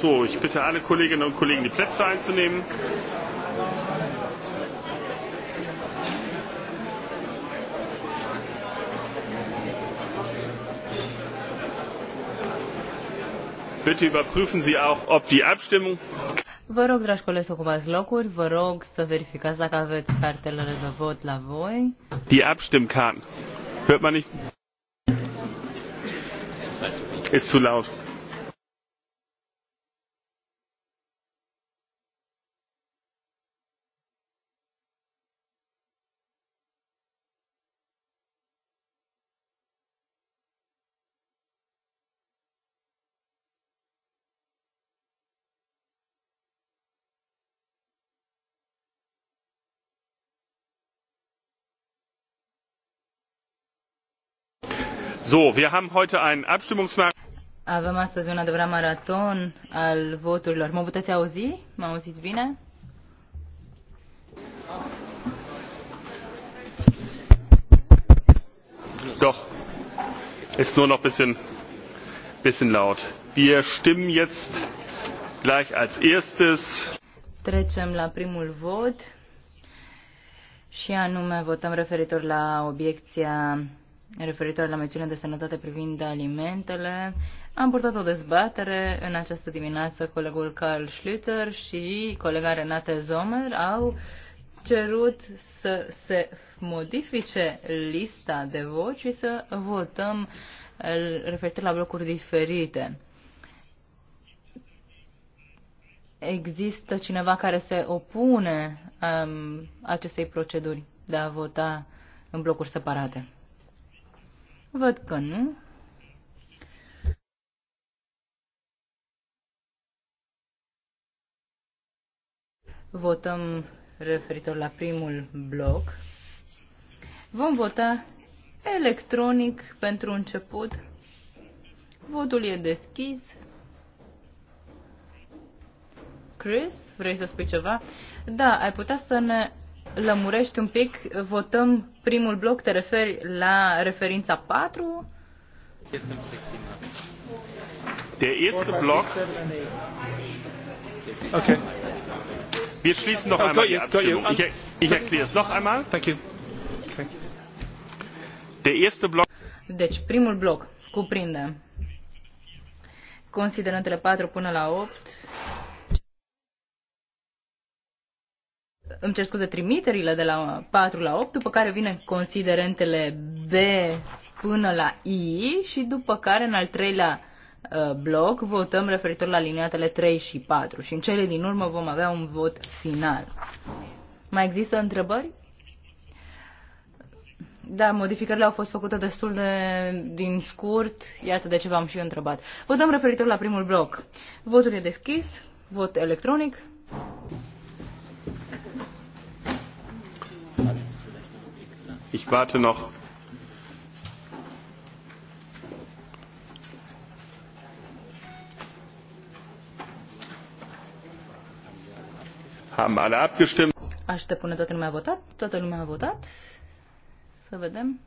So, ich bitte alle Kolleginnen und Kollegen, die Plätze einzunehmen. Bitte überprüfen Sie auch, ob die Abstimmung. Vă rog, dragi colegi, să ocupați locuri. Vă rog să verificați dacă aveți cartelele de vot la voi. Die Abstimmkarten. Hört man nicht? Ist zu laut. So, wir haben heute einen Abstimmungsmarathon. Avem astăzi un adevărat maraton al voturilor. Mă puteți auzi? Mă auziți bine? Doch. Ist nur noch bisschen bisschen laut. Wir stimmen jetzt gleich als erstes. Trecem la primul vot și anume votăm referitor la obiecția referitoare la mențiunea de sănătate privind alimentele. Am purtat o dezbatere în această dimineață. Colegul Carl Schlüter și colega Renate Zomer au cerut să se modifice lista de voci și să votăm referitor la blocuri diferite. Există cineva care se opune um, acestei proceduri de a vota în blocuri separate? Văd că nu. Votăm referitor la primul bloc. Vom vota electronic pentru început. Votul e deschis. Chris, vrei să spui ceva? Da, ai putea să ne lămurești un pic. Votăm primul bloc te referi la referința 4? Der erste Block. Okay. Wir schließen noch oh, einmal die Abstimmung. Ich, er-, ich erkläre es noch einmal. Thank you. Der erste Block. Deci, primul bloc cuprinde considerentele 4 până la 8, îmi cer scuze, trimiterile de la 4 la 8, după care vine considerentele B până la I și după care în al treilea uh, bloc votăm referitor la liniatele 3 și 4 și în cele din urmă vom avea un vot final. Mai există întrebări? Da, modificările au fost făcute destul de din scurt, iată de ce v-am și întrebat. Votăm referitor la primul bloc. Votul e deschis, vot electronic. Ich warte noch. Haben alle abgestimmt? Aștept până toată lumea a votat. Toată lumea a votat. Să vedem.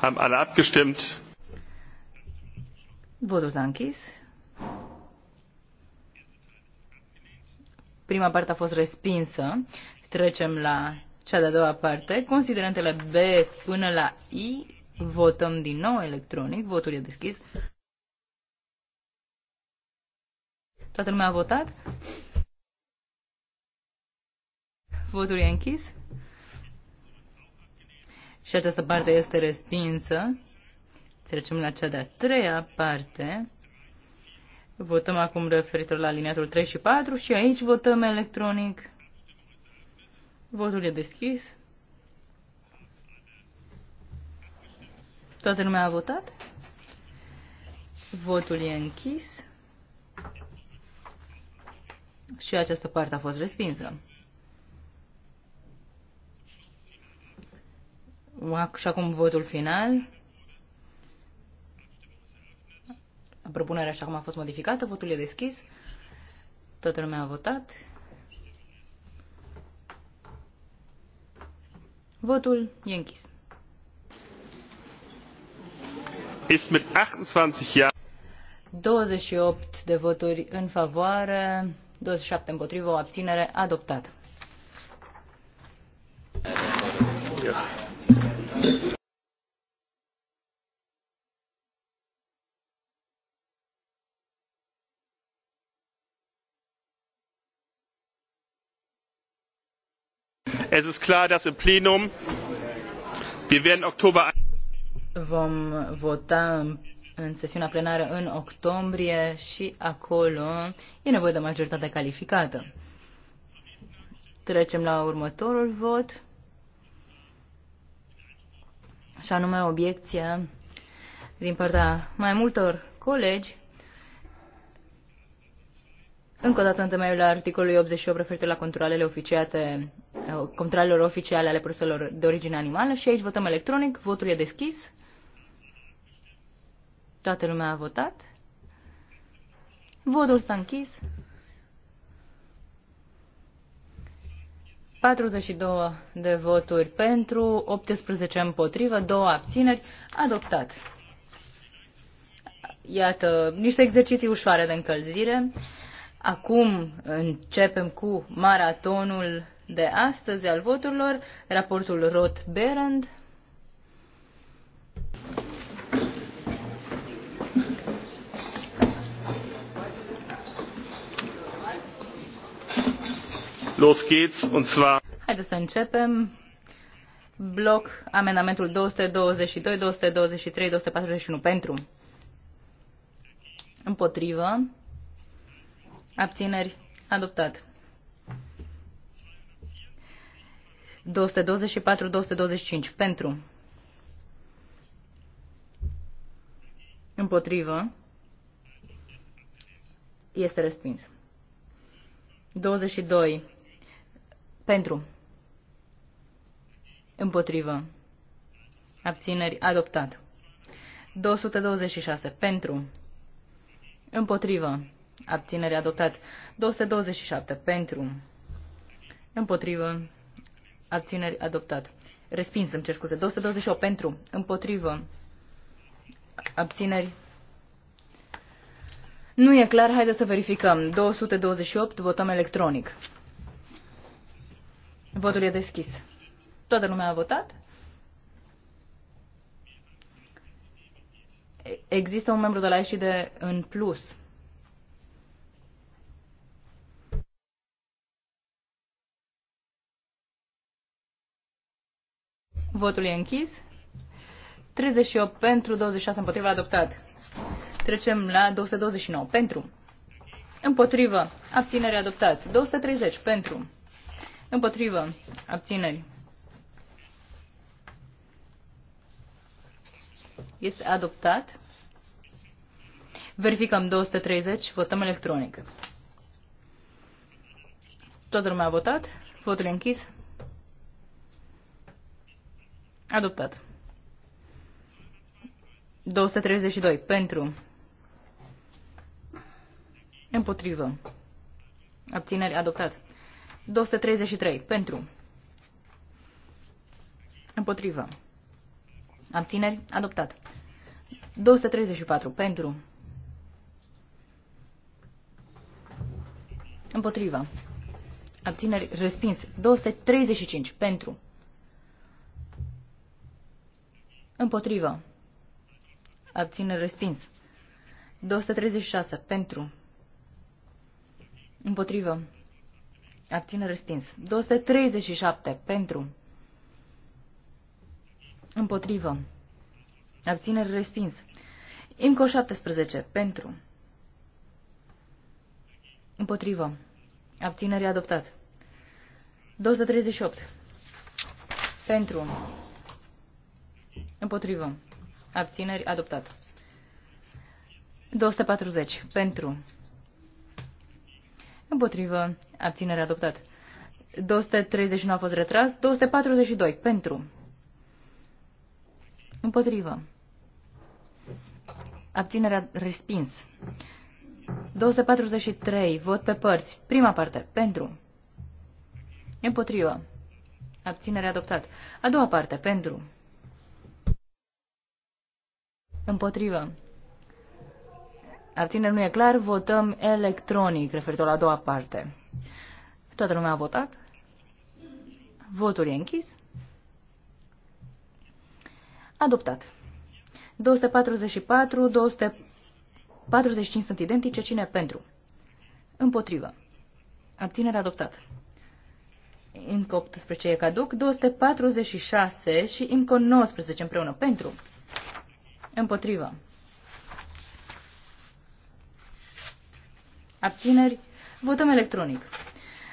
Haben alle abgestimmt? Votul s-a închis. Prima parte a fost respinsă. Trecem la cea de-a doua parte. Considerentele B până la I votăm din nou electronic. Votul e deschis. Toată lumea a votat? Votul e închis? Și această parte este respinsă. Trecem la cea de-a treia parte. Votăm acum referitor la aliniatul 3 și 4 și aici votăm electronic. Votul e deschis. Toată lumea a votat? Votul e închis. Și această parte a fost respinsă. Și acum votul final. propunerea așa cum a fost modificată. Votul e deschis. Toată lumea a votat. Votul e închis. Ist mit 28 ja 28 de voturi în favoare, 27 împotrivă, o abținere adoptată. Es ist klar, dass im Plenum wir werden Oktober vom vota în sesiunea plenară în octombrie și acolo e nevoie de majoritate calificată. Trecem la următorul vot și anume obiecția din partea mai multor colegi încă o dată în temeiul articolului 88 referitor la controlele oficiate controlelor oficiale ale produselor de origine animală și aici votăm electronic, votul e deschis. Toată lumea a votat. Votul s-a închis. 42 de voturi pentru, 18 împotrivă, 2 abțineri, adoptat. Iată, niște exerciții ușoare de încălzire. Acum începem cu maratonul de astăzi al voturilor, raportul Roth-Berend. Los geht's, und zwar... Haideți să începem. Bloc amendamentul 222, 223, 241 pentru. Împotrivă. Abțineri. Adoptat. 224-225 pentru împotrivă este respins. 22 pentru împotrivă abțineri adoptat. 226 pentru împotrivă abțineri adoptat. 227 pentru împotrivă Abțineri adoptat. Respins, îmi cer scuze. 228 pentru. Împotrivă. Abțineri. Nu e clar, haideți să verificăm. 228, votăm electronic. Votul e deschis. Toată lumea a votat? Există un membru de la ieșire în plus. Votul e închis. 38 pentru, 26 împotriva, adoptat. Trecem la 229. Pentru. Împotrivă. Abținere adoptat. 230. Pentru. Împotrivă. Abțineri. Este adoptat. Verificăm 230. Votăm electronic. Toată lumea a votat. Votul e închis. Adoptat. 232. Pentru. Împotrivă. Abțineri. Adoptat. 233. Pentru. Împotrivă. Abțineri. Adoptat. 234. Pentru. Împotrivă. Abțineri. Respins. 235. Pentru. Împotrivă. Abține respins. 236. Pentru. Împotrivă. Abține respins. 237. Pentru. Împotrivă. Abține respins. IMCO 17. Pentru. Împotrivă. Abținere adoptat. 238. Pentru. Împotrivă. Abțineri. Adoptat. 240. Pentru. Împotrivă. Abținere adoptat. 239 a fost retras. 242. Pentru. Împotrivă. Abținerea respins. 243. Vot pe părți. Prima parte. Pentru. Împotrivă. Abținere adoptat. A doua parte. Pentru. Împotrivă. Abținere nu e clar, votăm electronic, referitor la a doua parte. Toată lumea a votat. Votul e închis. Adoptat. 244, 245 sunt identice. Cine pentru? Împotrivă. Abținere adoptat. IMCO 18 e caduc. 246 și IMCO 19 împreună pentru. Împotrivă. Abțineri. Votăm electronic.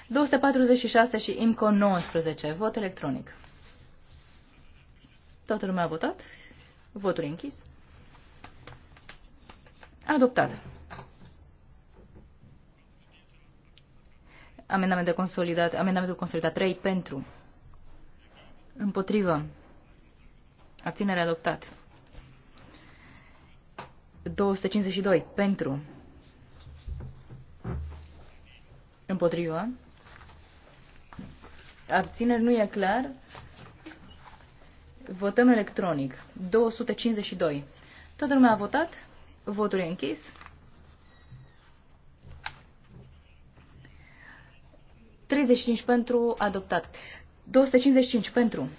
246 și IMCO 19. Vot electronic. Toată lumea a votat. Votul e închis. Adoptat. de consolidat, amendamentul consolidat 3 pentru. Împotrivă. Abținere adoptat. 252 pentru împotriva abțineri nu e clar votăm electronic 252 toată lumea a votat votul e închis Treizeci cinci pentru adoptat. 255 pentru.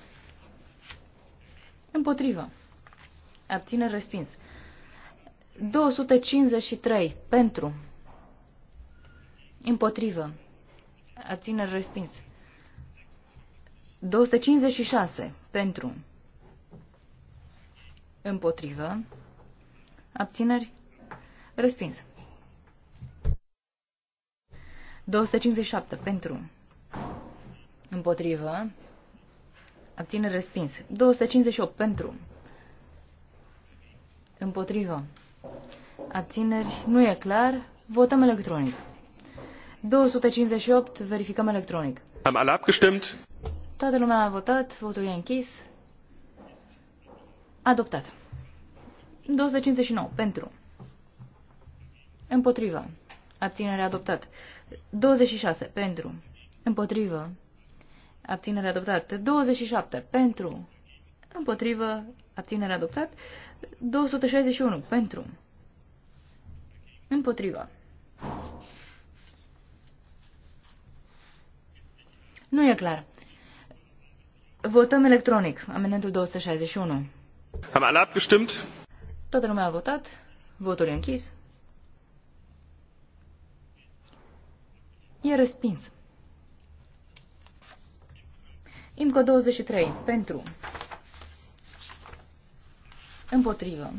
Împotrivă. Abțineri respins. 253 pentru. Împotrivă. Abțineri respins. 256 pentru. Împotrivă. Abțineri respins. 257 pentru. Împotrivă. Abțineri respins. 258 pentru. Împotrivă. Abțineri? Nu e clar. Votăm electronic. 258. Verificăm electronic. Am alle abgestimmt? Toată lumea a votat. Votul e închis. Adoptat. 259. Pentru. Împotriva. Abținere adoptat. 26. Pentru. Împotrivă. Abținere adoptat. 27. Pentru. Împotrivă abținere adoptat, 261 pentru, împotriva. Nu e clar. Votăm electronic, amendamentul 261. Am alle abgestimmt? Toată lumea a votat, votul e închis. E respins. IMCO 23. Pentru. Împotrivă.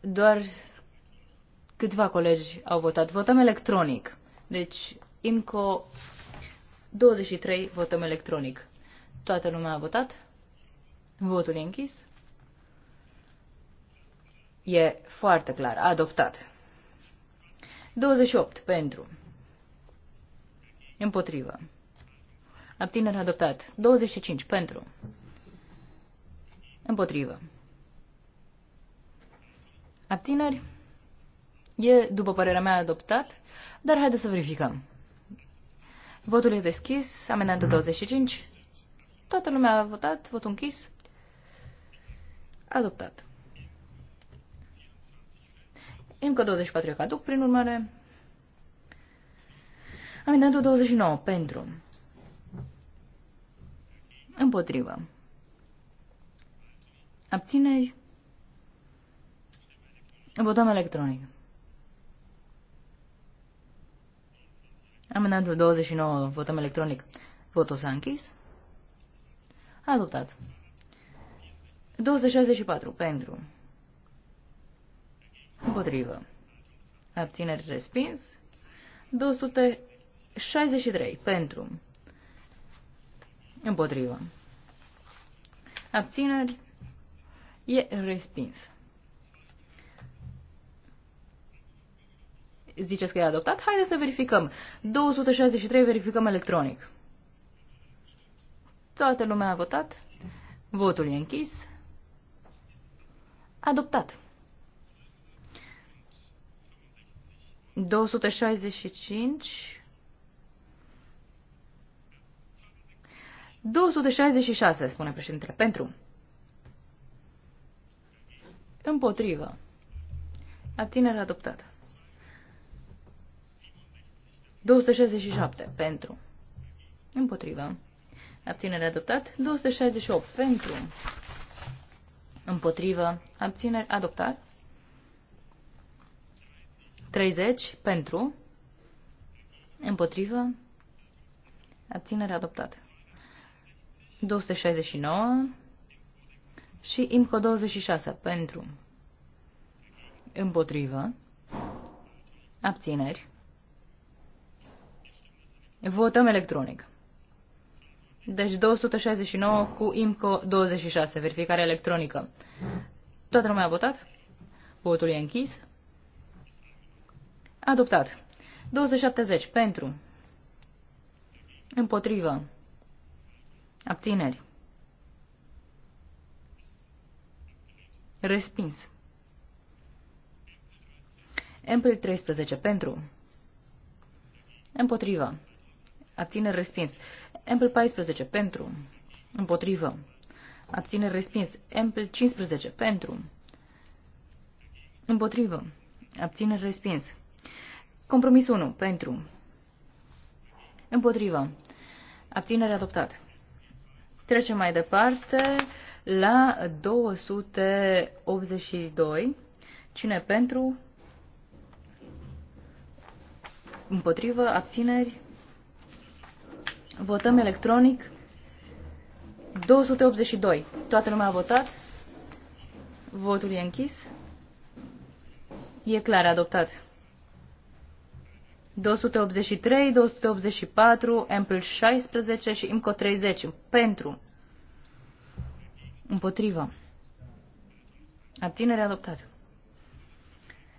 Doar câțiva colegi au votat. Votăm electronic. Deci, IMCO 23 votăm electronic. Toată lumea a votat. Votul e închis. E foarte clar. Adoptat. 28 pentru. Împotrivă. Abținere adoptat. 25 pentru. Împotrivă. Abțineri? E, după părerea mea, adoptat, dar haideți să verificăm. Votul e deschis, amendamentul 25. Toată lumea a votat, votul închis. Adoptat. Încă 24 eu caduc, prin urmare. Amendamentul 29, pentru. Împotrivă. Abțineri. Votăm electronic. Amendamentul 29, votăm electronic. Votul s-a închis. Adoptat. 264 pentru. Împotrivă. Abțineri respins. 263 pentru. Împotrivă. Abțineri E respins. Ziceți că e adoptat? Haideți să verificăm. 263 verificăm electronic. Toată lumea a votat. Votul e închis. Adoptat. 265 266, spune președintele, pentru Împotrivă. Abținere adoptată. 267 pentru. Împotrivă. Abținere adoptat. 268 pentru. Împotrivă. Abținere adoptat. 30 pentru. Împotrivă. Abținere adoptată. 269 și IMCO 26 pentru împotrivă abțineri votăm electronic deci 269 cu IMCO 26 verificare electronică toată lumea a votat votul e închis adoptat 270 pentru împotrivă abțineri Respins. Ample 13 pentru. Împotrivă. Abțineri respins. Ample 14 pentru. Împotrivă. Abțineri respins. Ample 15 pentru. Împotrivă. Abțineri respins. Compromis 1 pentru. Împotrivă. Abținere adoptat. Trecem mai departe la 282. Cine pentru? Împotrivă? Abțineri? Votăm electronic. 282. Toată lumea a votat. Votul e închis. E clar adoptat. 283, 284, Ample 16 și IMCO 30. Pentru. Împotrivă. Abținere adoptată,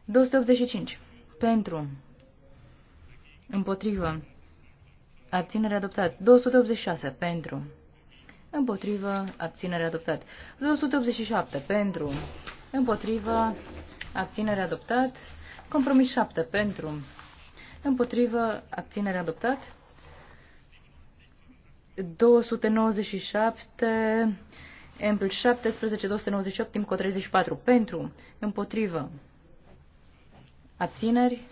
285. Pentru. Împotrivă. Abținere adoptat. 286. Pentru. Împotrivă. Abținere adoptat. 287. Pentru. Împotrivă. Abținere adoptat. Compromis 7. Pentru. Împotrivă. Abținere adoptat. 297. Ampl 17, 298, timp cu 34. Pentru, împotrivă, abțineri.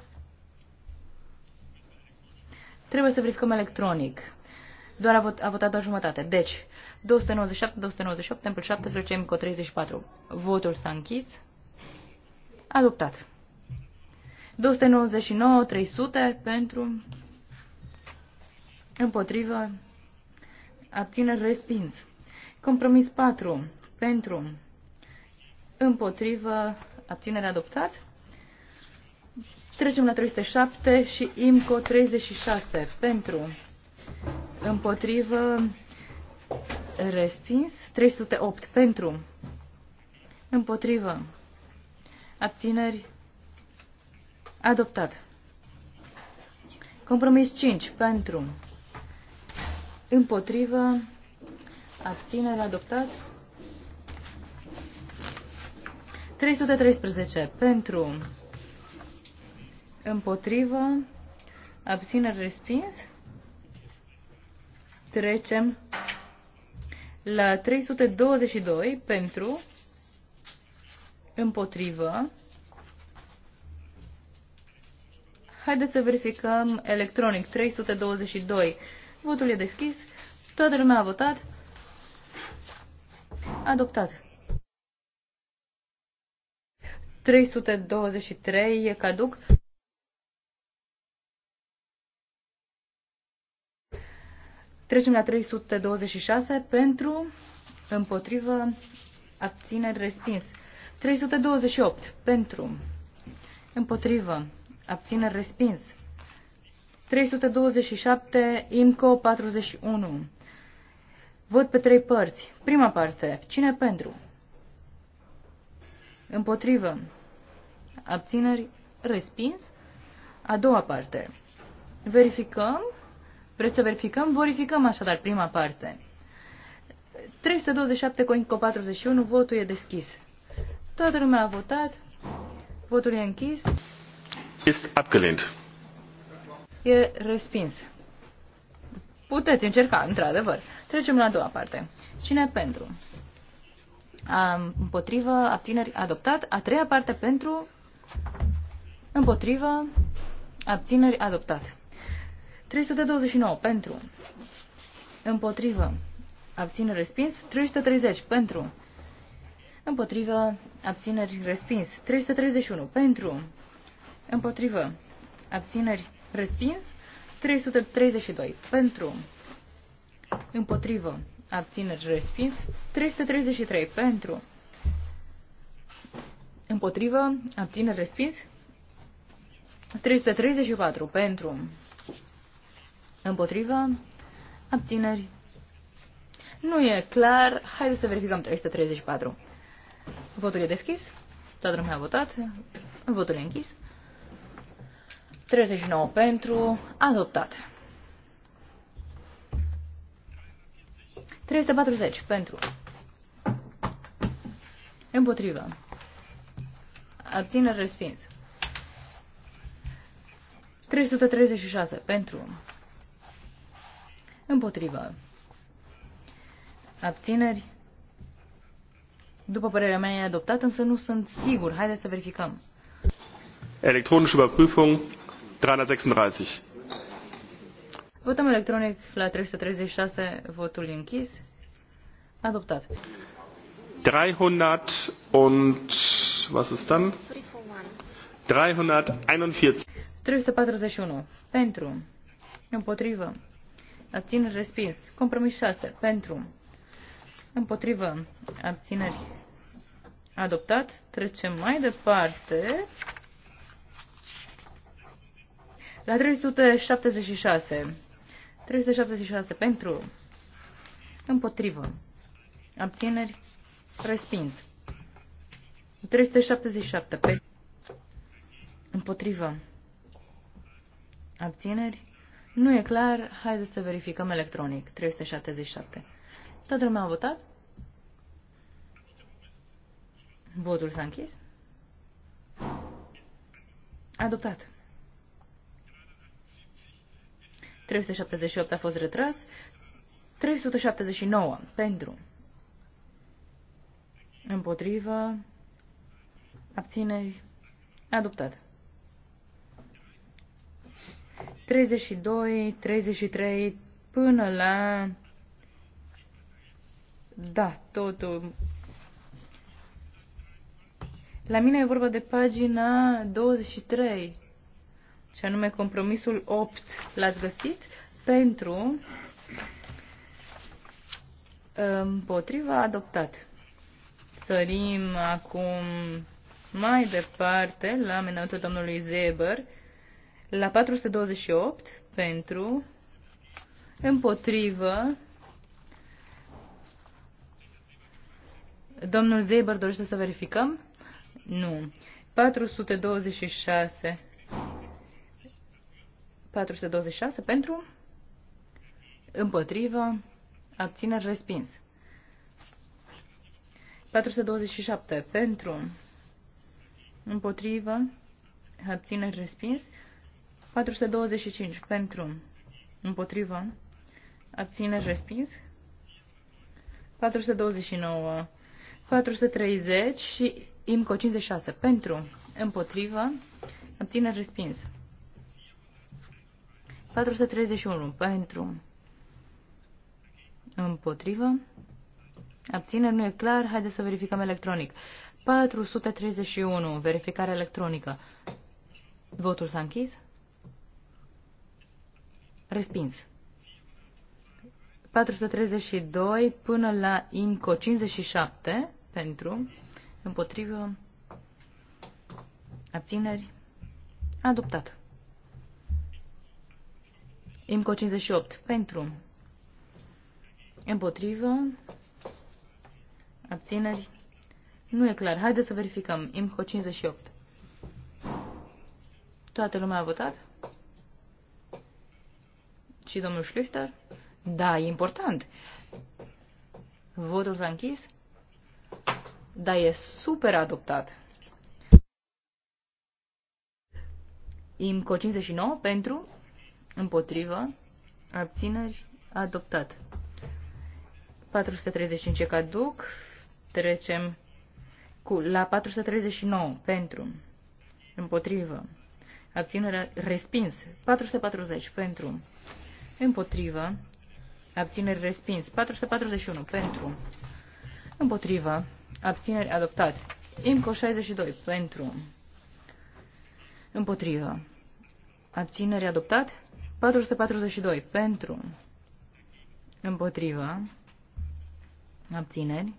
Trebuie să verificăm electronic. Doar a, vot, a votat doar jumătate. Deci, 297, 298, Temple 17, timp cu 34. Votul s-a închis. Adoptat. 299, 300 pentru, împotrivă, abțineri, respins. Compromis 4. Pentru. Împotrivă. Abținere adoptat. Trecem la 307 și IMCO 36. Pentru. Împotrivă. Respins. 308. Pentru. Împotrivă. Abțineri. Adoptat. Compromis 5. Pentru. Împotrivă abținere, adoptat. 313 pentru, împotrivă, abținere, respins. Trecem la 322 pentru, împotrivă. Haideți să verificăm electronic 322. Votul e deschis. Toată lumea a votat. Adoptat. 323 e caduc. Trecem la 326 pentru, împotrivă, abțineri, respins. 328 pentru, împotrivă, abțineri, respins. 327, IMCO 41 Vot pe trei părți. Prima parte. Cine pentru? Împotrivă. Abțineri. Respins. A doua parte. Verificăm. Vreți să verificăm? Verificăm așadar prima parte. 327 cu 41. Votul e deschis. Toată lumea a votat. Votul e închis. Este abgelent. E respins. Puteți încerca, într-adevăr. Trecem la a doua parte. Cine pentru? A, împotrivă, abțineri, adoptat. A treia parte pentru, împotrivă, abțineri, adoptat. 329 pentru, împotrivă, abțineri, respins. 330 pentru, împotrivă, abțineri, respins. 331 pentru, împotrivă, abțineri, respins. 332 pentru, împotrivă, abțineri, respins. 333 pentru, împotrivă, abțineri, respins. 334 pentru, împotrivă, abțineri. Nu e clar. Haideți să verificăm 334. Votul e deschis. Toată lumea a votat. Votul e închis. 39 pentru. Adoptat. 340 pentru. Împotrivă. abțineri respins. 336 pentru. Împotrivă. Abțineri. După părerea mea e adoptat, însă nu sunt sigur. Haideți să verificăm. Electronische Überprüfung 336. Votăm electronic la 336, votul e închis. Adoptat. 300 und was ist dann? 341. 341. Pentru. Împotrivă. Abțineri respins. Compromis 6. Pentru. Împotrivă. Abțineri. Adoptat. Trecem mai departe. La 376. 376 pentru, împotrivă, abțineri, respins. 377 pentru, împotrivă, abțineri, nu e clar, haideți să verificăm electronic, 377. Toată lumea a votat? Votul s-a închis? Adoptat. 378 a fost retras. 379 pentru. Împotrivă. Abțineri. Adoptat. 32, 33, până la... Da, totul. La mine e vorba de pagina 23 și anume compromisul 8. L-ați găsit? Pentru, împotriva, adoptat. Sărim acum mai departe la amendamentul domnului Zeber la 428 pentru, împotrivă, Domnul Zeber dorește să verificăm? Nu. 426. 426 pentru, împotrivă, abțineri respins. 427 pentru, împotrivă, abțineri respins. 425 pentru, împotrivă, abțineri respins. 429, 430 și IMCO 56 pentru, împotrivă, abțineri respins. 431 pentru împotrivă. Abțineri nu e clar, haideți să verificăm electronic. 431, verificare electronică. Votul s-a închis. Respins. 432 până la IMCO 57 pentru, împotrivă, abțineri, adoptat. IMCO 58. Pentru. Împotrivă. Abțineri. Nu e clar. Haideți să verificăm. IMCO 58. Toată lumea a votat? Și domnul Schlichter? Da, e important. Votul s-a închis? Da, e super adoptat. IMCO 59 pentru Împotrivă. Abțineri. Adoptat. 435 caduc. Trecem cu, la 439 pentru. Împotrivă. Abținere respins. 440 pentru. Împotrivă. Abțineri respins. 441 pentru. Împotrivă. Abțineri adoptat. IMCO 62 pentru. Împotrivă. Abținere adoptat. 442 pentru, împotrivă, abțineri.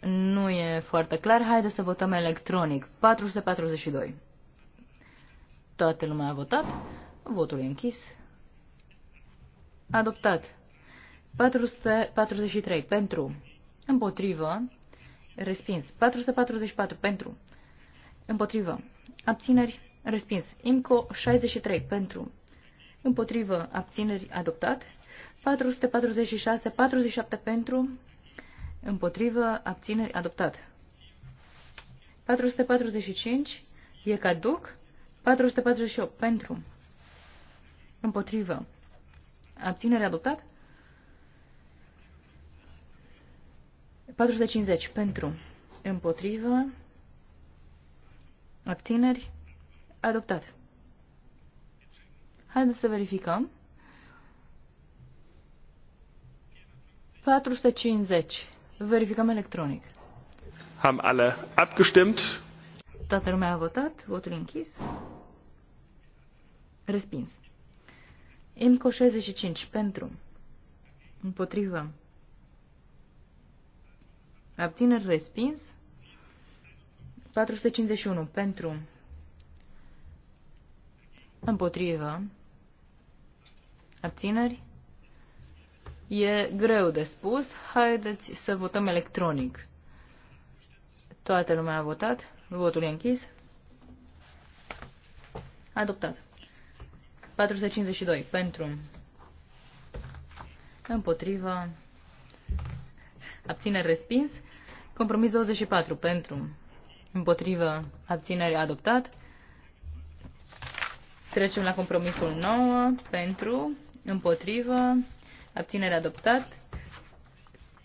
Nu e foarte clar. Haideți să votăm electronic. 442. Toată lumea a votat. Votul e închis. Adoptat. 443 pentru. Împotrivă. Respins. 444 pentru. Împotrivă. Abțineri. Respins. IMCO 63 pentru împotrivă, abțineri, adoptat. 446, 47 pentru, împotrivă, abțineri, adoptat. 445, e caduc. 448, pentru, împotrivă, abțineri adoptat. 450, pentru, împotrivă, abțineri, adoptat. Haideți să verificăm. 450. Verificăm electronic. Am alle abgestimmt. Toată lumea a votat, votul închis. Respins. IMCO 65 pentru. Împotrivă. Abțineri respins. 451 pentru. Împotrivă. Abțineri? E greu de spus. Haideți să votăm electronic. Toată lumea a votat. Votul e închis. Adoptat. 452. Pentru. împotriva Abțineri respins. Compromis 24. Pentru. Împotrivă. Abținere adoptat. Trecem la compromisul 9. Pentru împotrivă, abținere adoptat.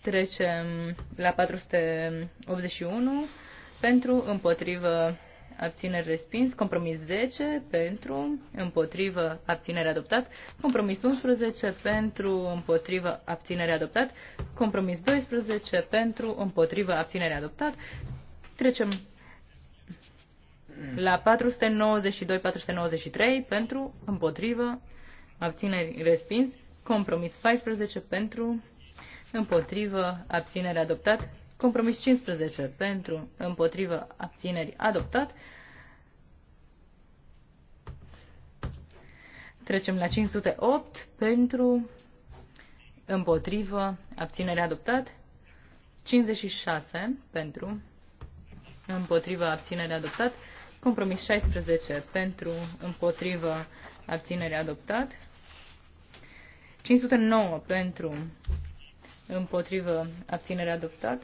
Trecem la 481, pentru, împotrivă, abțineri respins, compromis 10 pentru, împotrivă, abținere adoptat, compromis 11 pentru, împotrivă, abținere adoptat, compromis 12 pentru, împotrivă, abținere adoptat. Trecem la 492-493 pentru, împotrivă, abțineri respins, compromis 14 pentru, împotrivă, abțineri adoptat, compromis 15 pentru, împotrivă, abțineri adoptat. Trecem la 508 pentru, împotrivă, abținere adoptat, 56 pentru, împotrivă, abținere adoptat, compromis 16 pentru, împotrivă, abținere adoptat. 509 pentru, împotrivă, abținere adoptat.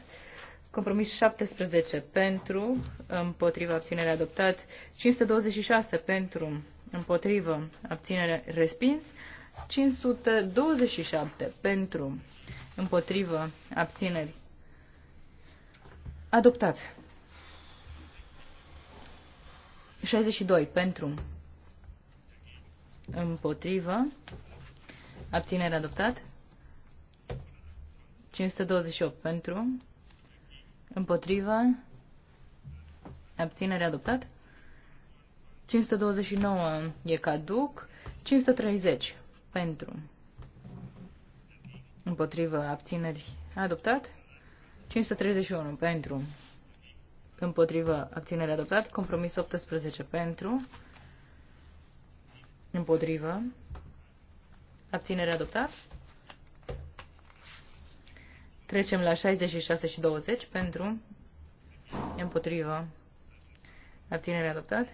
Compromis 17 pentru, împotrivă, abținere adoptat. 526 pentru, împotrivă, abținere respins. 527 pentru, împotrivă, abțineri adoptat. 62 pentru, Împotrivă. Abținere adoptat. 528 pentru. Împotrivă. Abținere adoptat. 529 e caduc. 530 pentru. Împotrivă abțineri adoptat. 531 pentru. Împotrivă abținere adoptat. Compromis 18 pentru. Împotrivă. Abținere adoptat. Trecem la 66 și 20 pentru. Împotrivă. Abținere adoptat.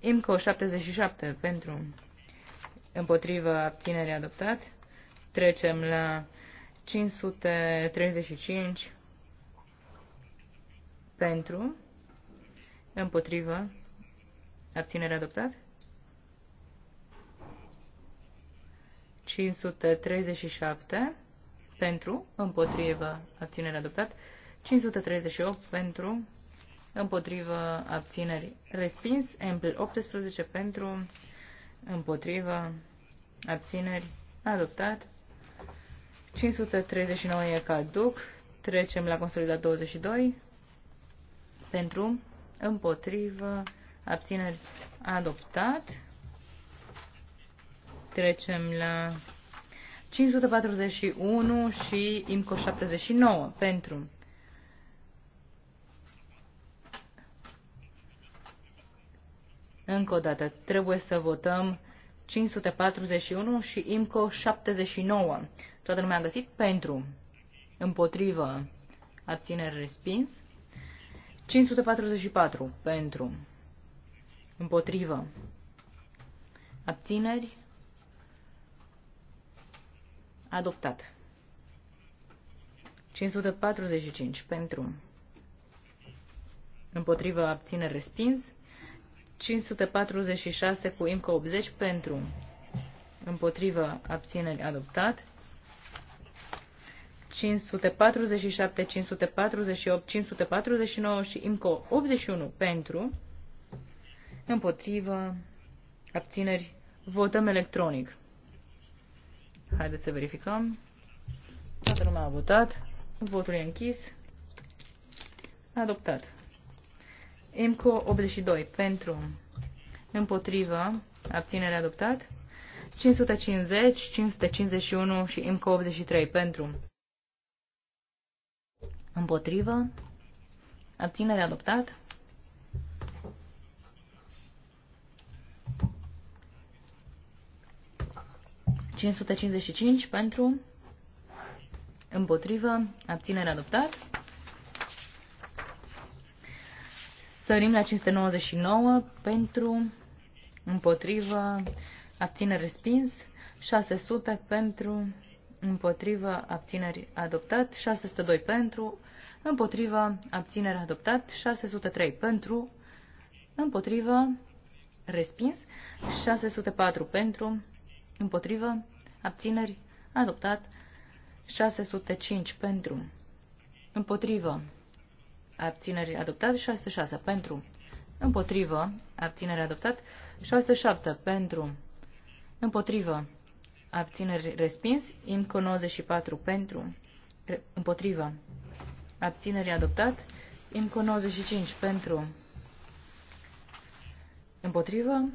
IMCO 77 pentru. Împotrivă. Abținere adoptat. Trecem la 535 pentru. Împotrivă. Abținere adoptat. 537 pentru, împotrivă, abținere adoptat, 538 pentru, împotrivă, abțineri respins, ampl 18 pentru, împotrivă, abțineri adoptat, 539 e caduc, trecem la consolidat 22 pentru, împotrivă, abțineri adoptat, Trecem la 541 și IMCO 79 pentru Încă o dată, trebuie să votăm 541 și IMCO 79. Toată lumea a găsit pentru, împotrivă, abțineri respins. 544 pentru, împotrivă, abțineri Adoptat. 545 pentru. Împotrivă abține respins. 546 cu IMCO 80 pentru. Împotrivă abțineri adoptat. 547, 548, 549 și IMCO 81 pentru. Împotrivă abțineri. Votăm electronic. Haideți să verificăm. Toată lumea a votat. Votul e închis. Adoptat. MCO 82 pentru împotrivă abținere adoptat. 550, 551 și MCO 83 pentru împotrivă abținere adoptat. 555 pentru, împotrivă, abținere adoptat. Sărim la 599 pentru, împotrivă, abținere respins, 600 pentru, împotrivă, abțineri adoptat, 602 pentru, împotrivă, abținere adoptat, 603 pentru, împotrivă, respins, 604 pentru, împotrivă, abțineri, adoptat. 605 pentru, împotrivă, abțineri, adoptat. 606 pentru, împotrivă, abțineri, adoptat. 607 pentru, împotrivă, abțineri, respins. INCO 94 pentru, împotrivă, abțineri, adoptat. INCO 95 pentru, împotrivă,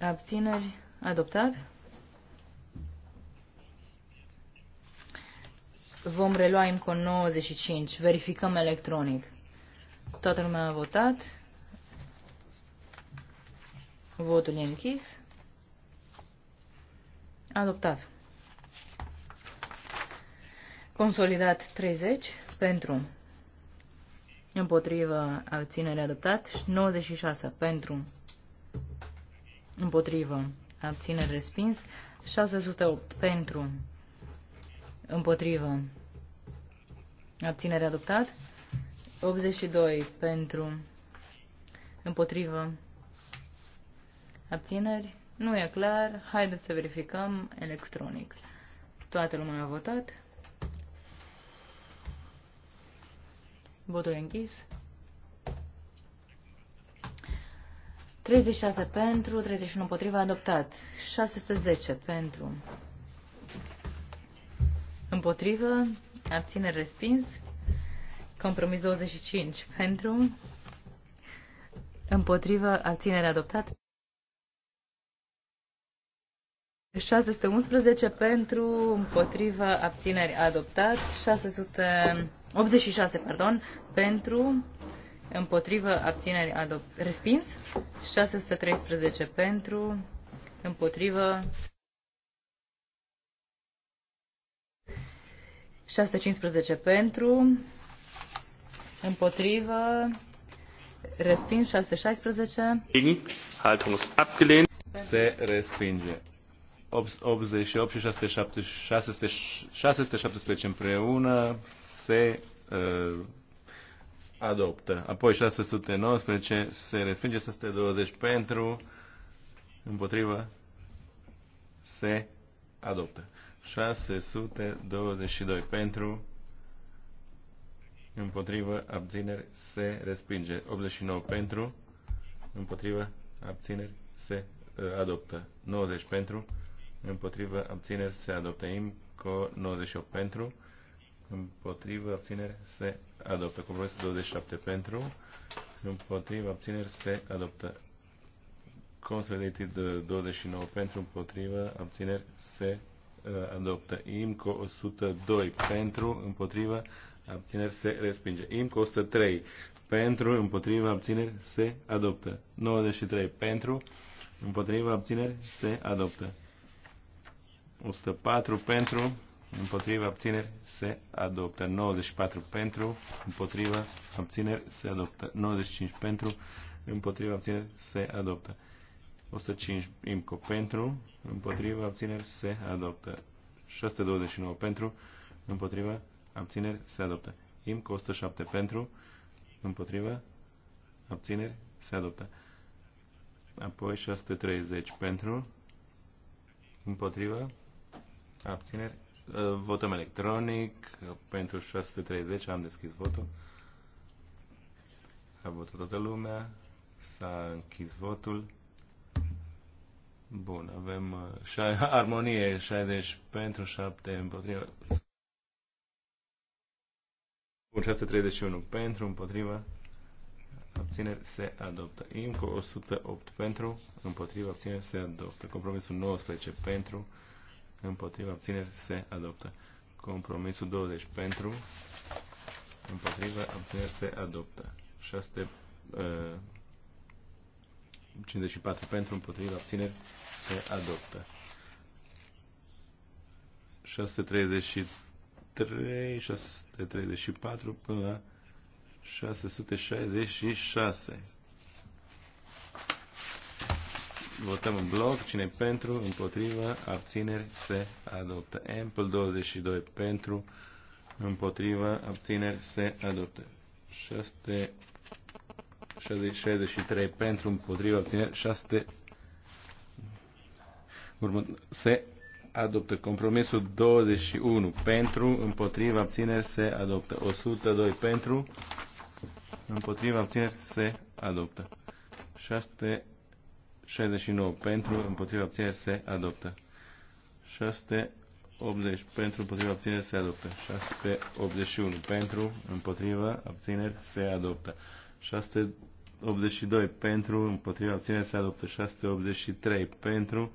abțineri, adoptat. Vom relua IMCO 95. Verificăm electronic. Toată lumea a votat. Votul e închis. Adoptat. Consolidat 30 pentru împotrivă abținere adoptat 96 pentru împotrivă abținere respins 608 pentru Împotrivă. Abținere adoptat. 82 pentru. Împotrivă. Abțineri. Nu e clar. Haideți să verificăm electronic. Toată lumea a votat. Votul închis. 36 pentru, 31 împotriva, adoptat. 610 pentru, Împotrivă. abține respins. Compromis 25 pentru. Împotrivă. Abținere adoptat. 611 pentru, împotrivă, abțineri adoptat, 686, pardon, pentru, împotrivă, abțineri adoptat, respins, 613 pentru, împotrivă, 615 pentru, împotrivă, respins 616. Se respinge. 88 și 617 împreună se uh, adoptă. Apoi 619 se respinge, 620 pentru, împotrivă, se adoptă. 622 pentru, împotrivă, abțineri, se respinge. 89 pentru, împotrivă, abțineri, se uh, adoptă. 90 pentru, împotrivă, abțineri, se adoptă. IMCO 98 pentru, împotrivă, abțineri, se adoptă. Compromisul 27 pentru, împotrivă, abțineri, se adoptă. Consolidated 29 uh, pentru, împotrivă, abțineri, se adoptă adoptă. IMCO 102 pentru, împotriva, abțineri se respinge. IMCO 103 pentru, împotriva, abțineri se adoptă. 93 pentru, împotriva, abțineri se adoptă. 104 pentru, împotriva, abțineri se adoptă. 94 pentru, împotriva, abțineri se adoptă. 95 pentru, împotriva, abțineri se adoptă. 105 IMCO pentru, împotriva, abțineri, se adoptă. 629 pentru, împotriva, abțineri, se adoptă. IMCO 107 pentru, împotriva, abțineri, se adoptă. Apoi 630 pentru, împotriva, abțineri, ă, votăm electronic. Pentru 630 am deschis votul. A votat toată lumea. S-a închis votul. Bun, avem uh, armonie 60 pentru 7 împotriva. Bun, 731 pentru împotriva. Abțineri se adoptă. Inco 108 pentru, împotriva abțineri se adoptă. Compromisul 19 pentru, împotriva abțineri se adoptă. Compromisul 20 pentru, împotriva abțineri se adoptă. 6 uh, 54 pentru, împotriva, abțineri, se adoptă. 633, 634 până la 666. Votăm în bloc. Cine pentru, împotriva, abțineri, se adoptă. Ample 22 pentru, împotriva, abțineri, se adoptă. 600 63 pentru împotriva obținere 6 se adoptă compromisul 21 pentru împotriva obținere se adoptă 102 pentru împotriva obținere se adoptă 669 pentru împotriva obținere se adoptă 6 80 pentru, împotriva obținere se adoptă. 681 pentru, împotriva obținere se adoptă. 6 82 pentru, împotriva abțineri se adoptă. 683 pentru,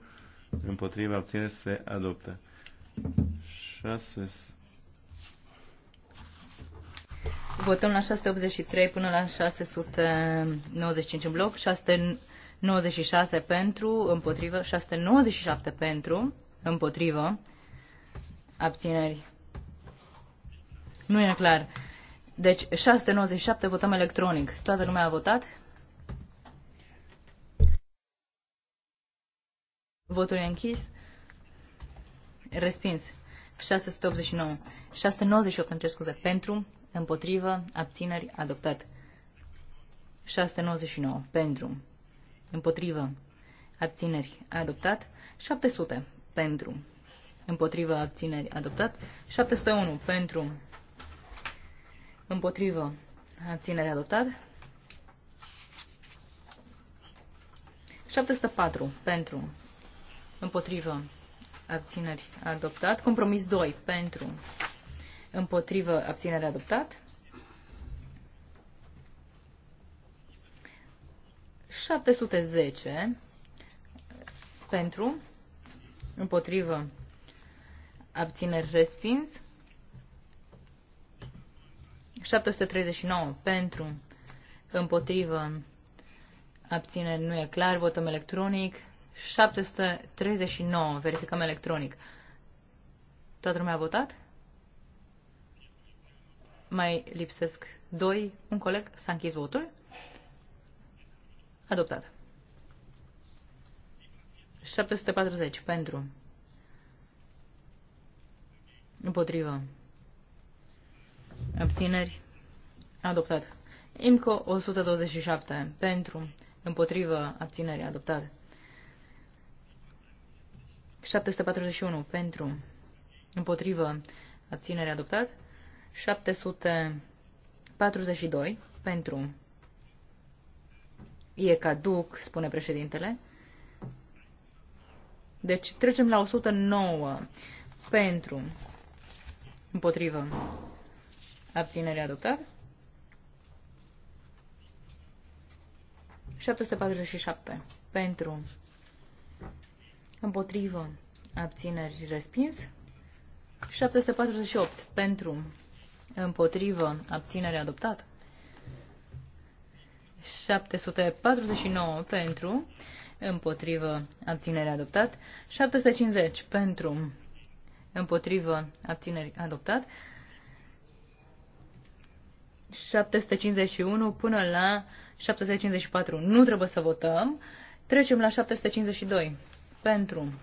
împotriva abțineri se adoptă. 6 Votăm la 683 până la 695 în bloc, 696 pentru, împotrivă, 697 pentru, împotrivă, abțineri. Nu e clar. Deci 697 votăm electronic. Toată lumea a votat? Votul e închis. Respins. 689. 698, îmi cer scuze. Pentru, împotrivă, abțineri, adoptat. 699. Pentru, împotrivă, abțineri, adoptat. 700. Pentru, împotrivă, abțineri, adoptat. 701. Pentru, Împotrivă. Abținere adoptat. 704. Pentru. Împotrivă. Abțineri adoptat. Compromis 2. Pentru. Împotrivă. Abținere adoptat. 710. Pentru. Împotrivă. Abțineri respins. 739 pentru, împotrivă, abțineri nu e clar, votăm electronic. 739, verificăm electronic. Toată lumea a votat? Mai lipsesc doi. Un coleg s-a închis votul. Adoptat. 740 pentru. Împotrivă abțineri, adoptat. IMCO 127, pentru, împotrivă, abțineri, adoptat. 741, pentru, împotrivă, abținere, adoptat. 742, pentru, e caduc, spune președintele. Deci trecem la 109, pentru, împotrivă, Abținere adoptat. 747. Pentru. Împotrivă. Abțineri respins. 748. Pentru. Împotrivă. Abținere adoptat. 749 pentru, împotrivă, abținere adoptat, 750 pentru, împotrivă, abținere adoptat, 751 până la 754. Nu trebuie să votăm. Trecem la 752. Pentru.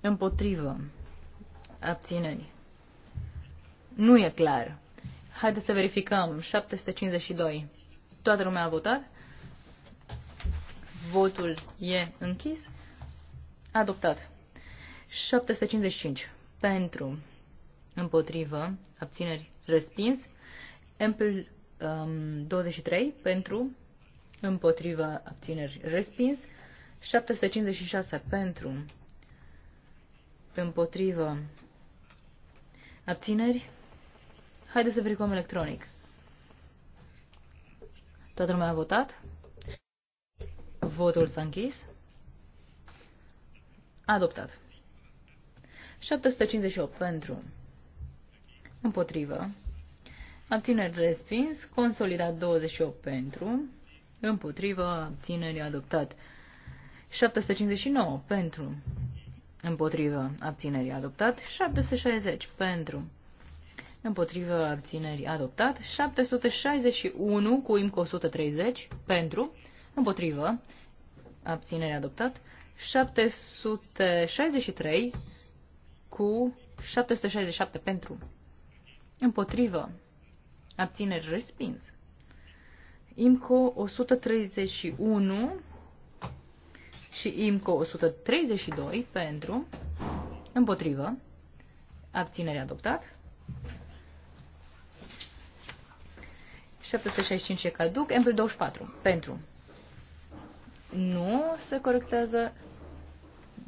Împotrivă. Abțineri. Nu e clar. Haideți să verificăm. 752. Toată lumea a votat. Votul e închis. Adoptat. 755. Pentru împotrivă, abțineri, respins. Ample um, 23 pentru, împotrivă, abțineri, respins. 756 pentru, împotrivă, abțineri. Haideți să verificăm electronic. Toată lumea a votat? Votul s-a închis. Adoptat. 758 pentru împotrivă, abțineri respins, consolidat 28 pentru, împotrivă, abțineri adoptat 759 pentru, împotrivă, abțineri adoptat 760 pentru, împotrivă, abțineri adoptat 761 cu IMCO 130 pentru, împotrivă, Abțineri adoptat, 763 cu 767 pentru, Împotrivă. Abțineri respins. IMCO 131 și IMCO 132 pentru. Împotrivă. Abținere adoptat. 765 e caduc. mp 24 pentru. Nu se corectează.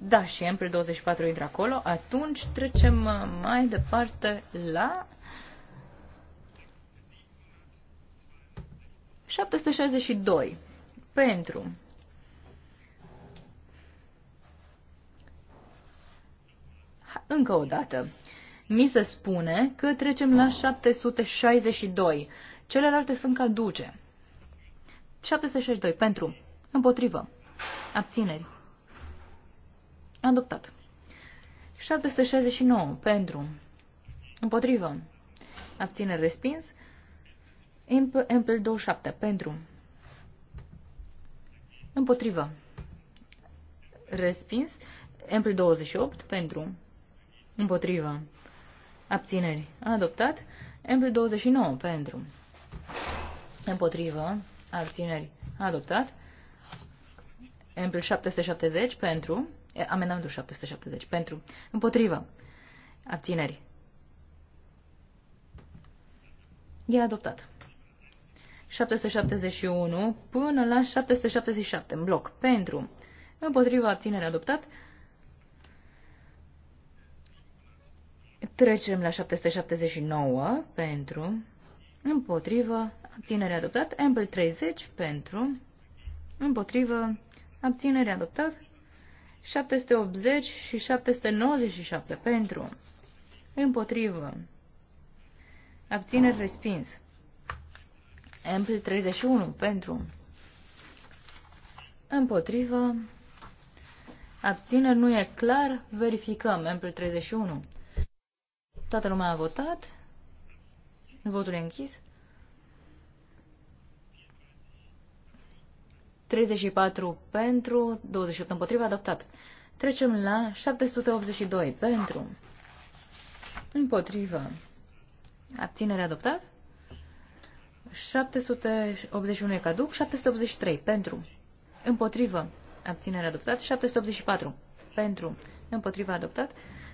Da, și mp 24 intră acolo. Atunci trecem uh, mai departe la 762. Pentru. Încă o dată. Mi se spune că trecem la 762. Celelalte sunt caduce. 762. Pentru. Împotrivă. Abțineri. Adoptat. 769. Pentru. Împotrivă. Abțineri respins. Ample 27 pentru. Împotrivă. Respins. Ample 28 pentru. Împotrivă. Abțineri. Adoptat. Ample 29 pentru. Împotrivă. Abțineri. Adoptat. Ample 770 pentru. Amendamentul 770 pentru. Împotrivă. Abțineri. E adoptat. 771 până la 777 în bloc. Pentru. Împotriva abținere adoptat. Trecem la 779 pentru. Împotrivă. Abținere adoptat. Ample 30 pentru. Împotrivă. Abținere adoptat. 780 și 797 pentru. Împotrivă. Abțineri respins. Ampl 31 pentru împotrivă abțineri nu e clar, verificăm Ampl 31. Toată lumea a votat. Votul e închis. 34 pentru, 28 împotriva, adoptat. Trecem la 782 pentru, împotrivă, abținere adoptat. 781 e caduc, 783 pentru, împotrivă, abținere adoptat, 784 pentru, împotrivă adoptat,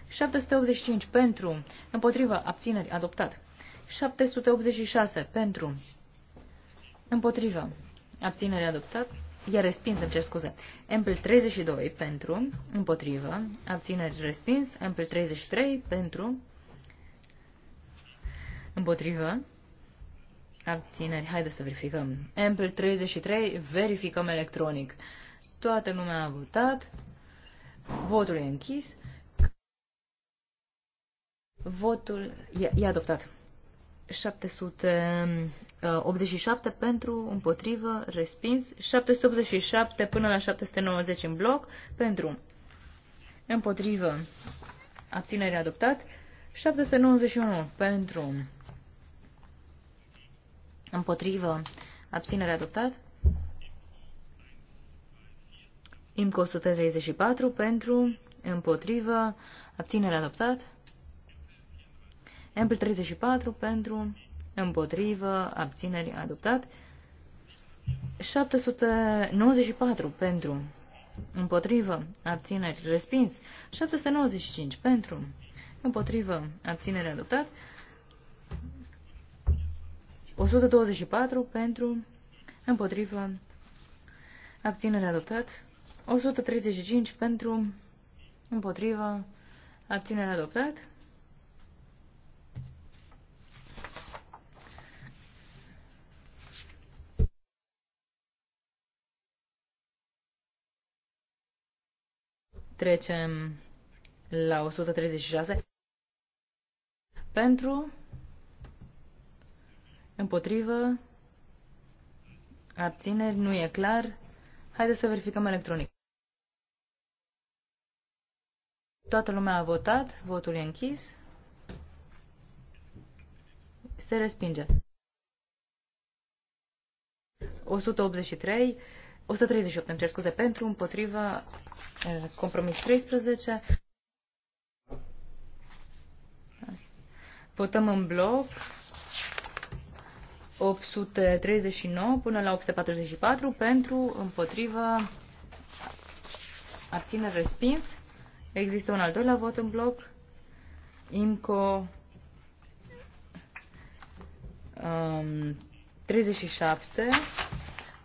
785 pentru, împotrivă, abțineri adoptat, 786 pentru, împotrivă, abținere adoptat, E respins, îmi cer scuze. Ampl 32 pentru, împotrivă, abțineri respins, Ampl 33 pentru, împotrivă, Abțineri. haide să verificăm. Ample 33. Verificăm electronic. Toată lumea a votat. Votul e închis. Votul e, e adoptat. 787 uh, pentru, împotrivă, respins. 787 până la 790 în bloc, pentru, împotrivă, abținere adoptat. 791 pentru, Împotrivă. Abținere adoptat. IMCO 134 pentru, împotrivă, abținere adoptat. EMPL 34 pentru, împotrivă, abțineri adoptat. 794 pentru, împotrivă, abțineri respins. 795 pentru, împotrivă, abținere adoptat. 124 pentru, împotrivă, abținere adoptat. 135 pentru, împotrivă, abținere adoptat. Trecem la 136. Pentru Împotrivă. Abțineri. Nu e clar. Haideți să verificăm electronic. Toată lumea a votat. Votul e închis. Se respinge. 183. 138, îmi cer scuze, pentru, împotriva, eh, compromis 13. Votăm în bloc 839 până la 844 pentru, împotrivă, abține respins. Există un al doilea vot în bloc. IMCO um, 37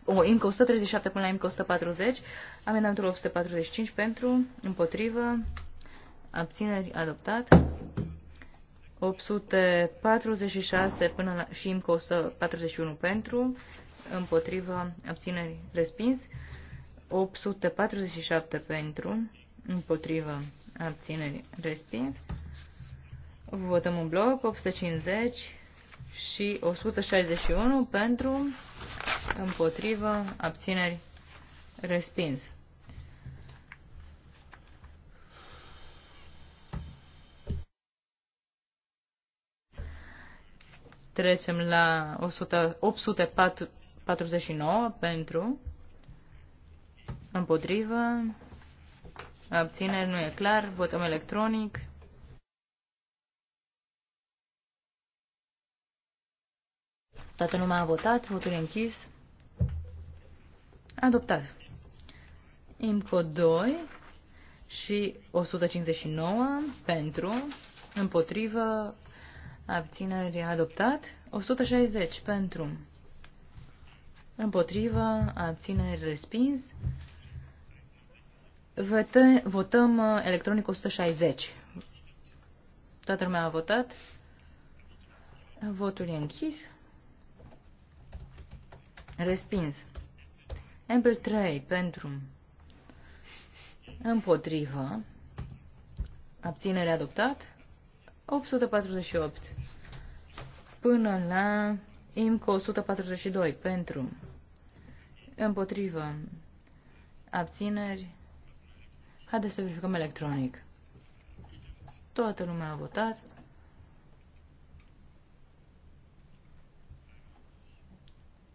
o, oh, IMCO 137 până la IMCO 140, amendamentul 845 pentru, împotrivă, abțineri, adoptat. 846 până la, și IMCO 141 pentru, împotriva abținerii respins, 847 pentru, împotriva abținerii respins, votăm un bloc, 850 și 161 pentru, împotriva abținerii respins. Trecem la 100, 849 pentru, împotrivă, abțineri, nu e clar, votăm electronic. Toată lumea a votat, votul e închis. Adoptat. IMCO 2 și 159 pentru, împotrivă, abțineri adoptat, 160 pentru, împotrivă, abțineri respins, Vete, votăm uh, electronic 160. Toată lumea a votat. Votul e închis. Respins. Ample 3 pentru împotrivă. Abținere adoptat. 848 până la IMCO 142 pentru împotrivă abțineri. Haideți să verificăm electronic. Toată lumea a votat.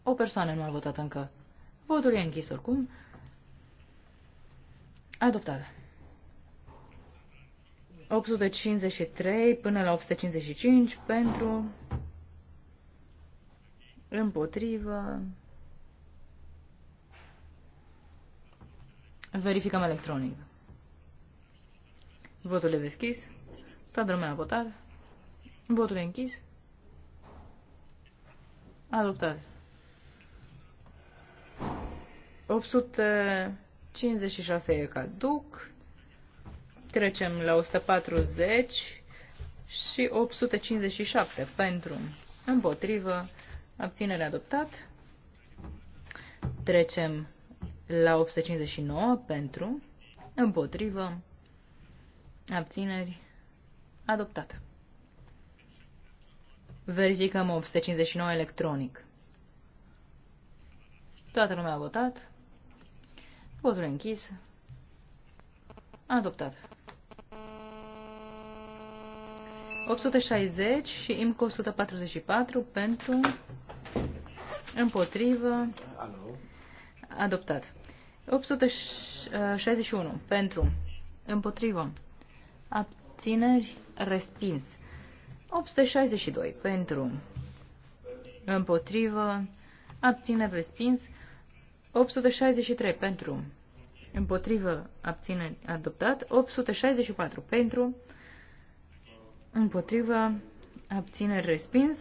O persoană nu a votat încă. Votul e închis oricum. Adoptat. 853 până la 855 pentru împotrivă. Verificăm electronic. Votul e deschis. Toată lumea a votat. Votul e închis. Adoptat. 856 e caduc. Trecem la 140 și 857 pentru împotrivă Abținere adoptat. Trecem la 859 pentru, împotrivă, abțineri, adoptat. Verificăm 859 electronic. Toată lumea a votat. Votul închis. Adoptat. 860 și IMCO 144 pentru, împotrivă, adoptat. 861 pentru, împotrivă, abțineri, respins. 862 pentru, împotrivă, abțineri, respins. 863 pentru, împotrivă, abțineri, adoptat. 864 pentru, împotrivă, abțineri respins,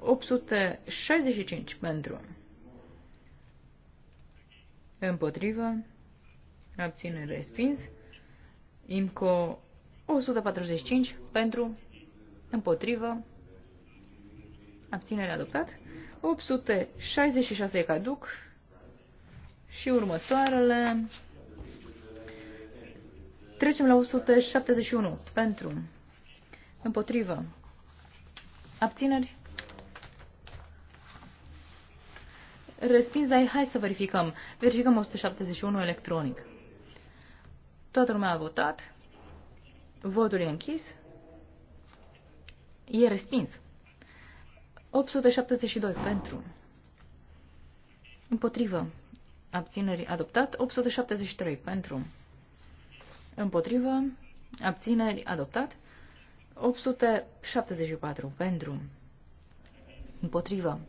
865 pentru, împotrivă, abțineri respins, IMCO 145 pentru, împotrivă, abținere adoptat, 866 caduc și următoarele. Trecem la 171 pentru Împotrivă. Abțineri? Respins, dar hai să verificăm. Verificăm 171 electronic. Toată lumea a votat. Votul e închis. E respins. 872 pentru. Împotrivă. Abțineri adoptat. 873 pentru. Împotrivă. Abțineri adoptat. 874 pentru, împotrivă,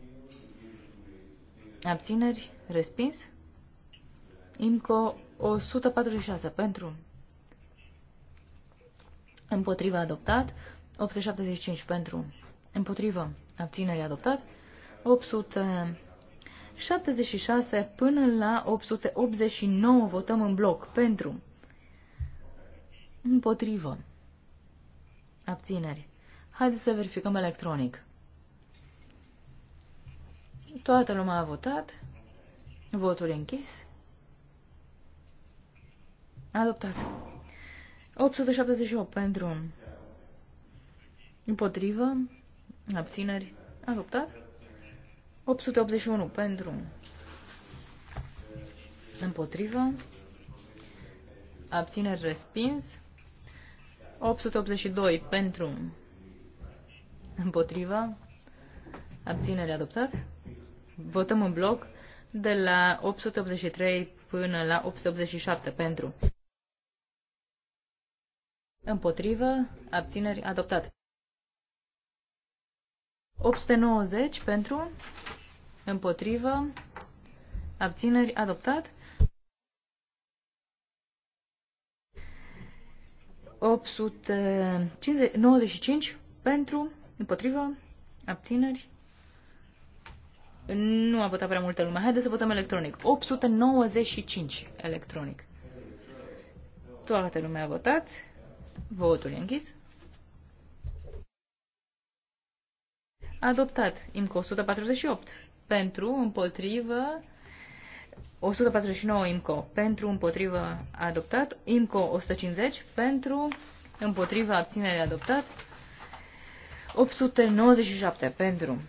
abțineri, respins. IMCO 146 pentru, împotrivă, adoptat. 875 pentru, împotrivă, abținere, adoptat. 800 76 până la 889 votăm în bloc pentru. Împotrivă. Abțineri. Haideți să verificăm electronic. Toată lumea a votat. Votul e închis. Adoptat. 878 pentru împotrivă, abțineri, adoptat. 881 pentru împotrivă, abțineri, respins. 882 pentru împotriva abținere adoptat. Votăm în bloc de la 883 până la 887 pentru împotrivă abțineri adoptat. 890 pentru împotrivă abțineri adoptat. 895 pentru, împotrivă, abțineri. Nu a votat prea multă lume. Haideți să votăm electronic. 895 electronic. Toată lumea a votat. Votul e închis. Adoptat. IMCO 148. Pentru, împotrivă, 149 IMCO pentru împotrivă adoptat, IMCO 150 pentru împotrivă abținere adoptat, 897 pentru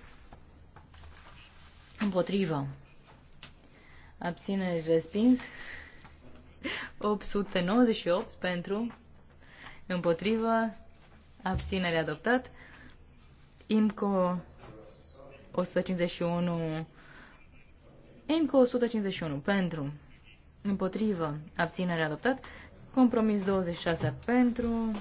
împotrivă abținere respins, 898 pentru împotrivă abținere adoptat, IMCO 151 Enco 151 pentru, împotrivă, abținere adoptat, compromis 26 pentru,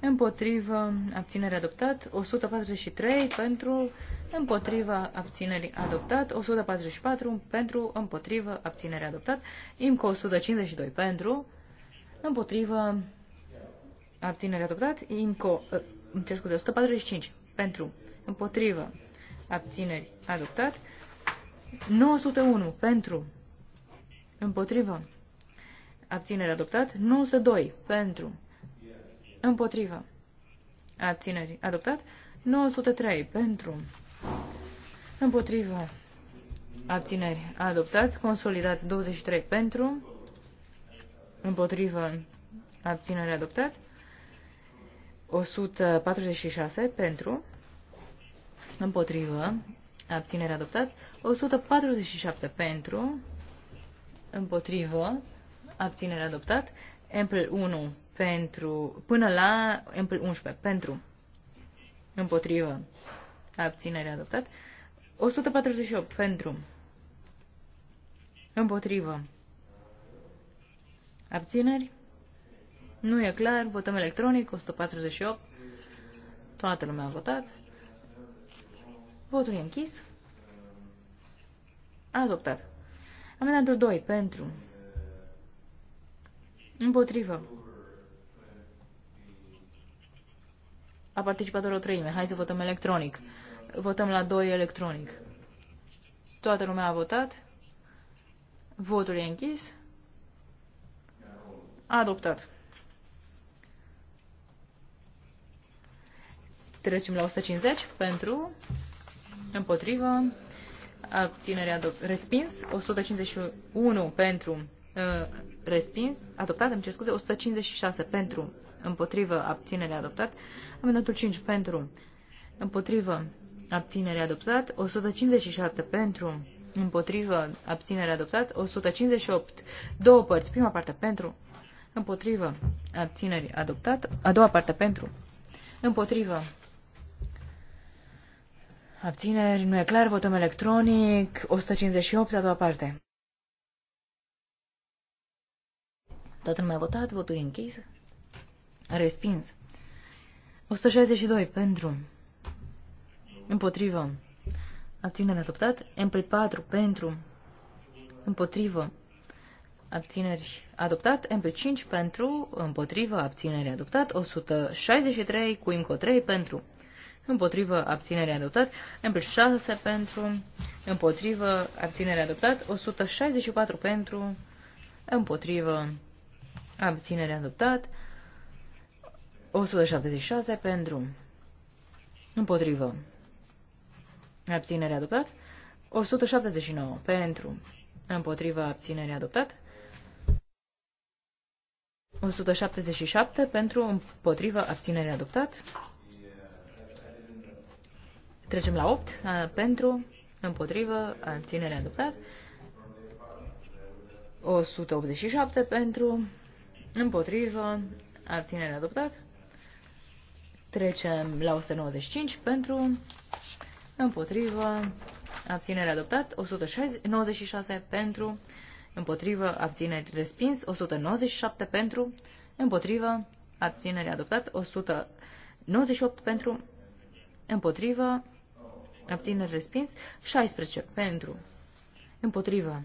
împotrivă, abținere adoptat, 143 pentru, împotriva abținerii adoptat, 144 pentru, împotrivă, abținere adoptat, IMCO 152 pentru, împotrivă, abținere adoptat, IMCO, ă, îmi cer scuze, 145 pentru, împotrivă, abțineri adoptat, 901 pentru, împotrivă, abținere adoptat. 902 pentru, împotrivă, abțineri adoptat. 903 pentru, împotrivă, abțineri adoptat. Consolidat 23 pentru, împotrivă, abținere adoptat. 146 pentru, împotrivă, abținere adoptat, 147 pentru, împotrivă, abținere adoptat, Ample 1 pentru, până la Ample 11 pentru, împotrivă, abținere adoptat, 148 pentru, împotrivă, abțineri, nu e clar, votăm electronic, 148, toată lumea a votat, Votul e închis. Adoptat. Amendamentul 2 pentru. Împotrivă. A participat doar o treime. Hai să votăm electronic. Votăm la 2 electronic. Toată lumea a votat. Votul e închis. A adoptat. Trecem la 150 pentru împotrivă, abținere respins, 151 pentru uh, respins, adoptat, îmi cer scuze, 156 pentru, împotrivă, abținere adoptat, amendatul 5 pentru, împotrivă, abținere adoptat, 157 pentru, împotrivă, abținere adoptat, 158, două părți, prima parte pentru, împotrivă, abținere adoptat, a doua parte pentru, împotrivă, Abțineri, nu e clar, votăm electronic, 158, a doua parte. Toată lumea a votat, votul e închis. Respins. 162, pentru. Împotrivă. abțineri adoptat. MP4, pentru. Împotrivă. Abțineri adoptat. MP5, pentru. Împotrivă. abțineri adoptat. 163, cu IMCO 3, pentru împotrivă, abținerea adoptat, Ample 6 pentru, împotrivă, abținerea adoptat, 164 pentru, împotrivă, abținerea adoptat, 176 pentru, împotrivă, abținerea adoptat, 179 pentru, împotrivă, abținerea adoptat, 177 pentru, împotriva abținerea adoptat, Trecem la 8. Pentru, împotrivă, abținere adoptat. 187 pentru, împotrivă, abținere adoptat. Trecem la 195 pentru, împotrivă, abținere adoptat. 196 pentru, împotrivă, abținere respins. 197 pentru, împotrivă, abținere adoptat. 198 pentru, împotrivă, abțineri respins, 16 pentru, Împotrivă.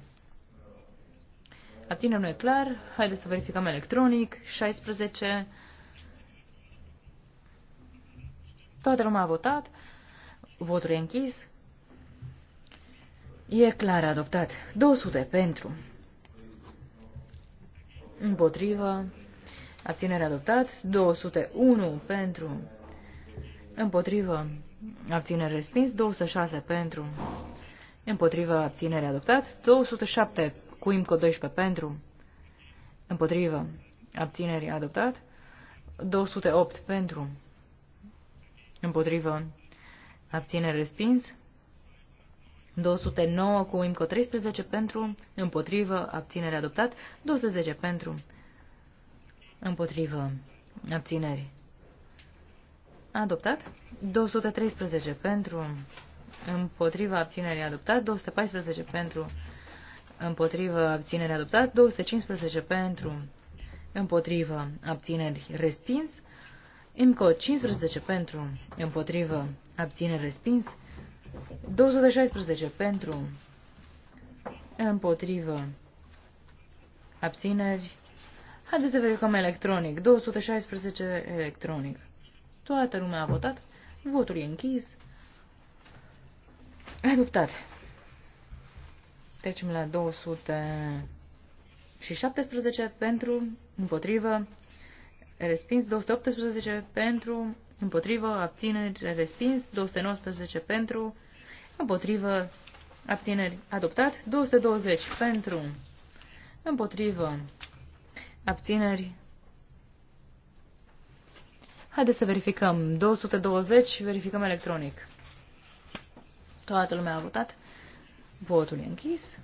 abțineri nu e clar, haideți să verificăm electronic, 16, toată lumea a votat, votul e închis, e clar adoptat, 200 pentru, Împotrivă. abținere adoptat, 201 pentru, împotrivă, abținere respins, 206 pentru, împotrivă, abținere adoptat, 207 cu IMCO 12 pentru, împotrivă, abținere adoptat, 208 pentru, împotrivă, abținere respins, 209 cu IMCO 13 pentru, împotrivă, abținere adoptat, 210 pentru, împotrivă, abțineri adoptat, 213 pentru împotriva abținerii adoptat, 214 pentru împotriva abținerii adoptat, 215 pentru împotriva abțineri respins, Încă 15 pentru împotriva abțineri respins, 216 pentru împotriva abțineri Haideți să verificăm electronic. 216 electronic. Toată lumea a votat. Votul e închis. Adoptat. Trecem la 217 pentru, împotrivă, respins, 218 pentru, împotrivă, abțineri, respins, 219 pentru, împotrivă, abțineri, adoptat, 220 pentru, împotrivă, abțineri, Haideți să verificăm. 220, verificăm electronic. Toată lumea a votat. Votul e închis.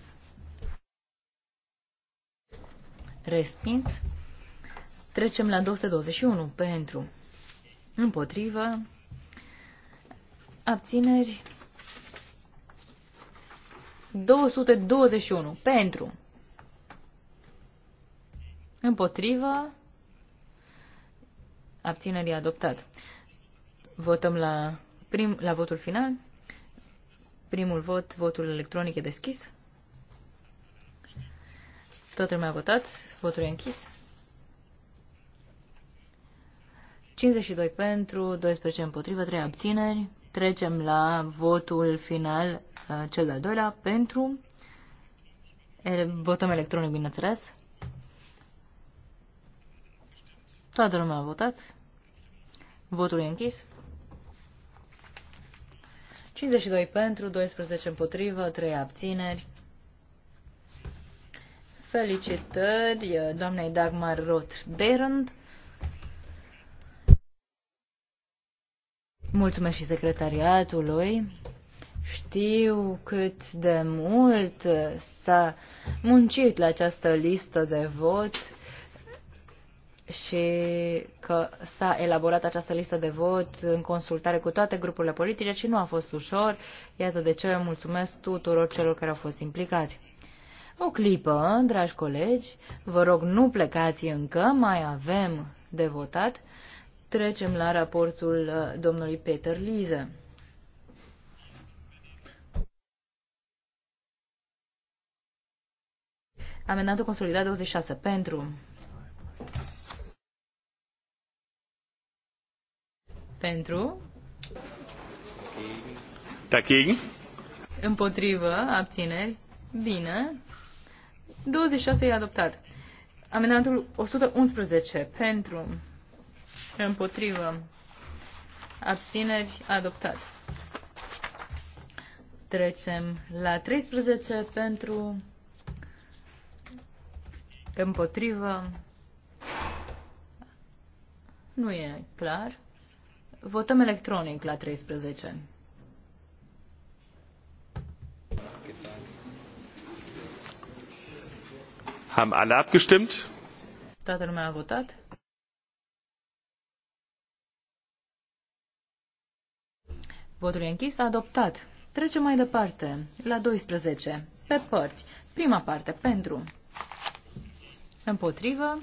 Respins. Trecem la 221. Pentru. Împotrivă. Abțineri. 221. Pentru. Împotrivă. Abținerii adoptat. Votăm la, prim, la votul final. Primul vot, votul electronic e deschis. Toată lumea a votat. Votul e închis. 52 pentru, 12 împotrivă, 3 abțineri. Trecem la votul final, uh, cel de-al doilea, pentru. Votăm electronic, bineînțeles. Toată lumea a votat. Votul e închis. 52 pentru, 12 împotrivă, 3 abțineri. Felicitări eh, doamnei Dagmar Roth-Berend. Mulțumesc și secretariatului. Știu cât de mult s-a muncit la această listă de vot și că s-a elaborat această listă de vot în consultare cu toate grupurile politice și nu a fost ușor. Iată de ce mulțumesc tuturor celor care au fost implicați. O clipă, dragi colegi, vă rog nu plecați încă, mai avem de votat. Trecem la raportul uh, domnului Peter Lize. Amendatul consolidat 26 pentru Pentru. Dagegen. Împotrivă, abțineri. Bine. 26 e adoptat. Amendamentul 111 pentru împotrivă abțineri adoptat. Trecem la 13 pentru împotrivă nu e clar. Votăm electronic la 13. Haben alle abgestimmt? Toată lumea a votat. Votul e închis, a adoptat. Trecem mai departe, la 12, pe părți. Prima parte, pentru. Împotrivă.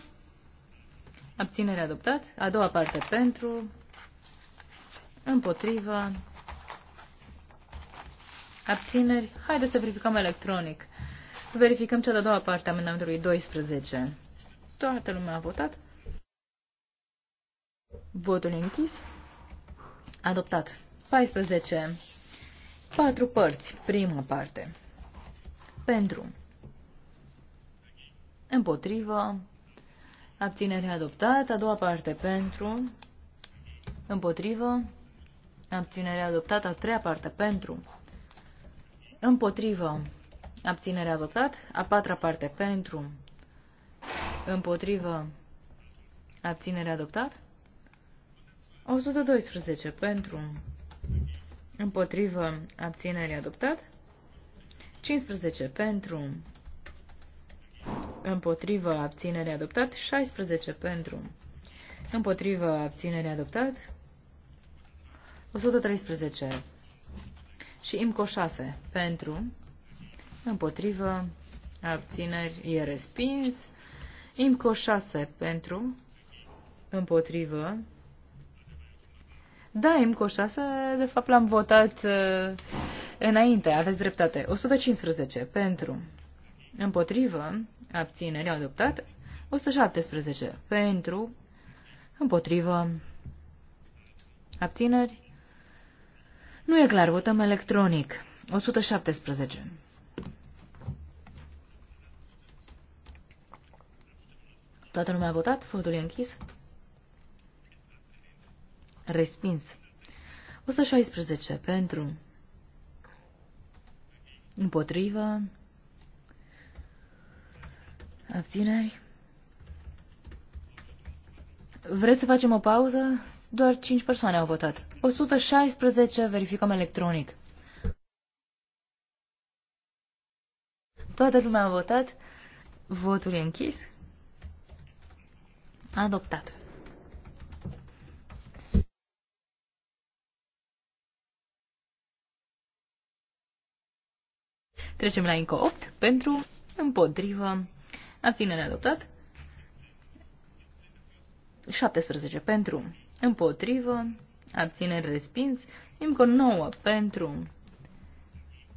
Abținere adoptat. A doua parte, pentru împotrivă, abțineri. Haideți să verificăm electronic. Verificăm cea de-a doua parte a amendamentului 12. Toată lumea a votat. Votul e închis. Adoptat. 14. Patru părți. Prima parte. Pentru. Împotrivă. Abținere adoptat. A doua parte. Pentru. Împotrivă. Abținere adoptată. A treia parte. Pentru. Împotrivă. Abținere adoptat. A patra parte. Pentru. Împotrivă. Abținere adoptat. 112. Pentru. Împotrivă. Abținere adoptat. 15. Pentru. Împotrivă. Abținere adoptat. 16. Pentru. Împotrivă. Abținere adoptat. 113 și IMCO 6 pentru, împotrivă, abțineri, e respins. IMCO 6 pentru, împotrivă. Da, IMCO 6, de fapt l-am votat uh, înainte, aveți dreptate. 115 pentru, împotrivă, abțineri, adoptat. 117 pentru, împotrivă, abțineri, nu e clar, votăm electronic. 117. Toată lumea a votat? Votul e închis? Respins. 116 pentru. Împotrivă. Abțineri. Vreți să facem o pauză? Doar 5 persoane au votat. 116 verificăm electronic. Toată lumea a votat. Votul e închis. Adoptat. Trecem la încă 8 pentru, împotrivă, abținere adoptat. 17 pentru, împotrivă, abțineri respins, încă nouă, pentru,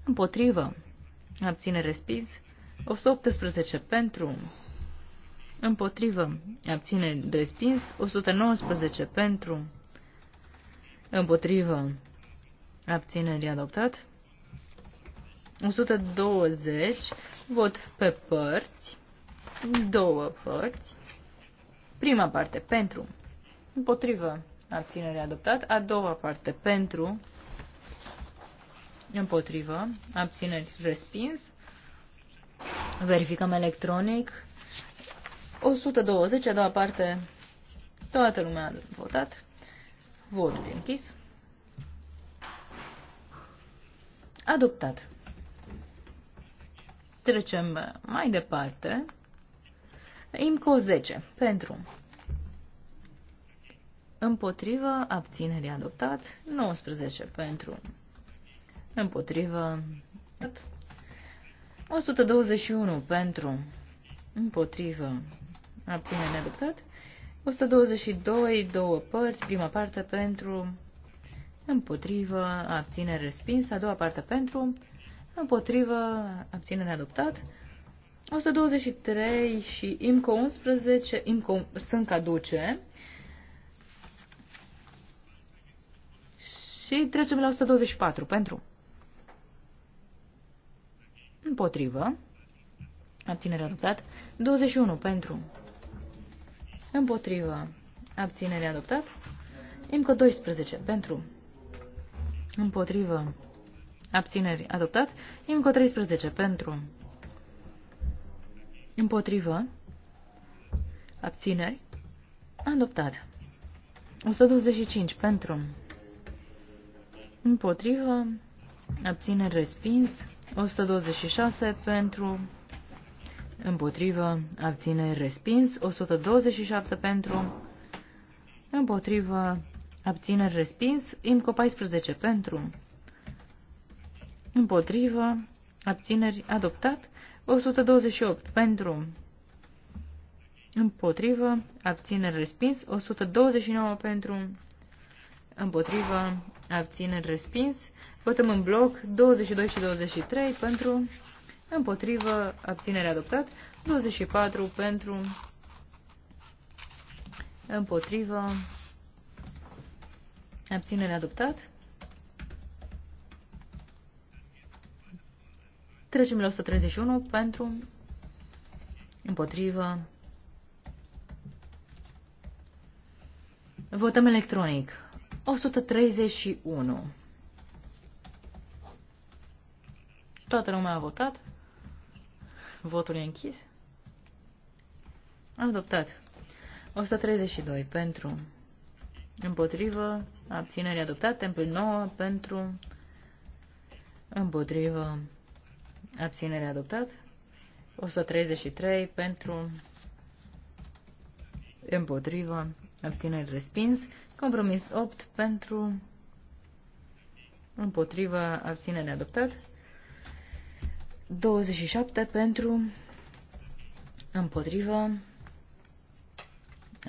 împotrivă, abțineri respins, 118 pentru, împotrivă, abțineri respins, 119 pentru, împotrivă, abțineri adoptat, 120, vot pe părți, două părți, prima parte pentru, împotrivă, abținere adoptat. A doua parte pentru, împotrivă, abțineri respins. Verificăm electronic. 120, a doua parte, toată lumea a votat. Votul e închis. Adoptat. Trecem mai departe. IMCO 10. Pentru împotrivă, abținerii adoptat, 19 pentru, împotrivă, 121 pentru, împotrivă, abținere adoptat, 122, două părți, prima parte pentru, împotrivă, abținere respins, a doua parte pentru, împotrivă, abținere adoptat, 123 și IMCO 11 IMCO sunt caduce, Și trecem la 124 pentru. Împotrivă. Abținere adoptat. 21 pentru. Împotrivă. Abținere adoptat. încă 12 pentru. Împotrivă. Abțineri adoptat. încă 13 pentru. Împotrivă. Abțineri. Adoptat. 125 pentru împotrivă, abțineri respins, 126 pentru, împotrivă, abțineri respins, 127 pentru, împotrivă, abțineri respins, IMCO 14 pentru, împotrivă, abțineri adoptat, 128 pentru, împotrivă, abțineri respins, 129 pentru, împotriva, abțineri, respins. Votăm în bloc 22 și 23 pentru, împotrivă, abținere adoptat, 24 pentru, împotrivă, abținere adoptat. Trecem la 131 pentru, împotrivă, Votăm electronic. 131. Toată lumea a votat. Votul e închis. Adoptat. 132 pentru. Împotrivă. Abținere adoptat. Templul 9 pentru. Împotrivă. Abținere adoptat. 133 pentru. Împotrivă. Abținere respins. Compromis 8 pentru împotriva abținere adoptat. 27 pentru împotriva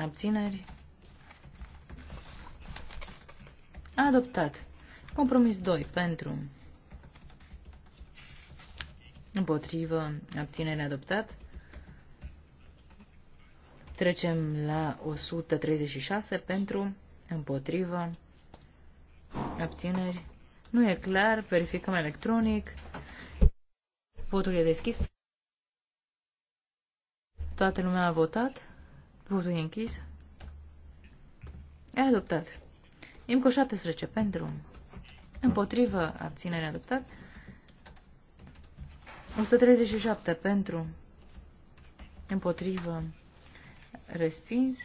abțineri adoptat. Compromis 2 pentru împotrivă abținere adoptat. Trecem la 136 pentru împotrivă, abțineri, nu e clar, verificăm electronic, votul e deschis, toată lumea a votat, votul e închis, e adoptat. IMCO 17 pentru, împotrivă, abținere adoptat, 137 pentru, împotrivă, respins,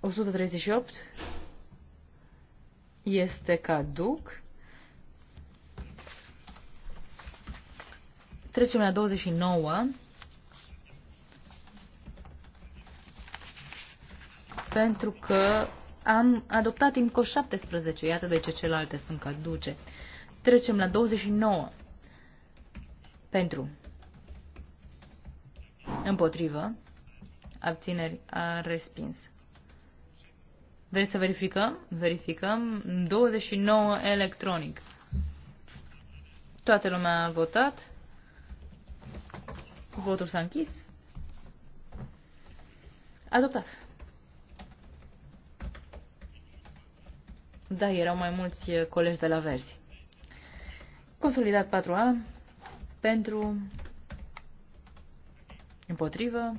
138 este caduc. Trecem la 29. Pentru că am adoptat IMCO 17, iată de ce celelalte sunt caduce. Trecem la 29. Pentru. Împotrivă. Abțineri a respins. Vreți să verificăm? Verificăm. 29 electronic. Toată lumea a votat. Votul s-a închis. Adoptat. Da, erau mai mulți colegi de la Verzi. Consolidat 4A pentru împotrivă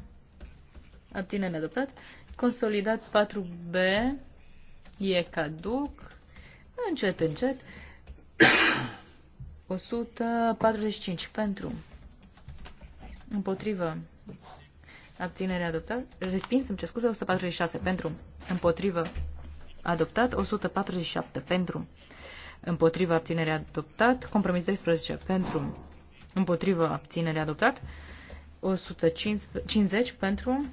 abținere adoptat. Consolidat 4B e caduc. Încet, încet. 145 pentru. Împotrivă. Abținere adoptat. Respins, îmi cer scuze, 146 pentru. Împotrivă. Adoptat. 147 pentru. Împotrivă abținere adoptat. Compromis 12 pentru. Împotrivă abținere adoptat. 150 pentru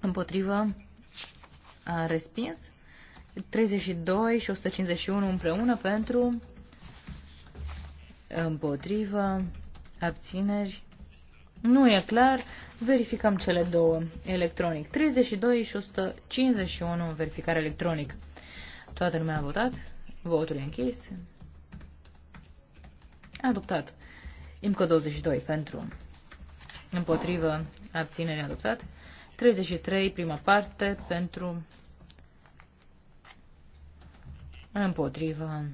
împotrivă, respins. 32 și 151 împreună pentru, împotrivă, abțineri. Nu e clar, verificăm cele două electronic. 32 și 151 verificare electronic. Toată lumea a votat, votul e închis. Adoptat. IMCO 22 pentru, împotrivă, abținere adoptat. 33, prima parte, pentru împotriva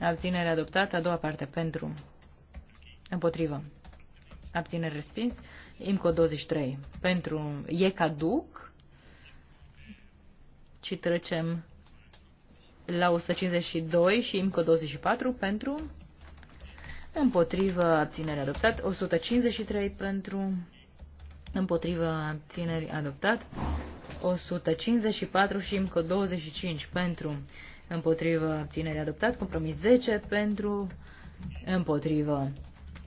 abținere adoptată, a doua parte pentru împotrivă abținere respins, IMCO 23 pentru e caduc și trecem la 152 și IMCO 24 pentru împotrivă abținere adoptat, 153 pentru împotrivă abțineri adoptat, 154 și încă 25 pentru împotrivă abținere adoptat, compromis 10 pentru împotrivă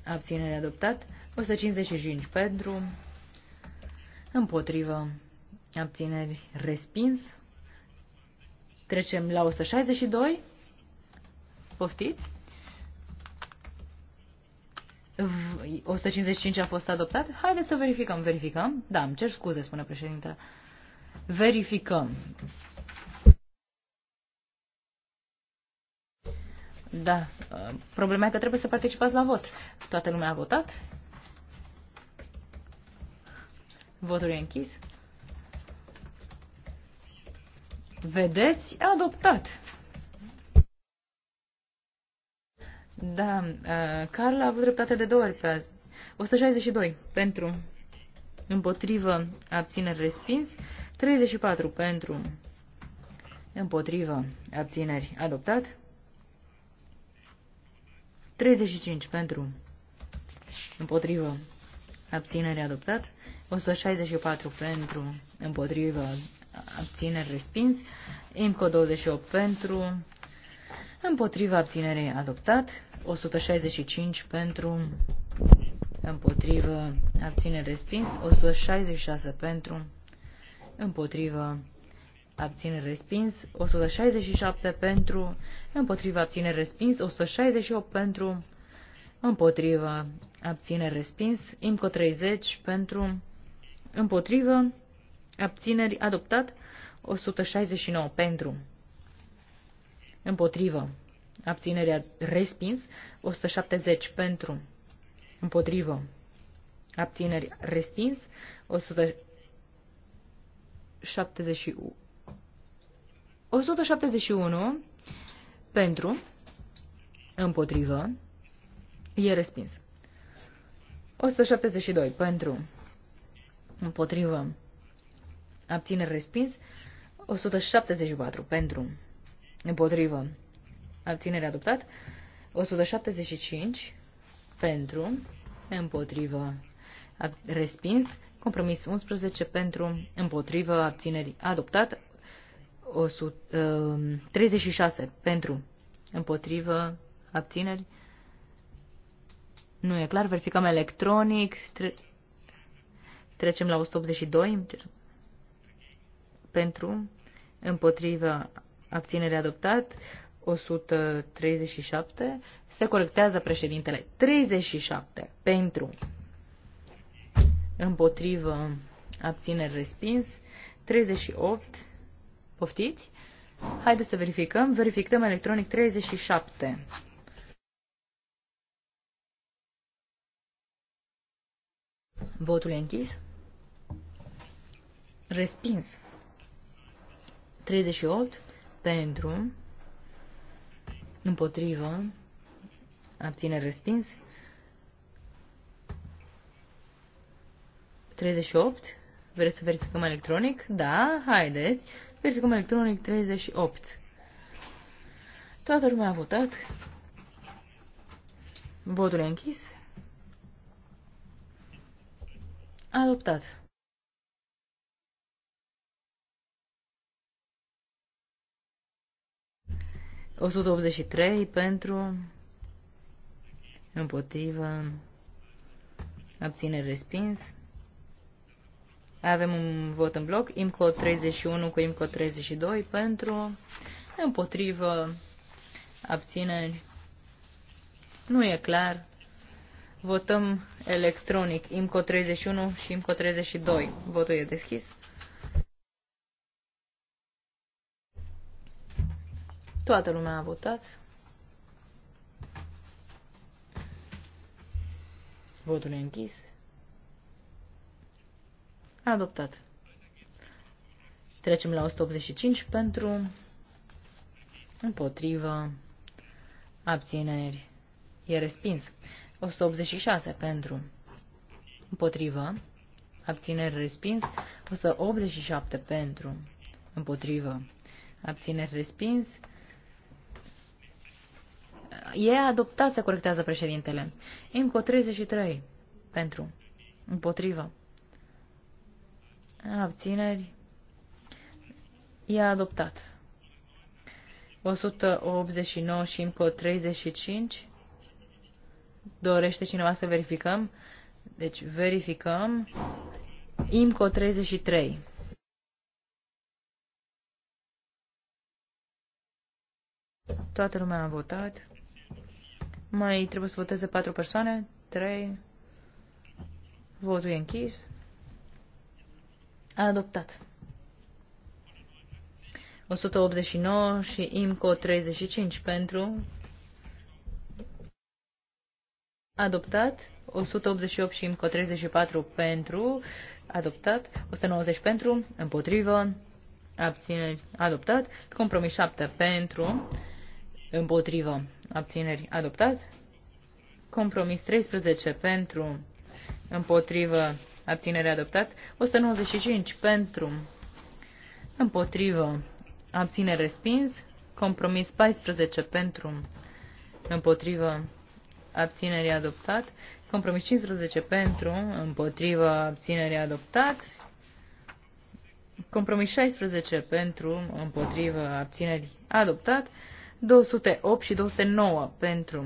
abținere adoptat, 155 pentru împotrivă abțineri respins. Trecem la 162. Poftiți? 155 a fost adoptat. Haideți să verificăm. Verificăm? Da, îmi cer scuze, spune președintele. Verificăm. Da. Problema e că trebuie să participați la vot. Toată lumea a votat? Votul e închis. Vedeți? Adoptat. Da, uh, Carla a avut dreptate de două ori pe azi. 162 pentru, împotrivă, abțineri respins. 34 pentru, împotrivă, abțineri adoptat. 35 pentru, împotrivă, abțineri adoptat, 164 pentru, împotrivă, abțineri respins, IMCO 28 pentru, împotrivă, abținerei adoptat, 165 pentru, împotrivă, abține respins, 166 pentru, împotrivă, abține respins, 167 pentru, împotrivă, abține respins, 168 pentru, împotrivă, abține respins, IMCO 30 pentru, împotrivă, abțineri adoptat, 169 pentru, împotrivă, abținerea respins, 170 pentru, împotrivă, abțineri respins, 171, 171 pentru, împotrivă, e respins. 172 pentru, împotrivă, abțineri respins, 174 pentru, împotrivă, abținere adoptat. 175 pentru, împotrivă, respins. Compromis 11 pentru, împotrivă, abțineri adoptat. 136 uh, pentru, împotrivă, abțineri. Nu e clar, verificăm electronic. trecem la 182 pentru, împotrivă, abținere adoptat. 137, se corectează președintele. 37 pentru, împotrivă, abțineri respins, 38, poftiți? Haideți să verificăm, verificăm electronic 37. Votul e închis. Respins. 38 pentru Împotrivă. Abține respins. 38. Vreți să verificăm electronic? Da, haideți. Verificăm electronic 38. Toată lumea a votat. Votul e închis. Adoptat. 183 pentru, împotrivă, abține respins. Avem un vot în bloc, IMCO 31 cu IMCO 32 pentru, împotrivă, abțineri. Nu e clar. Votăm electronic IMCO 31 și IMCO 32. Votul e deschis. Toată lumea a votat. Votul e închis. Adoptat. Trecem la 185 pentru, împotrivă, abțineri. E respins. 186 pentru, împotrivă, abțineri respins. 187 pentru, împotrivă, abțineri respins. E adoptat, se corectează președintele. IMCO 33. Pentru. Împotrivă. Abțineri. E adoptat. 189 și IMCO 35. Dorește cineva să verificăm? Deci verificăm. IMCO 33. Toată lumea a votat. Mai trebuie să voteze patru persoane. Trei. Votul e închis. A adoptat. 189 și IMCO 35 pentru. Adoptat. 188 și IMCO 34 pentru. Adoptat. 190 pentru. Împotrivă. Abține. Adoptat. Compromis 7 pentru împotrivă, abțineri, adoptat. Compromis 13 pentru, împotrivă, abținere, adoptat. 195 pentru, împotrivă, abținere, respins. Compromis 14 pentru, împotrivă, abținere, adoptat. Compromis 15 pentru, împotrivă, abținere, adoptat. Compromis 16 pentru, împotrivă, Abținere. adoptat. 208 și 209 pentru.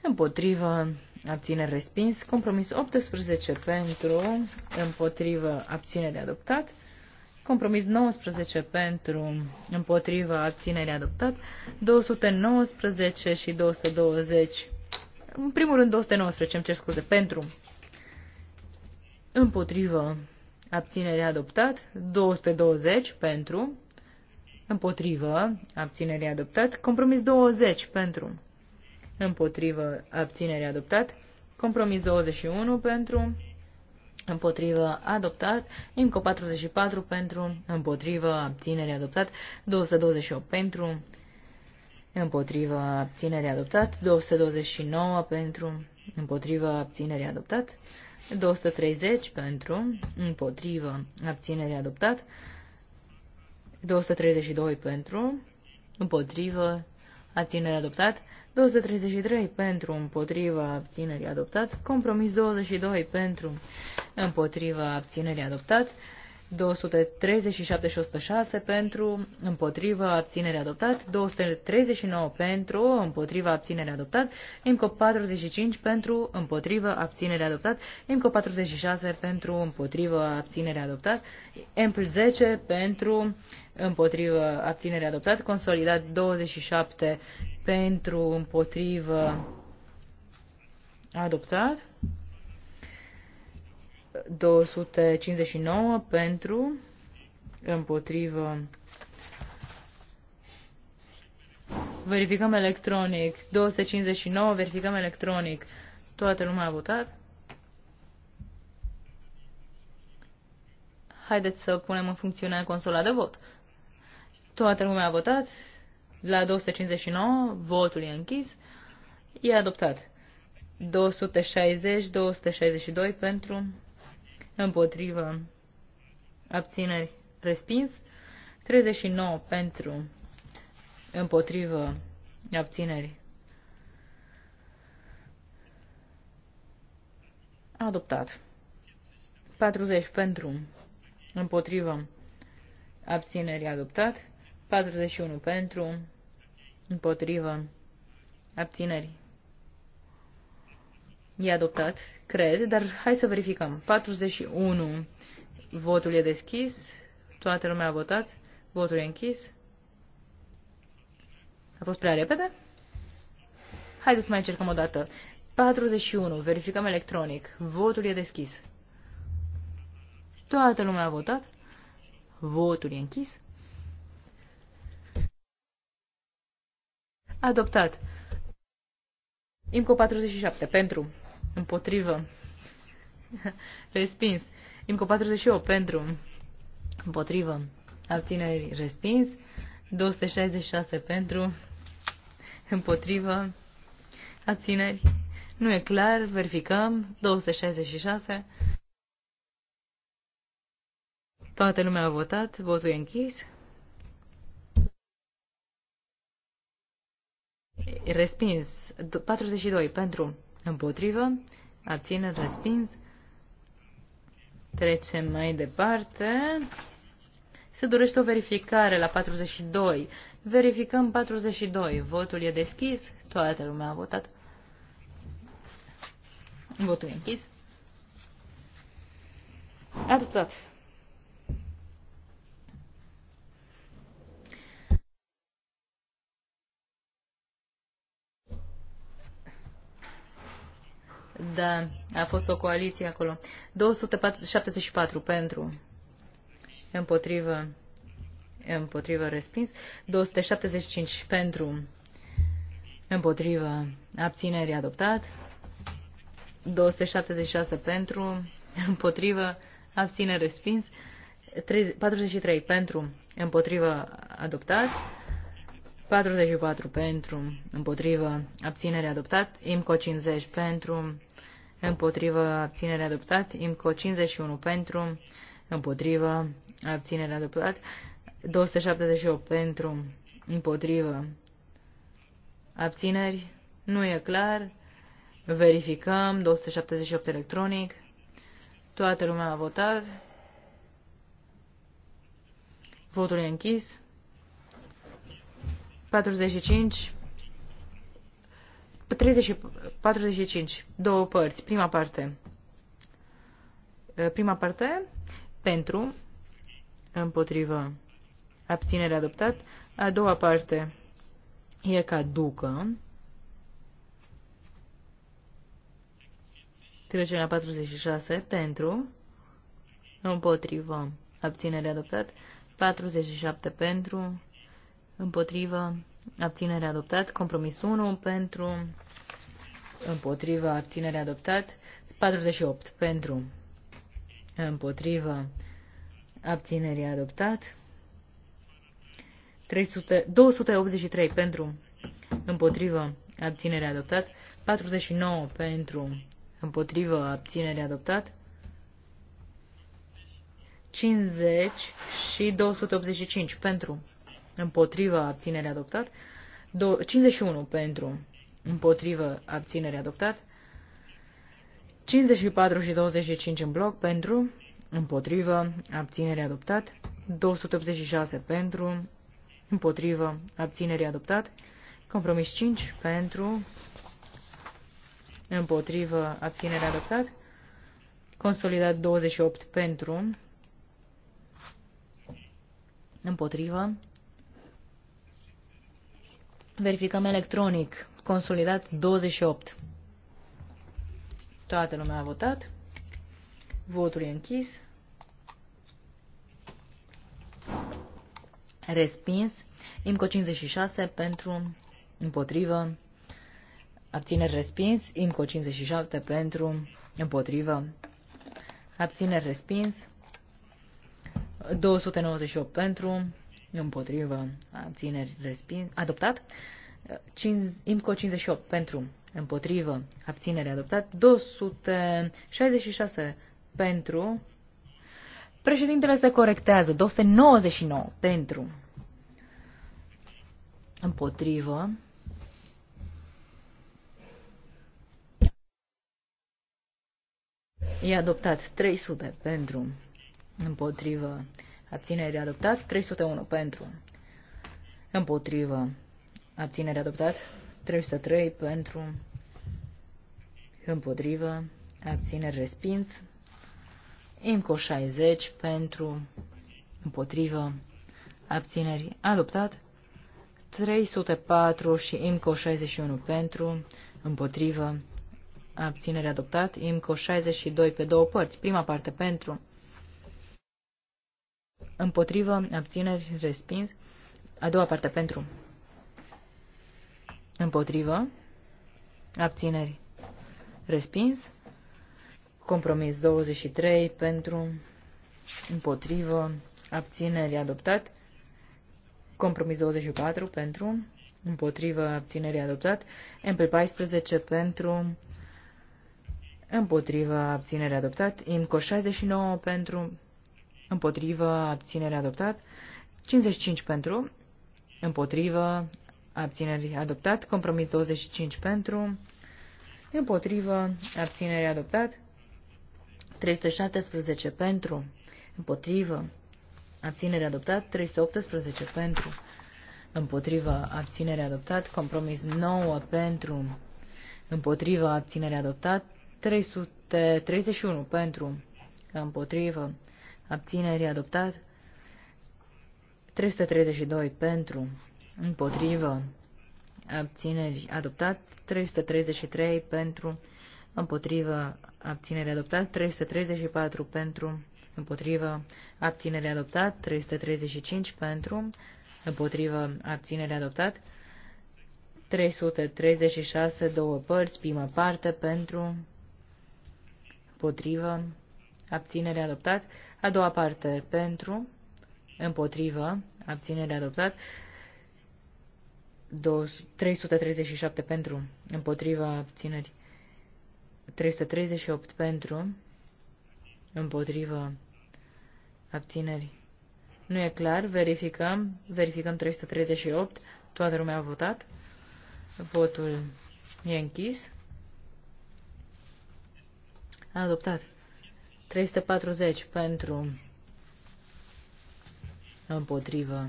Împotrivă, abține respins. Compromis 18 pentru. Împotrivă, de adoptat. Compromis 19 pentru. Împotrivă, de adoptat. 219 și 220. În primul rând 219, îmi cer scuze, pentru. Împotrivă, abținere adoptat. 220 pentru împotrivă, abținere adoptat, compromis 20 pentru, împotrivă, abținere adoptat, compromis 21 pentru, împotrivă, adoptat, INCO 44 pentru, împotrivă, abținere adoptat, 228 pentru, împotrivă, abținere adoptat, 229 pentru, împotrivă, abținere adoptat, 230 pentru, împotrivă, abținere adoptat, 232 pentru, împotrivă, abținere adoptat. 233 pentru, împotriva, abținere adoptat. Compromis 22 pentru, împotriva, abținere adoptat. 237 și 106 pentru, împotrivă, abținere adoptat, 239 pentru, împotrivă, abținere adoptat, încă 45 pentru, împotrivă, abținere adoptat, încă 46 pentru, împotrivă, abținere adoptat, EMPL 10 pentru, împotrivă, abținere adoptat, consolidat 27 pentru, împotrivă, adoptat. 259 pentru, împotrivă. Verificăm electronic. 259, verificăm electronic. Toată lumea a votat. Haideți să punem în funcțiune consola de vot. Toată lumea a votat. La 259, votul e închis. E adoptat. 260, 262 pentru împotrivă, abțineri, respins. 39 pentru, împotrivă, abțineri, adoptat. 40 pentru, împotrivă, abțineri, adoptat. 41 pentru, împotrivă, abțineri, E adoptat, cred, dar hai să verificăm. 41. Votul e deschis. Toată lumea a votat. Votul e închis. A fost prea repede? Haideți să mai încercăm o dată. 41. Verificăm electronic. Votul e deschis. Toată lumea a votat. Votul e închis. Adoptat. IMCO 47. Pentru. Împotrivă. Respins. Imco 48 pentru. Împotrivă. Abțineri respins. 266 pentru. Împotrivă. Abțineri. Nu e clar. Verificăm. 266. Toată lumea a votat. Votul e închis. Respins. 42 pentru. Împotrivă. Abțineri respins. Trecem mai departe. Se dorește o verificare la 42. Verificăm 42. Votul e deschis. Toată lumea a votat. Votul e închis. Adoptat. Da, a fost o coaliție acolo. 274 pentru, împotrivă, împotrivă respins. 275 pentru, împotrivă, abțineri adoptat. 276 pentru, împotrivă, abțineri respins. 43 pentru, împotrivă, adoptat. 44 pentru, împotrivă, abținere adoptat, IMCO 50 pentru, împotrivă, abținere adoptat, IMCO 51 pentru, împotrivă, abținere adoptat, 278 pentru, împotrivă, abțineri, nu e clar, verificăm, 278 electronic, toată lumea a votat, votul e închis, 45 30, 45, două părți, prima parte. Eh, prima parte, pentru, împotrivă, abținere adoptat. A doua parte e ducă. Trecem la 46, pentru, împotrivă, abținere adoptat. 47 pentru, împotrivă, abținere adoptat, compromis 1 pentru, împotrivă, abținere adoptat, 48 pentru, împotrivă, abținere adoptat, 300, 283 pentru, împotrivă, abținere adoptat, 49 pentru, împotrivă, abținere adoptat, 50 și 285 pentru, împotrivă, abținere adoptat. 51 pentru, împotrivă, abținere adoptat. 54 și 25 în bloc pentru, împotrivă, abținere adoptat. 286 pentru, împotrivă, abținere adoptat. Compromis 5 pentru, împotrivă, abținere adoptat. Consolidat 28 pentru, împotrivă, Verificăm electronic. Consolidat 28. Toată lumea a votat. Votul e închis. Respins. IMCO 56 pentru, împotrivă, abțineri respins. IMCO 57 pentru, împotrivă, abțineri respins. 298 pentru, împotrivă, abțineri, respins, adoptat. 5, IMCO 58 pentru, împotrivă, abținere, adoptat. 266 pentru. Președintele se corectează. 299 pentru, împotrivă, E adoptat 300 pentru împotrivă abținere adoptat, 301 pentru, împotrivă, abținere adoptat, 303 pentru, împotrivă, Abținere respins, IMCO 60 pentru, împotrivă, abțineri adoptat, 304 și IMCO 61 pentru, împotrivă, abținere adoptat, IMCO 62 pe două părți, prima parte pentru, împotrivă, abțineri, respins. A doua parte pentru, împotrivă, abțineri, respins. Compromis 23 pentru, împotrivă, abțineri, adoptat. Compromis 24 pentru, împotrivă, abțineri, adoptat. MP14 pentru, Împotriva abținere adoptat. IMCO 69 pentru împotrivă, abținere adoptat, 55 pentru, împotrivă, abțineri adoptat, compromis 25 pentru, împotrivă, abținere adoptat, 317 pentru, împotrivă, abținere adoptat, 318 pentru, împotrivă, abținere adoptat, compromis 9 pentru, împotrivă, abținere adoptat, 331 pentru, împotrivă, abțineri adoptat, 332 pentru, împotrivă, abțineri adoptat, 333 pentru, împotrivă, abținere adoptat, 334 pentru, împotrivă, abținere adoptat, 335 pentru, împotrivă, abținere adoptat, 336 două părți, prima parte pentru, împotrivă, abținere adoptat, a doua parte pentru, împotrivă, abținere adoptat. 337 pentru, împotriva abțineri. 338 pentru, împotriva abțineri. Nu e clar, verificăm, verificăm 338, toată lumea a votat, votul e închis, a adoptat. 340 pentru împotrivă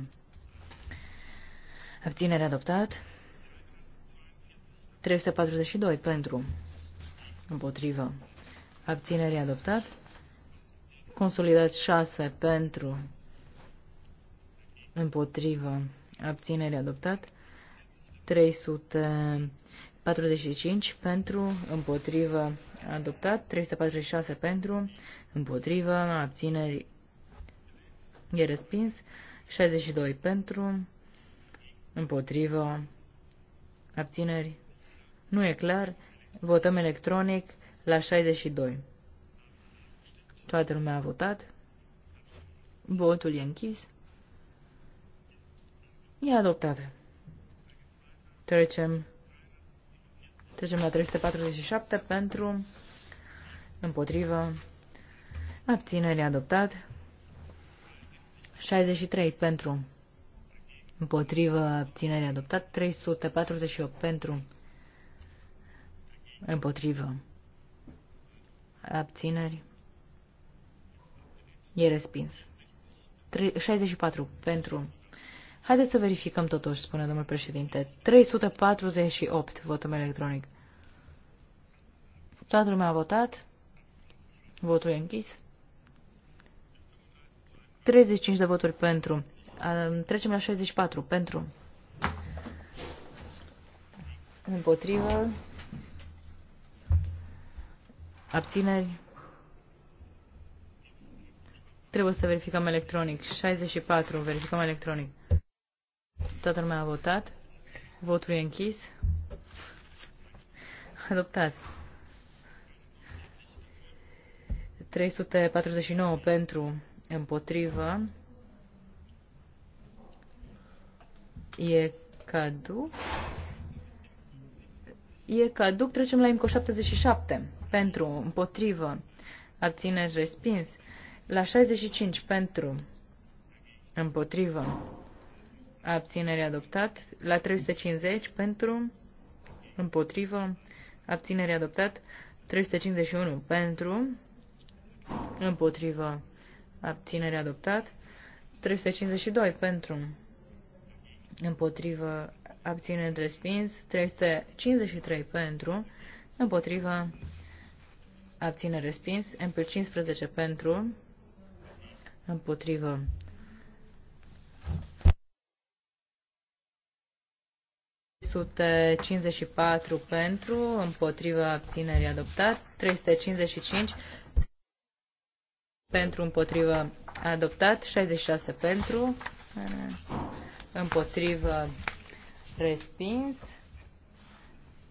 abținere adoptat 342 pentru împotrivă abținere adoptat consolidat 6 pentru împotrivă abținere adoptat 300 45 pentru, împotrivă, adoptat, 346 pentru, împotrivă, abțineri, e respins, 62 pentru, împotrivă, abțineri, nu e clar, votăm electronic la 62. Toată lumea a votat, votul e închis, e adoptat. Trecem Trecem la 347 pentru, împotrivă, abținere adoptat. 63 pentru, împotrivă, abținere adoptat. 348 pentru, împotrivă, abțineri, e respins. 64 pentru, Haideți să verificăm totuși, spune domnul președinte. 348, votăm electronic. Toată lumea a votat. Votul e închis. 35 de voturi pentru. Trecem la 64. Pentru. Împotrivă. Abțineri. Trebuie să verificăm electronic. 64. Verificăm electronic. Toată lumea a votat. Votul e închis. Adoptat. 349 pentru împotrivă e cadu. E caduc. Trecem la IMCO 77 pentru împotrivă abțineri respins. La 65 pentru împotrivă abțineri adoptat. La 350 pentru împotrivă abțineri adoptat. 351 pentru împotriva abținere adoptat, 352 pentru împotriva abținere respins, 353 pentru împotriva abținere respins, MP15 pentru împotriva sute pentru, împotriva abținerii adoptat, 355 pentru împotrivă adoptat, 66 pentru împotrivă respins,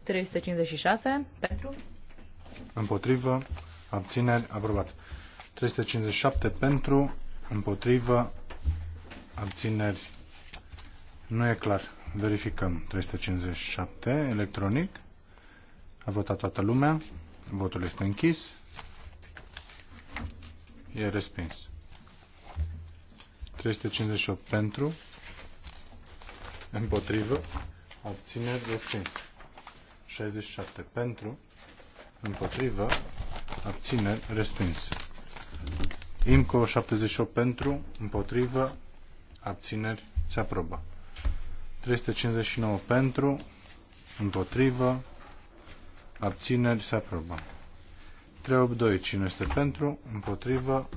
356 pentru împotrivă abțineri aprobat, 357 pentru împotrivă abțineri nu e clar. Verificăm 357 electronic. A votat toată lumea. Votul este închis. E respins. 358 pentru. Împotrivă. obține Respins. 67 pentru. Împotrivă. obține Respins. IMCO 78 pentru. Împotrivă. Abțineri. Se aprobă. 359 pentru. Împotrivă. Abțineri. Se aprobă. 382. Cine este pentru? Împotrivă?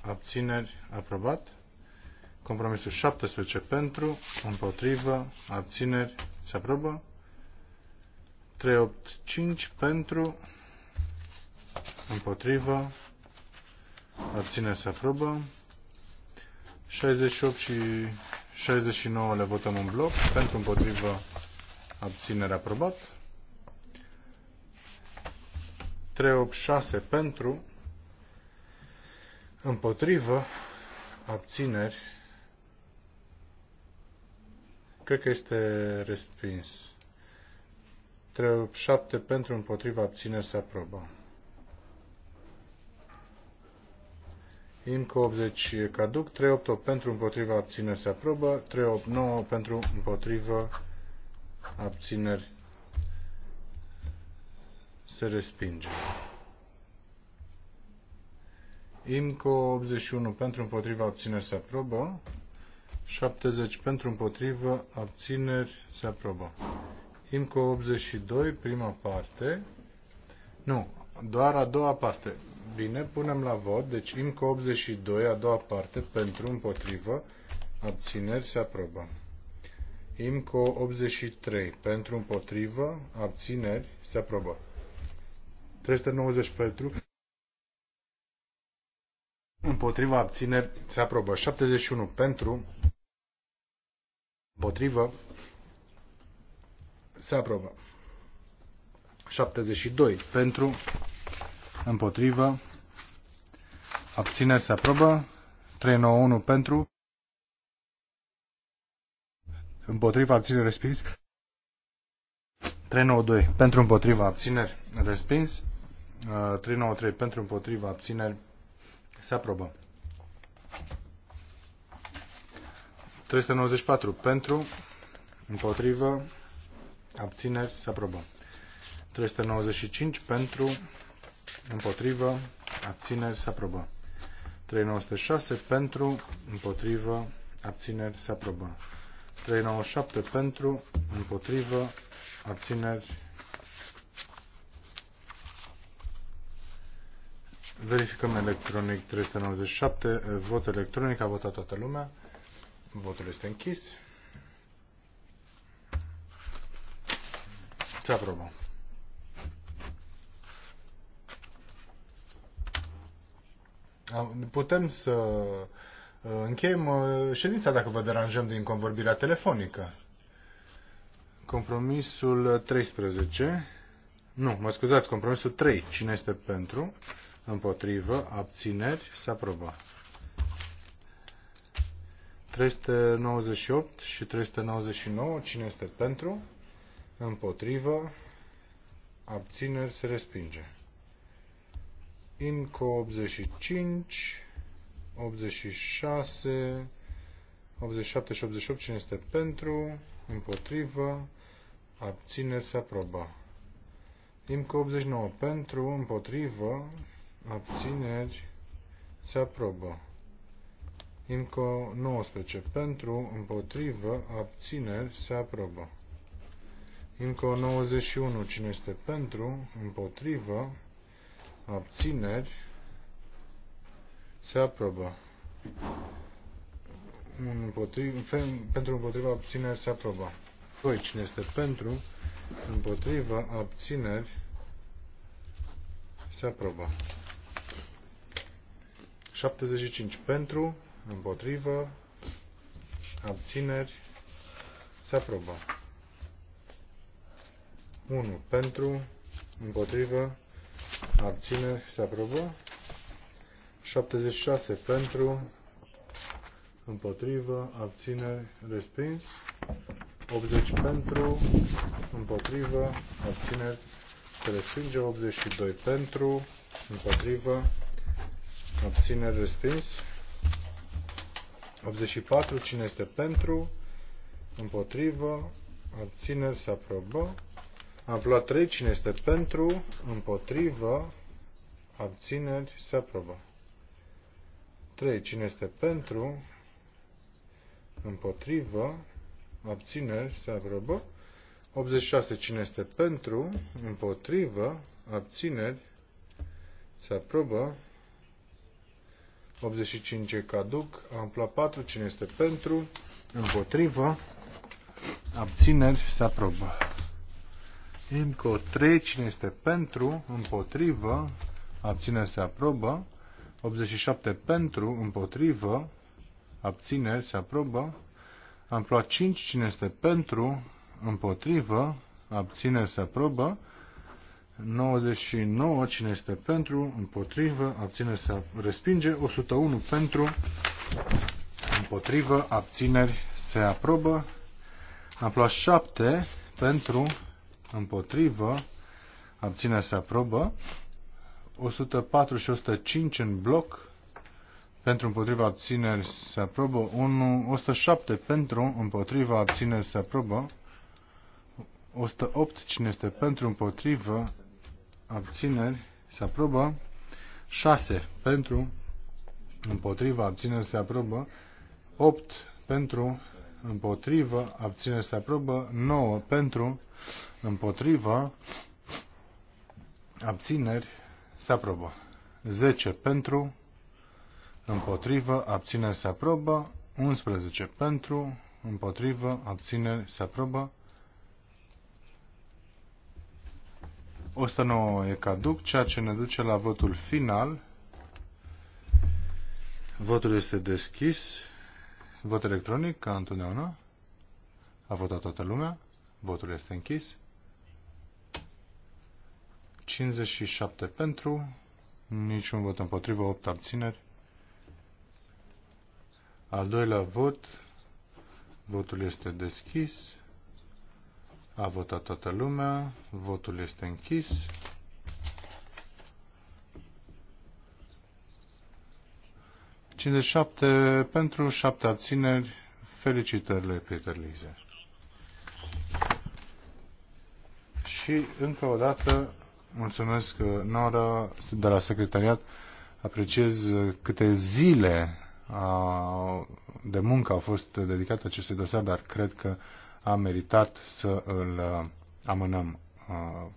Abțineri? Aprobat. Compromisul 17 pentru, împotrivă, abțineri, se aprobă. 385 pentru, împotrivă, abțineri, se aprobă. 68 și 69 le votăm în bloc, pentru, împotrivă, Abțineri? aprobat. 386 pentru, împotrivă, abțineri, cred că este respins. 387 pentru, împotrivă, abțineri, se aprobă. INCO 80 caduc, 388 pentru, împotrivă, abțineri, se aprobă, 389 pentru, împotrivă, abțineri, se respinge. IMCO 81 pentru împotriva abțineri se aprobă. 70 pentru împotrivă abțineri se aprobă. IMCO 82, prima parte. Nu, doar a doua parte. Bine, punem la vot. Deci IMCO 82, a doua parte, pentru împotrivă abțineri se aprobă. IMCO 83, pentru împotrivă abțineri se aprobă. 394 Împotriva abțineri se aprobă. 71 pentru. Împotrivă se aprobă. 72 pentru. Împotrivă. Abțineri se aprobă. 391 pentru. Împotriva abțineri respins. 392 pentru împotriva abțineri respins. Uh, 393 pentru împotriva abțineri se aprobă. 394 pentru împotriva abțineri se aprobă. 395 pentru împotriva abțineri se aprobă. 396 pentru împotriva abțineri se aprobă. 397 pentru împotrivă abțineri. Verificăm electronic 397, vot electronic, a votat toată lumea. Votul este închis. Se aprobă. Putem să uh, încheiem uh, ședința dacă vă deranjăm din convorbirea telefonică. Compromisul 13. Nu, mă scuzați, compromisul 3. Cine este pentru? Împotrivă. Abțineri. Se aprobă. 398 și 399. Cine este pentru? Împotrivă. Abțineri. Se respinge. INCO 85, 86, 87 și 88. Cine este pentru? Împotrivă abțineri se aprobă. IMCO 89 pentru, împotrivă, abțineri se aprobă. IMCO 19 pentru, împotrivă, abțineri se aprobă. IMCO 91 cine este pentru, împotrivă, abțineri se aprobă. Împotriva, pentru împotriva abțineri se aprobă. 2. Cine este pentru? împotriva, Abțineri. Se aprobă. 75 pentru, împotrivă, abțineri, se aprobă. 1 pentru, împotrivă, abțineri, se aprobă. 76 pentru, împotrivă, abțineri, respins. 80 pentru, împotrivă, abțineri, se respinge. 82 pentru, împotrivă, abțineri, respins. 84, cine este pentru, împotrivă, abțineri, se aprobă. Am luat 3, cine este pentru, împotrivă, abțineri, se aprobă. 3, cine este pentru, împotrivă, abțineri, se aprobă. 86. Cine este pentru, împotrivă, abțineri, se aprobă. 85 e caduc. Ampla 4. Cine este pentru? Împotrivă. Abțineri. Se aprobă. Încă 3. Cine este pentru? Împotrivă. Abțineri. Se aprobă. 87 pentru. Împotrivă. Abțineri. Se aprobă. Am Amploa 5, cine este pentru, împotrivă, abține, se aprobă. 99, cine este pentru, împotrivă, abține, se respinge. 101 pentru, împotrivă, abțineri, se aprobă. am Amploa 7, pentru, împotrivă, abține, se aprobă. 104 și 105 în bloc, pentru împotriva abțineri se aprobă, 1, 107 pentru împotriva abțineri se aprobă, 108 cine este pentru împotriva abțineri se aprobă, 6 pentru împotriva abțineri se aprobă, 8 pentru împotriva abțineri se aprobă, 9 pentru împotriva abțineri se aprobă, 10 pentru împotrivă, abțineri se aprobă, 11 pentru, împotrivă, abțineri se aprobă, 109 e caduc, ceea ce ne duce la votul final. Votul este deschis, vot electronic, ca întotdeauna. A votat toată lumea, votul este închis. 57 pentru, niciun vot împotrivă, 8 abțineri. Al doilea vot. Votul este deschis. A votat toată lumea. Votul este închis. șapte pentru, 7 abțineri. Felicitările, Peter Lise. Și, încă o dată, mulțumesc, Nora, de la secretariat. Apreciez câte zile de muncă a fost dedicat acestui dosar, dar cred că a meritat să îl amânăm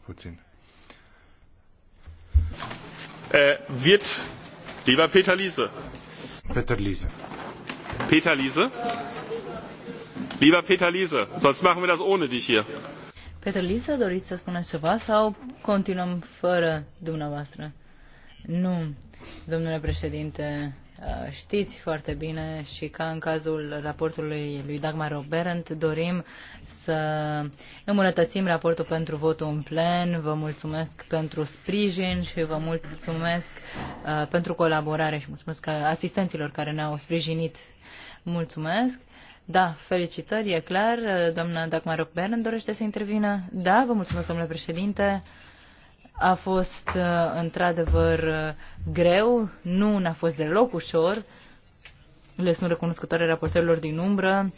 puțin. Äh, wird lieber Peter Liese. Peter Liese. Peter Liese? Lieber Peter Liese, sonst machen wir das ohne dich hier. Peter Liese, doriți să spuneți ceva sau continuăm fără dumneavoastră? Nu, domnule președinte, Uh, știți foarte bine și ca în cazul raportului lui Dagmar Oberent, dorim să îmbunătățim raportul pentru votul în plen. Vă mulțumesc pentru sprijin și vă mulțumesc uh, pentru colaborare și mulțumesc asistenților care ne-au sprijinit. Mulțumesc. Da, felicitări, e clar. Doamna Dagmar Berend dorește să intervină. Da, vă mulțumesc, domnule președinte. A fost uh, într-adevăr uh, greu, nu ne-a fost deloc ușor. Le sunt recunoscătoare raportelor din umbră.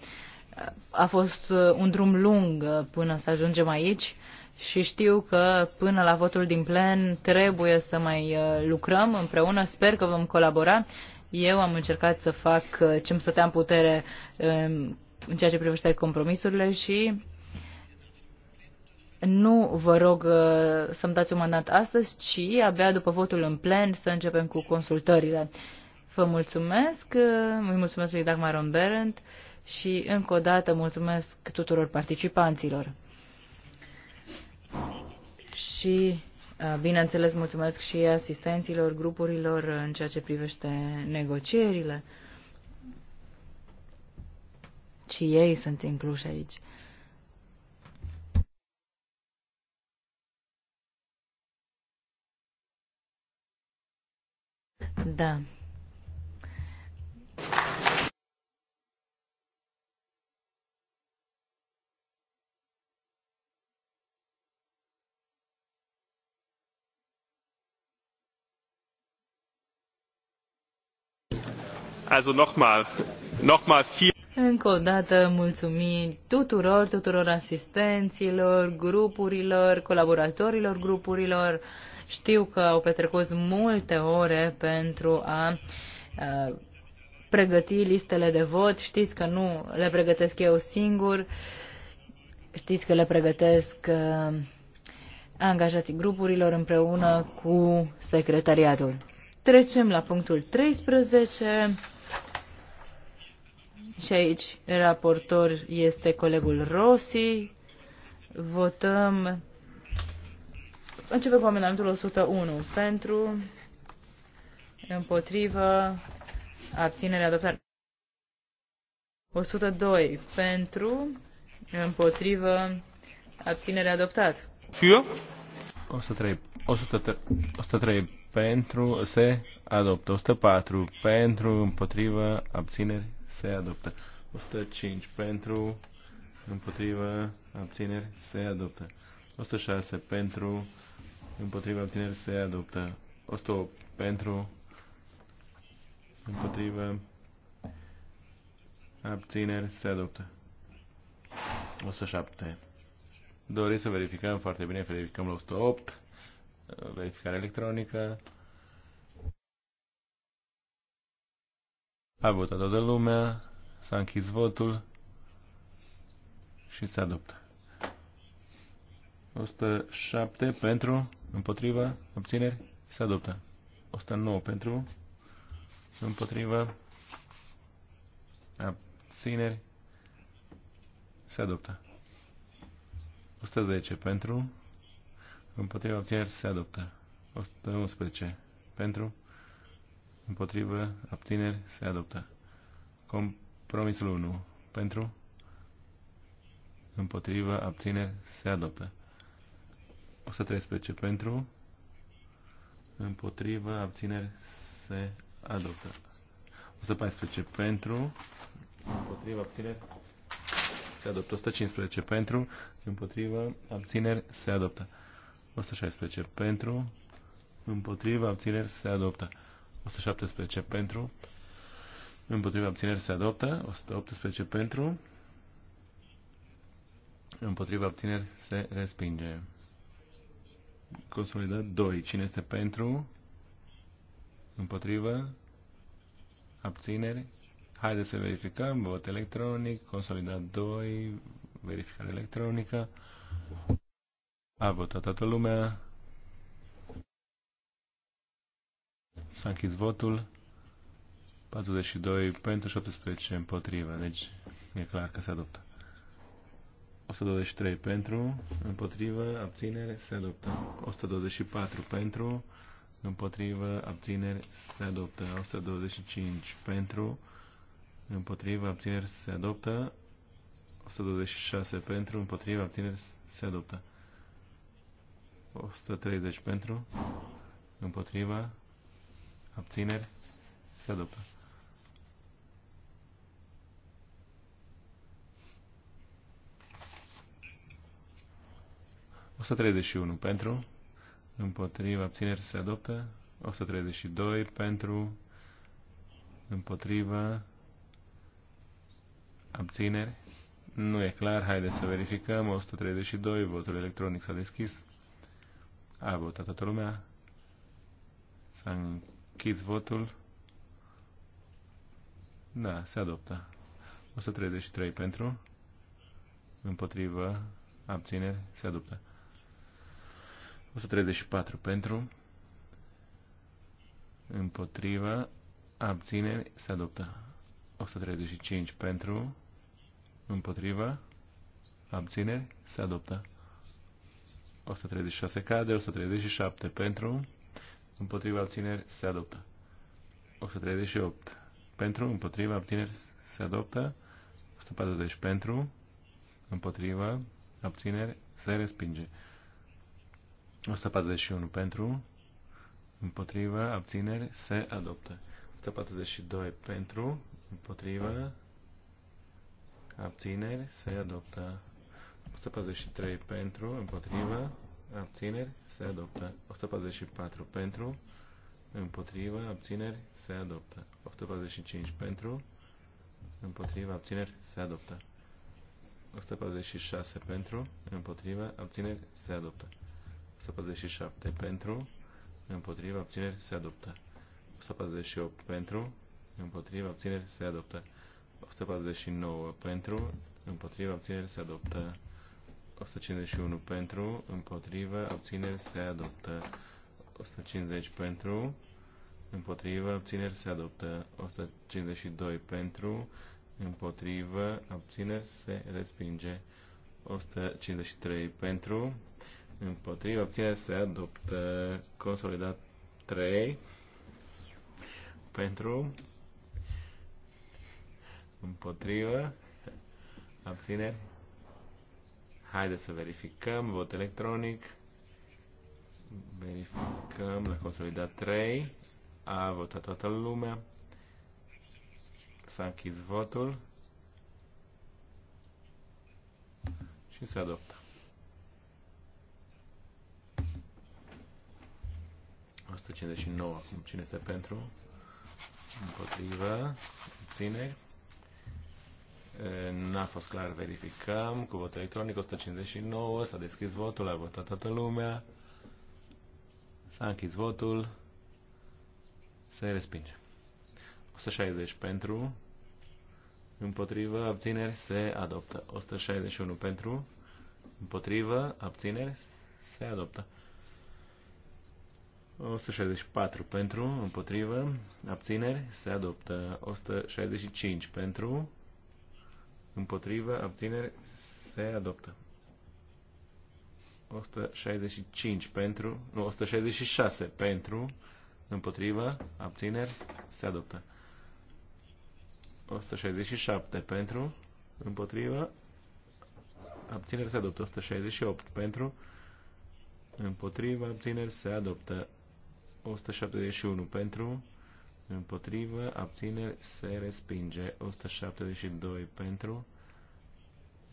A fost uh, un drum lung până să ajungem aici și știu că până la votul din plen trebuie să mai lucrăm împreună. Sper că vom colabora. Eu am încercat să fac ce-mi stătea în putere um, în ceea ce privește compromisurile și nu vă rog uh, să-mi dați un mandat astăzi, ci abia după votul în plen să începem cu consultările. Vă mulțumesc, uh, îi mulțumesc lui Dagmar Berend și încă o dată mulțumesc tuturor participanților. Și, uh, bineînțeles, mulțumesc și asistenților grupurilor în ceea ce privește negocierile. Și ei sunt incluși aici. Da. Also nochmal, nochmal viel. Încă o dată mulțumim tuturor, tuturor asistenților, grupurilor, colaboratorilor grupurilor. Știu că au petrecut multe ore pentru a uh, pregăti listele de vot. Știți că nu le pregătesc eu singur. Știți că le pregătesc uh, angajații grupurilor împreună cu secretariatul. Trecem la punctul 13 și aici raportor este colegul Rossi. Votăm. Începem cu amendamentul 101. Pentru, împotrivă, abținere, adoptare. 102. Pentru, împotrivă, abținere, adoptat. Für? 103. 103. 103 pentru se adoptă 104 pentru împotrivă abțineri se adoptă. 105 pentru, împotrivă, abțineri, se adoptă. 106 pentru, împotrivă, abțineri, se adoptă. 108 pentru, împotrivă, abțineri, se adoptă. 107. Doriți să verificăm foarte bine, verificăm la 108, verificare electronică. A votat toată lumea, s-a închis votul și se adoptă. 107 pentru, împotriva, obțineri, se adoptă. 109 pentru, împotriva, abțineri, se adoptă. 110 pentru, împotriva, obțineri, se adoptă. 111 pentru, Împotrivă. Abțineri. Se adoptă. Compromisul 1. Pentru. Împotrivă. Abțineri. Se adoptă. 113. Pentru. Împotrivă. Abțineri. Se adoptă. 114. Pentru. Împotrivă. Abțineri. Se adoptă. 115. Pentru. Împotrivă. Abțineri. Se adoptă. 116. Pentru. Împotrivă. Abțineri. Se adoptă. 117 pentru, împotriva abținerii se adoptă, 118 pentru, împotriva abțineri se respinge. Consolidat 2. Cine este pentru? Împotriva Abțineri? Haideți să verificăm. Vot electronic. Consolidat 2. Verificare electronică. A votat toată lumea. S-a închis votul. 42 pentru 17 împotrivă. Deci e clar că se adoptă. 123 pentru, împotrivă, abținere, se adoptă. 124 pentru, împotrivă, abținere, se adoptă. 125 pentru, împotrivă, abținere, se adoptă. 126 pentru, împotrivă, abținere, se adoptă. 130 pentru, împotrivă, Abțineri? Se adoptă. unu pentru, împotriva, abțineri se adoptă, 132 pentru, împotriva, abțineri, nu e clar, haideți să verificăm, 132, votul electronic s-a deschis, a votat toată lumea, s-a Închid votul. Da, se adoptă. 133 pentru. Împotrivă. Abțineri. Se adoptă. 134 pentru. Împotrivă. Abțineri. Se adoptă. 135 pentru. Împotrivă. Abțineri. Se adoptă. 136 cade. 137 pentru împotriva obțineri se adoptă. 138 pentru, împotriva obțineri se adoptă. 140 pentru, împotriva obțineri se respinge. 141 pentru, împotriva obțineri se adoptă. 142 pentru, împotriva obțineri se adoptă. 143 pentru, împotriva Ah abțineri, se adoptă. 144 pentru, împotrivă, abțineri, se adoptă. 145 pentru, împotrivă, abțineri, se adoptă. 146 pentru, împotrivă, abțineri, se adoptă. 147 pentru, împotrivă, abțineri, se adoptă. 148 pentru, împotrivă, abțineri, se adoptă. 149 pentru, împotrivă, abțineri, se adoptă. 151 pentru, împotrivă, obțineri se adoptă. 150 pentru, împotrivă, obțineri se adoptă. 152 pentru, împotrivă, obțineri se respinge. 153 pentru, împotrivă, obțineri se adoptă. Consolidat 3 pentru, împotrivă, abțineri Haideți să verificăm. Vot electronic. Verificăm la consolidat 3. A votat toată lumea. S-a închis votul. Și se adoptă. 159 acum. Cine este pentru? împotrivă Țineri. N-a fost clar, verificăm cu vot electronic 159, s-a deschis votul, a votat toată lumea, s-a închis votul, se respinge. 160 pentru, împotrivă, abțineri, se adoptă. 161 pentru, împotrivă, abțineri, se adoptă. 164 pentru, împotrivă, abțineri, se adoptă. 165 pentru, împotriva, abțineri, se adoptă. 165 pentru, nu, 166 pentru, împotriva, abțineri, se adoptă. 167 pentru, împotriva, abțineri se adoptă. 168 pentru, împotriva, abțineri se adoptă. 171 pentru, împotrivă, abțineri, se respinge. 172 pentru,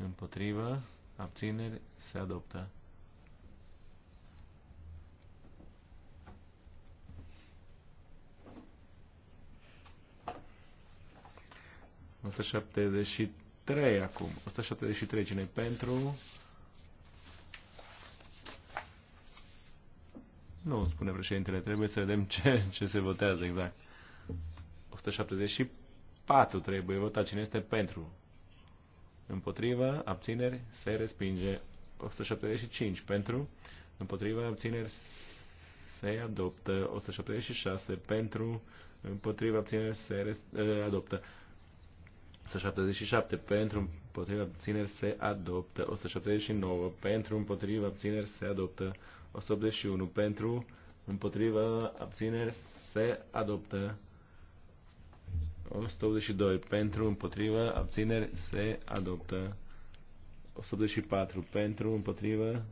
împotrivă, abțineri, se adoptă. Asta 73 acum. 173 cine pentru? Nu, spune președintele, trebuie să vedem ce, ce se votează exact. 174 trebuie votat. Cine este pentru? Împotrivă, abțineri, se respinge. 175 pentru, împotrivă, abțineri, se adoptă. 176 eh, pentru, împotrivă, abțineri, se adoptă. 177 pentru împotriva abțineri se adoptă, 179 pentru împotriva abțineri se adoptă, 181 pentru împotriva abțineri se adoptă, 182 pentru, împotrivă, abțineri, se adoptă. 184 pentru, împotrivă,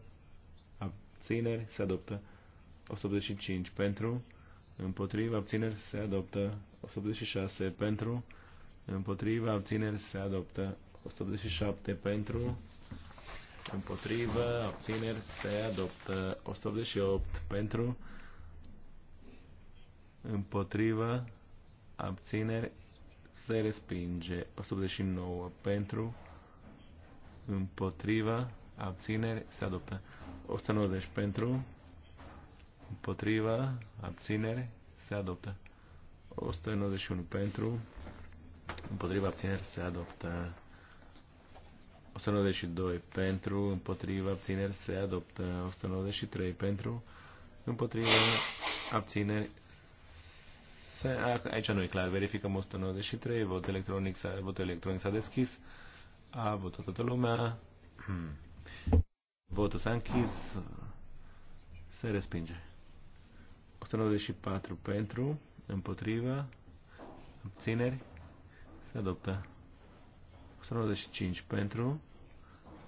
abțineri, se adoptă. 185 pentru, împotrivă, abțineri, se adoptă. 186 pentru, împotrivă, abțineri, se adoptă. 187 pentru, împotrivă, abțineri, se adoptă. 188 pentru, împotrivă, abțineri, se respinge. 189 pentru, împotriva, abțineri, se adoptă. 190 pentru, împotriva, abțineri, se adoptă. 191 pentru, împotriva, abțineri, se adoptă. 192 pentru, împotriva, abțineri, se adoptă. 193 pentru, împotriva, abțineri, se, aici nu e clar. Verificăm 193. Vot electronic. Votul electronic s-a deschis. A votat toată lumea. Votul s-a închis. Se respinge. 194 pentru, împotriva, abțineri, se adoptă. 195 pentru,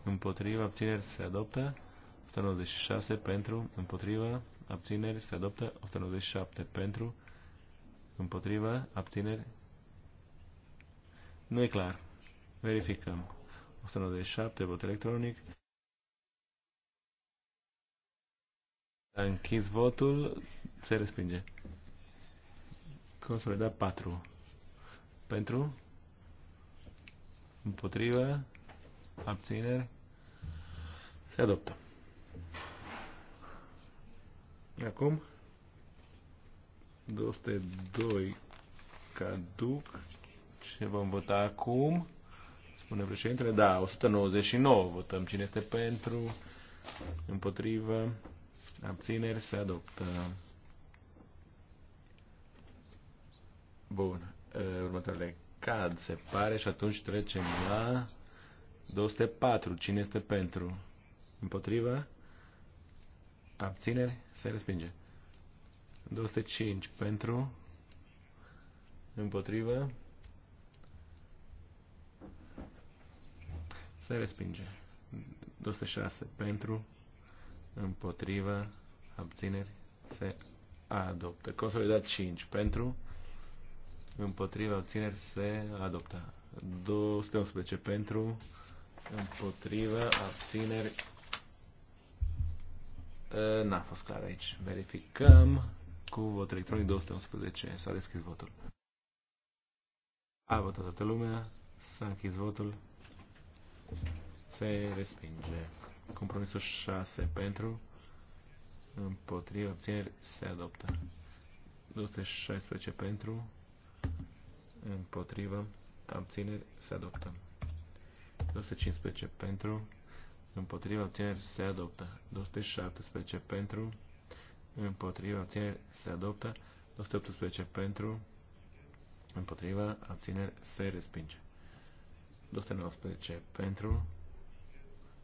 împotriva, abțineri, se adoptă. 196 pentru, împotriva, abțineri, se adoptă. 197 pentru, Împotrivă? Abțineri? Nu e clar. Verificăm. 197, vot electronic. A închis votul, se respinge. Consolidat 4. Pentru? Împotrivă? Abțineri? Se adoptă. Acum? 202 caduc ce vom vota acum. Spune președintele, da, 199 votăm. Cine este pentru, împotrivă, abțineri, se adoptă. Bun. Următoarele cad, se pare, și atunci trecem la 204. Cine este pentru? Împotrivă? Abțineri? Se respinge. 205 pentru, împotrivă, se respinge. 206 pentru, împotrivă, abțineri, se adoptă. Consolidat 5 pentru, împotrivă abțineri se adoptă. 211 pentru, împotrivă abțineri. N-a fost clar aici. Verificăm cu vot electronic 211. S-a deschis votul. A votat toată lumea. S-a închis votul. Se respinge. Compromisul 6 pentru. Împotriva obțineri se adoptă. 216 pentru. Împotriva obțineri se adoptă. 215 pentru. Împotriva obțineri se adoptă. 217 pentru împotriva, abțineri, se adoptă. 218 pentru, împotriva, abțineri, se respinge. 219 pentru,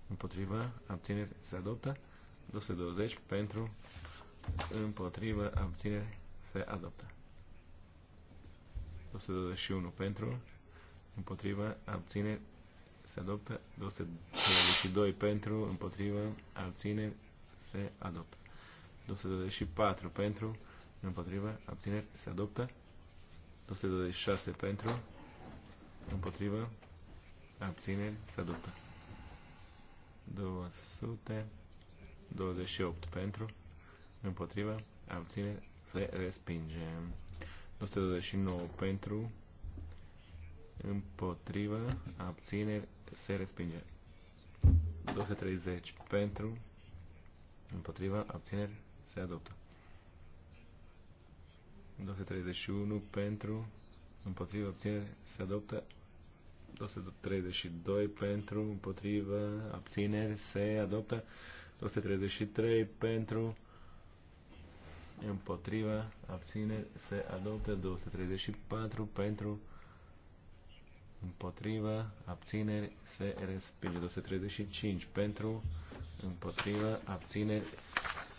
împotriva, abțineri, se adoptă. 220 pentru, împotriva, abțineri, se adoptă. 221 pentru, împotriva, abțineri, se adoptă. 222 pentru, împotriva, abțineri, se adoptă. 224 pentru, împotrivă, abțineri, se adoptă. 226 pentru, împotrivă, abțineri, se adoptă. 228 pentru, împotrivă, abțineri, se respinge. 229 pentru, împotrivă, abțineri, se respinge. 230 pentru, împotriva, abțineri, se adoptă. 231 pentru, împotriva, obținere, se adoptă. 232 pentru, împotriva, abțineri, se adoptă. 233 pentru, împotriva, abțineri, se adoptă. 234 pentru, împotriva, abțineri, se respinge. 235 pentru, împotriva, abțineri,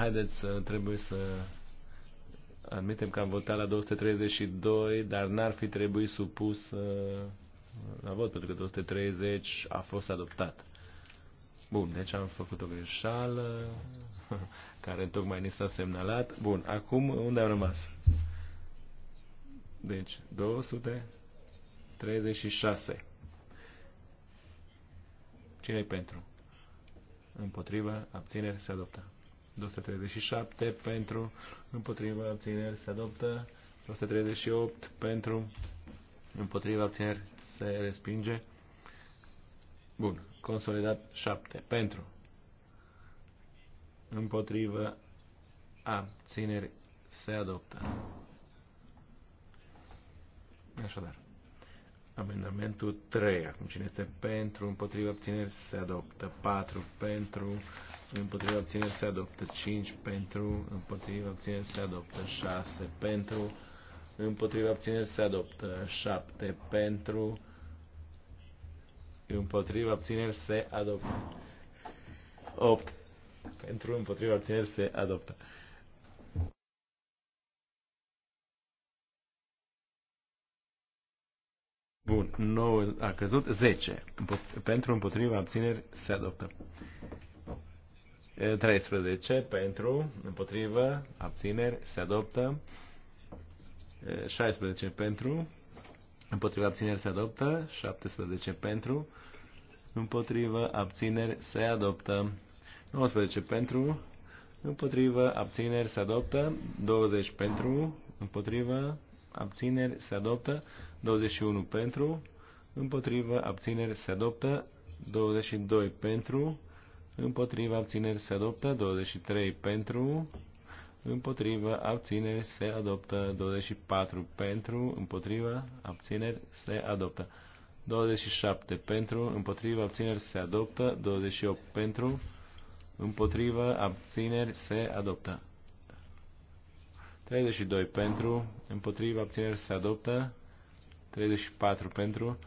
haideți, trebuie să admitem că am votat la 232, dar n-ar fi trebuit supus uh, la vot, pentru că 230 a fost adoptat. Bun, deci am făcut o greșeală care tocmai ni s-a semnalat. Bun, acum unde am rămas? Deci, 236. Cine-i pentru? Împotriva, abțineri, se adoptă. 237 pentru, împotriva abțineri se adoptă, 238 pentru, împotriva abțineri se respinge. Bun, consolidat 7 pentru, împotriva abțineri se adoptă. Așadar. Amendamentul 3. Acum cine este pentru, împotriva abțineri se adoptă. 4 pentru, împotriva abțineri se adoptă. 5 pentru, împotriva abțineri se adoptă. 6 pentru, împotriva abțineri se adoptă. 7 pentru, împotriva abțineri se adoptă. 8 pentru, împotriva abțineri se adoptă. Bun, 9 a căzut, 10. Pentru împotriva abțineri se adoptă. 13 pentru împotriva abțineri se adoptă. 16 pentru împotriva abțineri se adoptă. 17 pentru împotriva abțineri se adoptă. 19 pentru împotriva abțineri se adoptă. 20 pentru împotriva abțineri, se adoptă. 21 pentru, împotrivă, abțineri, se adoptă. 22 pentru, împotrivă, abțineri, se adoptă. 23 pentru, împotrivă, abțineri, se adoptă. 24 pentru, împotrivă, abțineri, se adoptă. 27 pentru, împotrivă abțineri se adoptă, 28 pentru, împotrivă abțineri se adoptă. 32 pentru, împotriva abțineri se adoptă, 34 pentru,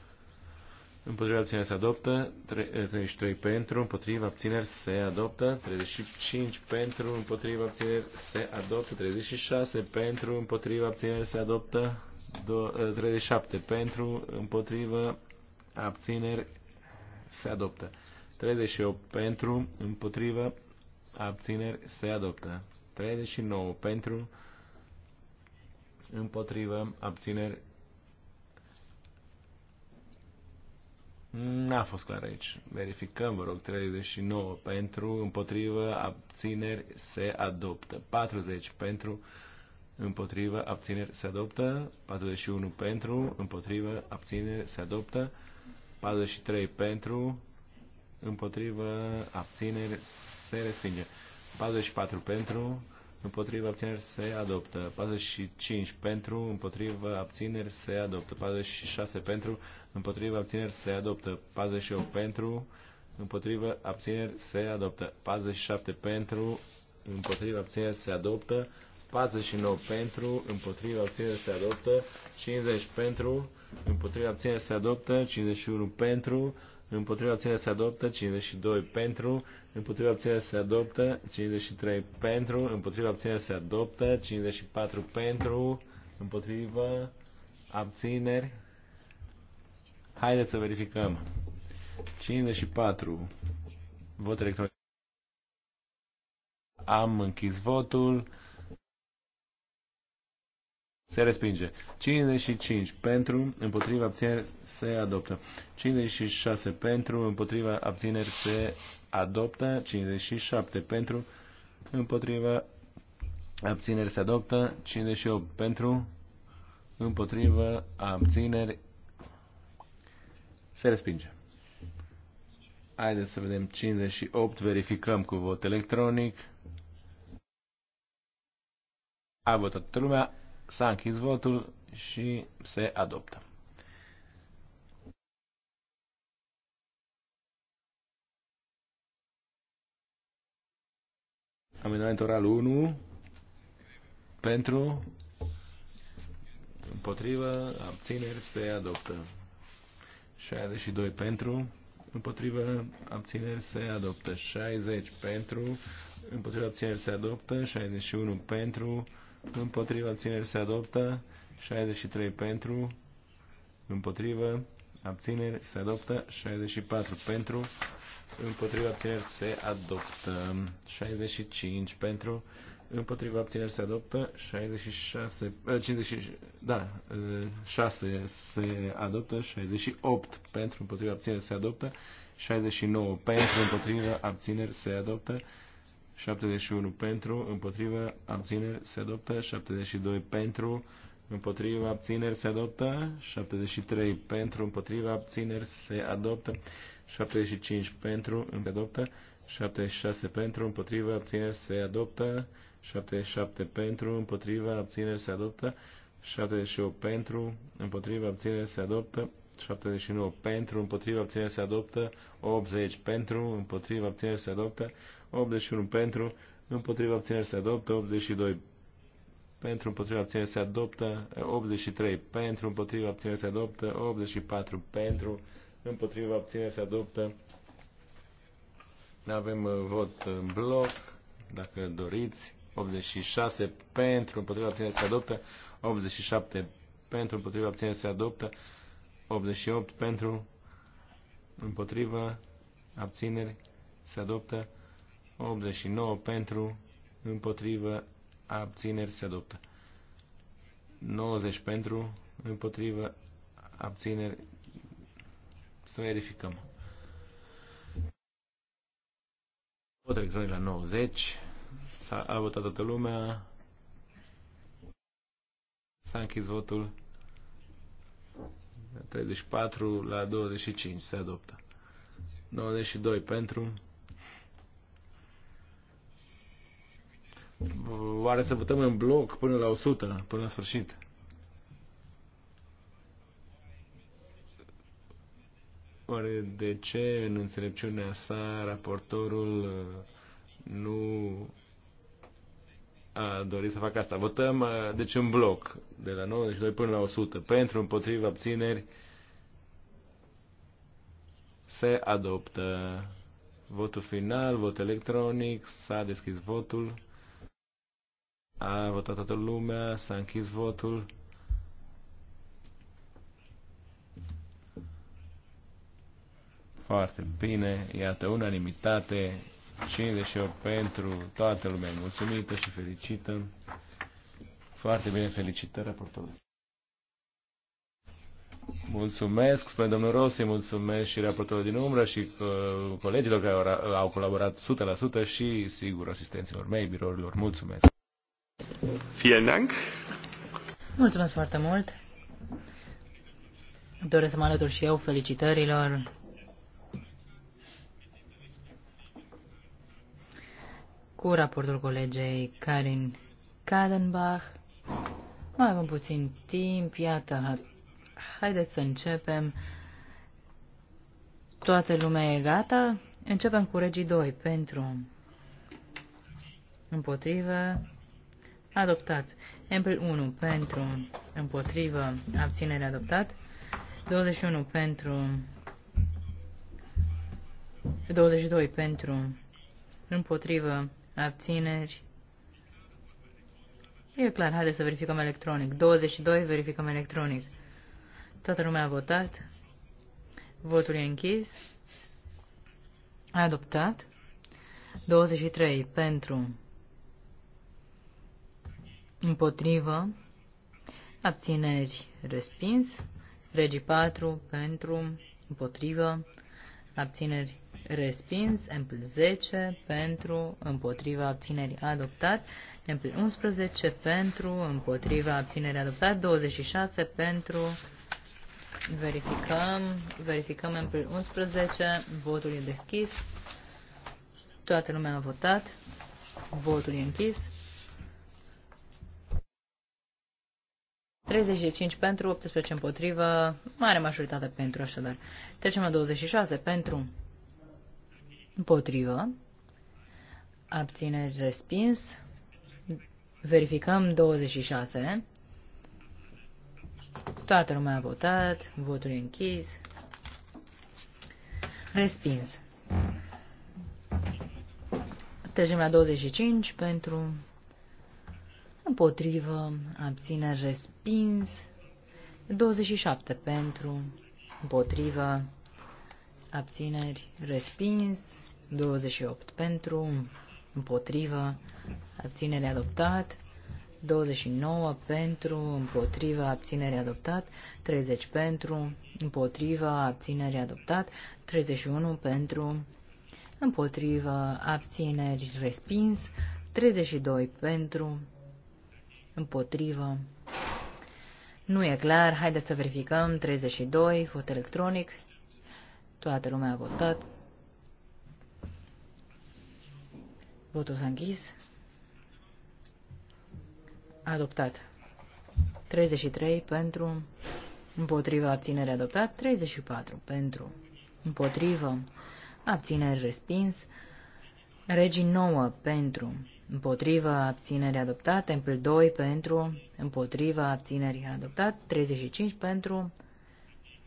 împotriva abțineri se adoptă, 33 eh, pentru, împotriva abțineri se adoptă, 35 pentru, împotriva abțineri se adoptă, 36 pentru, împotriva abțineri se adoptă, 37 eh, pentru, împotriva abțineri se adoptă, 38 pentru, împotriva abțineri se adoptă, 39 pentru, împotrivă, abțineri. N-a fost clar aici. Verificăm, vă rog, 39 pentru, împotrivă, abțineri, se adoptă. 40 pentru, împotrivă, abțineri, se adoptă. 41 pentru, împotrivă, abțineri, se adoptă. 43 pentru, împotrivă, abțineri, se respinge. 44 pentru, împotriva abțineri se adoptă. 45 pentru, împotriva abțineri se adoptă. 46 pentru, împotriva abțineri se adoptă. 48 pentru, împotriva abțineri se adoptă. 47 pentru, împotriva abțineri se adoptă. 49 pentru, împotriva abțineri se adoptă. 50 pentru, împotriva abțineri se adoptă. 51 pentru, împotriva ține se adoptă, 52 pentru, împotriva abținerea se adoptă, 53 pentru, împotriva abținerea se adoptă, 54 pentru, împotriva abțineri. Haideți să verificăm. 54. Vot electronic. Am închis votul. Se respinge. 55 pentru, împotriva abțineri se adoptă. 56 pentru, împotriva abțineri se adoptă. 57 pentru, împotriva abțineri se adoptă. 58 pentru, împotriva abțineri se respinge. Haideți să vedem 58, verificăm cu vot electronic. A votat lumea, S-a închis votul și se adoptă. Amendament oral 1 pentru împotrivă abțineri se adoptă. 62 pentru împotrivă abțineri se adoptă. 60 pentru împotrivă abțineri se adoptă. 61 pentru împotriva abțineri se adoptă, 63 pentru, împotriva abțineri se adoptă, 64 pentru, împotriva abțineri se adoptă, 65 pentru, împotriva abțineri se adoptă, 66, 50, eh, da, 6 eh, se adoptă, 68 pentru, împotriva abțineri se adoptă, 69 pentru, împotriva abțineri se adoptă, 71 pentru, împotriva, abțineri, se adoptă. 72 pentru, împotriva, abțineri, se adoptă. 73 pentru, împotriva, abțineri, se adoptă. 75 pentru, se adoptă. 76 pentru, împotriva, abțineri, se adoptă. 77 pentru, împotriva, abțineri, se adoptă. 78 pentru, împotriva, abțineri, se adoptă. 79 pentru, împotriva, abțineri, se adoptă. 80 pentru, împotriva, abțineri, se adoptă. 81 pentru, împotriva abținerii se adoptă, 82 pentru, împotriva abținerii se adoptă, 83 pentru, împotriva abținerii se adoptă, 84 pentru, împotriva abțineri se adoptă. Avem uh, vot în bloc, dacă doriți, 86 pentru, împotriva abținerii se adoptă, 87 pentru, împotriva abținerii se adoptă, 88 pentru, împotriva abțineri se adoptă, 89 pentru, împotrivă, abțineri se adoptă. 90 pentru, împotrivă, abțineri. Să verificăm. Vot electronic la 90. S-a votat toată lumea. S-a închis votul. 34 la 25 se adoptă. 92 pentru, Oare să votăm în bloc până la 100, până la sfârșit? Oare de ce în înțelepciunea sa raportorul uh, nu a dorit să facă asta? Votăm, uh, deci, în bloc, de la 92 până la 100, pentru, împotriva, abțineri, se adoptă. Votul final, vot electronic, s-a deschis votul. A votat toată lumea, s-a închis votul. Foarte bine, iată, unanimitate, 58 pentru, toată lumea mulțumită și fericită. Foarte bine, felicitări raportorului. Mulțumesc spre domnul Rossi, mulțumesc și raportorul din umbră și uh, colegilor care au, au colaborat 100% și, sigur, asistenților mei, birourilor. Mulțumesc! Vielen Dank. Mulțumesc foarte mult. Doresc să mă alătur și eu felicitărilor. Cu raportul colegei Karin Kadenbach. Mai avem puțin timp, iată, haideți să începem. Toată lumea e gata? Începem cu regii 2 pentru împotrivă adoptat. Ample 1 pentru, împotrivă, abținere adoptat. 21 pentru, 22 pentru, împotrivă, abțineri. E clar, haideți să verificăm electronic. 22, verificăm electronic. Toată lumea a votat. Votul e închis. Adoptat. 23 pentru împotrivă, abțineri respins, regii 4 pentru, împotrivă, abțineri respins, ampl 10 pentru, Împotrivă. Abțineri adoptat, ampl 11 pentru, Împotrivă. Abțineri adoptat, 26 pentru, verificăm, verificăm ampl 11, votul e deschis, toată lumea a votat, votul e închis, 35 pentru, 18 împotrivă, mare majoritate pentru așadar. Trecem la 26 pentru, împotrivă, abțineri respins, verificăm 26, toată lumea a votat, votul e închis, respins. Trecem la 25 pentru împotrivă, abține, respins. 27 pentru, împotrivă, abțineri, respins. 28 pentru, împotrivă, abținere adoptat. 29 pentru, împotrivă, abținere adoptat, 30 pentru, împotrivă, abținere adoptat, 31 pentru, împotrivă, abțineri respins, 32 pentru, împotrivă. Nu e clar, haideți să verificăm. 32, vot electronic. Toată lumea a votat. Votul s-a închis. Adoptat. 33 pentru, împotrivă abținere adoptat, 34 pentru, împotrivă, abținere, respins, regii 9 pentru, împotriva abținerii adoptat, templ 2 pentru, împotriva abținerii adoptat, 35 pentru,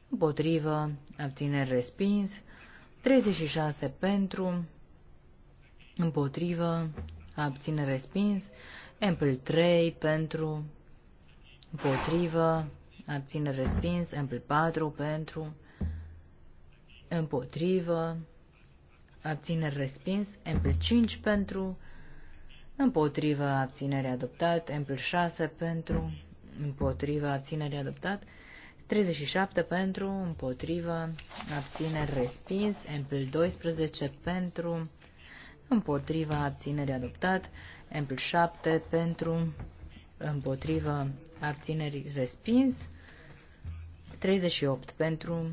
împotriva abțineri respins, 36 pentru, împotriva abțineri respins, templ 3 pentru, împotriva abțineri respins, templ 4 pentru, împotriva abțineri respins, templ 5 pentru, Împotrivă abținere adoptat, M6 pentru, împotrivă abținere adoptat, 37 pentru, împotrivă, abțineri respins, Ample 12 pentru, împotriva abțineri adoptat, Ample 7 pentru, împotriva abțineri respins, 38 pentru,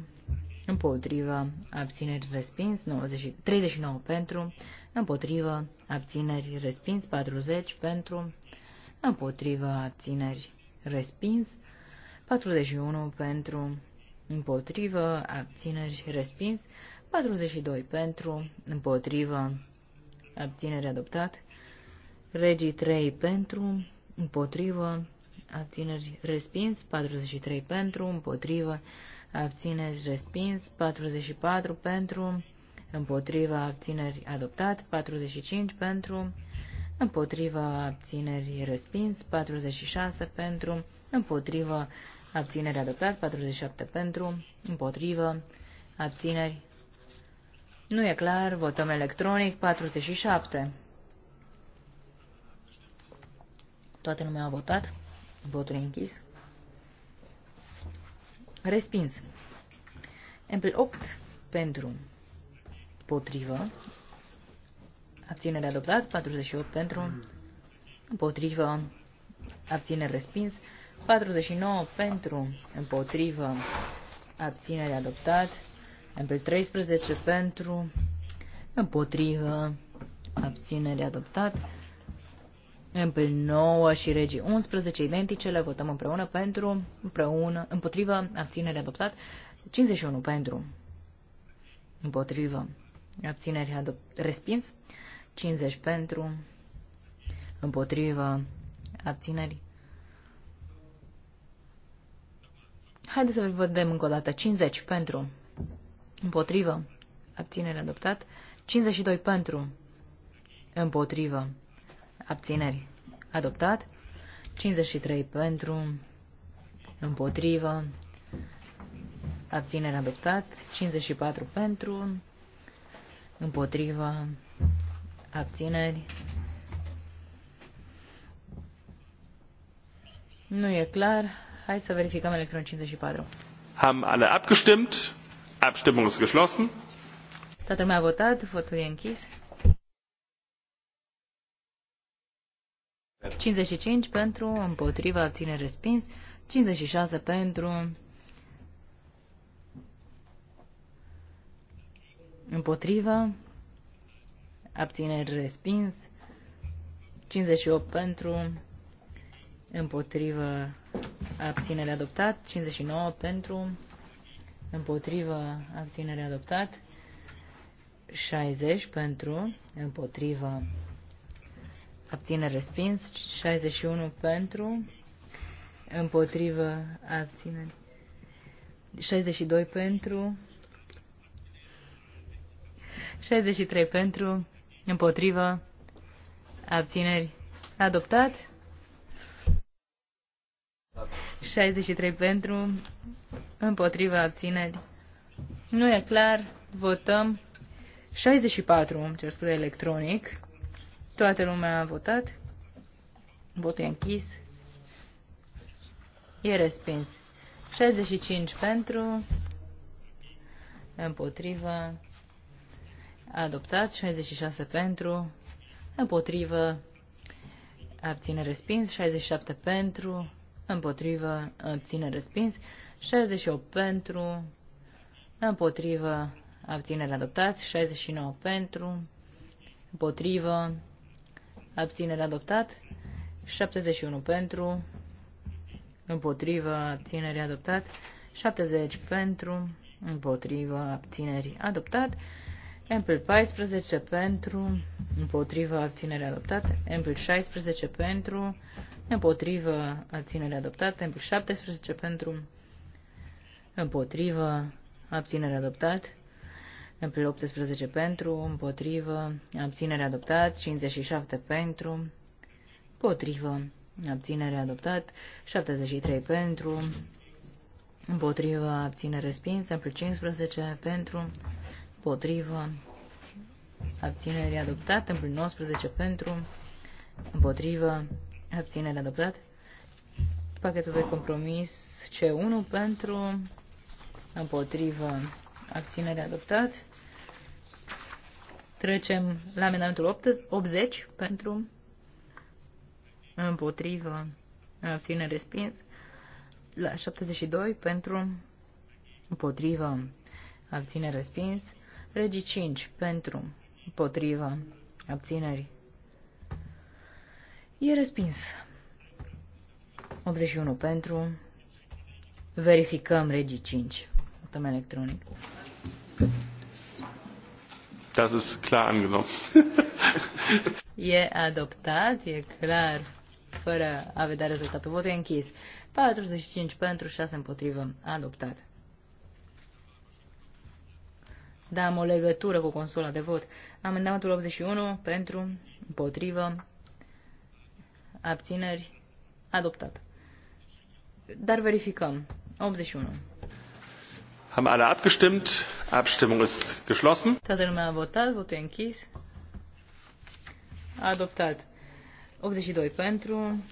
împotrivă, abțineri respins, 90, 39 pentru, împotrivă, abțineri respins, 40 pentru, împotrivă, abțineri respins, 41 pentru, împotrivă, abțineri respins, 42 pentru, împotrivă, abțineri adoptat, regii 3 pentru, împotrivă, abțineri respins, 43 pentru, împotrivă, abțineri respins, 44 pentru, împotriva abțineri adoptat, 45 pentru, împotriva abțineri respins, 46 pentru, împotriva abțineri adoptat, 47 pentru, împotriva abțineri. Nu e clar, votăm electronic, 47. Toată lumea a votat, votul e închis. Respins. Ample 8 pentru potrivă. Abținere adoptat. 48 pentru împotrivă. Abținere respins. 49 pentru împotrivă. Abținere adoptat. Ample 13 pentru împotrivă. Abținere adoptat. Împl 9 și regii 11, identice, le votăm împreună pentru, împreună, împotrivă, abținere adoptat, 51 pentru, împotrivă, abținere adoptat respins, 50 pentru, împotrivă, abțineri. Haideți să vedem încă o dată, 50 pentru, împotrivă, abținere adoptat, 52 pentru, împotrivă, abțineri, adoptat. 53 pentru, împotrivă, abținere adoptat. 54 pentru, împotrivă, abțineri. Nu e clar. Hai să verificăm electron 54. Am alle abgestimmt. Abstimmung ist geschlossen. Toată lumea a votat, votul e închis. 55 pentru, împotriva, abține respins. 56 pentru, împotriva, abține respins. 58 pentru, împotriva, abținere adoptat, 59 pentru, împotriva, abținere adoptat, 60 pentru, împotriva abține respins, 61 pentru, împotrivă, abține, 62 pentru, 63 pentru, împotrivă, abțineri, adoptat, 63 pentru, împotrivă, abțineri, nu e clar, votăm, 64, cer scuze, electronic, Toată lumea a votat. Votul e închis. E respins. 65 pentru, împotrivă, adoptat, 66 pentru, împotrivă, abține respins, 67 pentru, împotrivă, abține respins, 68 pentru, împotrivă, abținere adoptat, 69 pentru, împotrivă, abținere adoptat, 71 pentru, împotrivă, abținere adoptat, 70 pentru, împotrivă, abțineri adoptat, Ample 14 pentru, împotrivă, abținere adoptat, Ample 16 pentru, împotrivă, abținere adoptat, Ample 17 pentru, împotrivă, abținere adoptat, în plus 18 pentru, împotrivă, abținere adoptat, 57 pentru, împotrivă, abținere adoptat, 73 pentru, împotrivă, abținere respins, plus 15 pentru, împotrivă, abținere adoptat, în plus 19 pentru, împotrivă, abținere adoptat, pachetul de compromis C1 pentru, împotrivă, abținere adoptat, Trecem la amendamentul 80 pentru împotrivă abține respins. La 72 pentru împotrivă abține respins. Regi 5 pentru împotrivă abțineri. E respins. 81 pentru. Verificăm regii 5. Votăm electronic. Das ist klar angenommen. e adoptat, e clar, fără a vedea rezultatul. Votul e închis. 45 pentru, 6 împotrivă. Adoptat. Da, am o legătură cu consola de vot. Amendamentul 81 pentru, împotrivă, abțineri, adoptat. Dar verificăm. 81. Haben alle abgestimmt? Abstimmung ist geschlossen. Toată lumea a votat, votul închis. A adoptat. 82 pentru,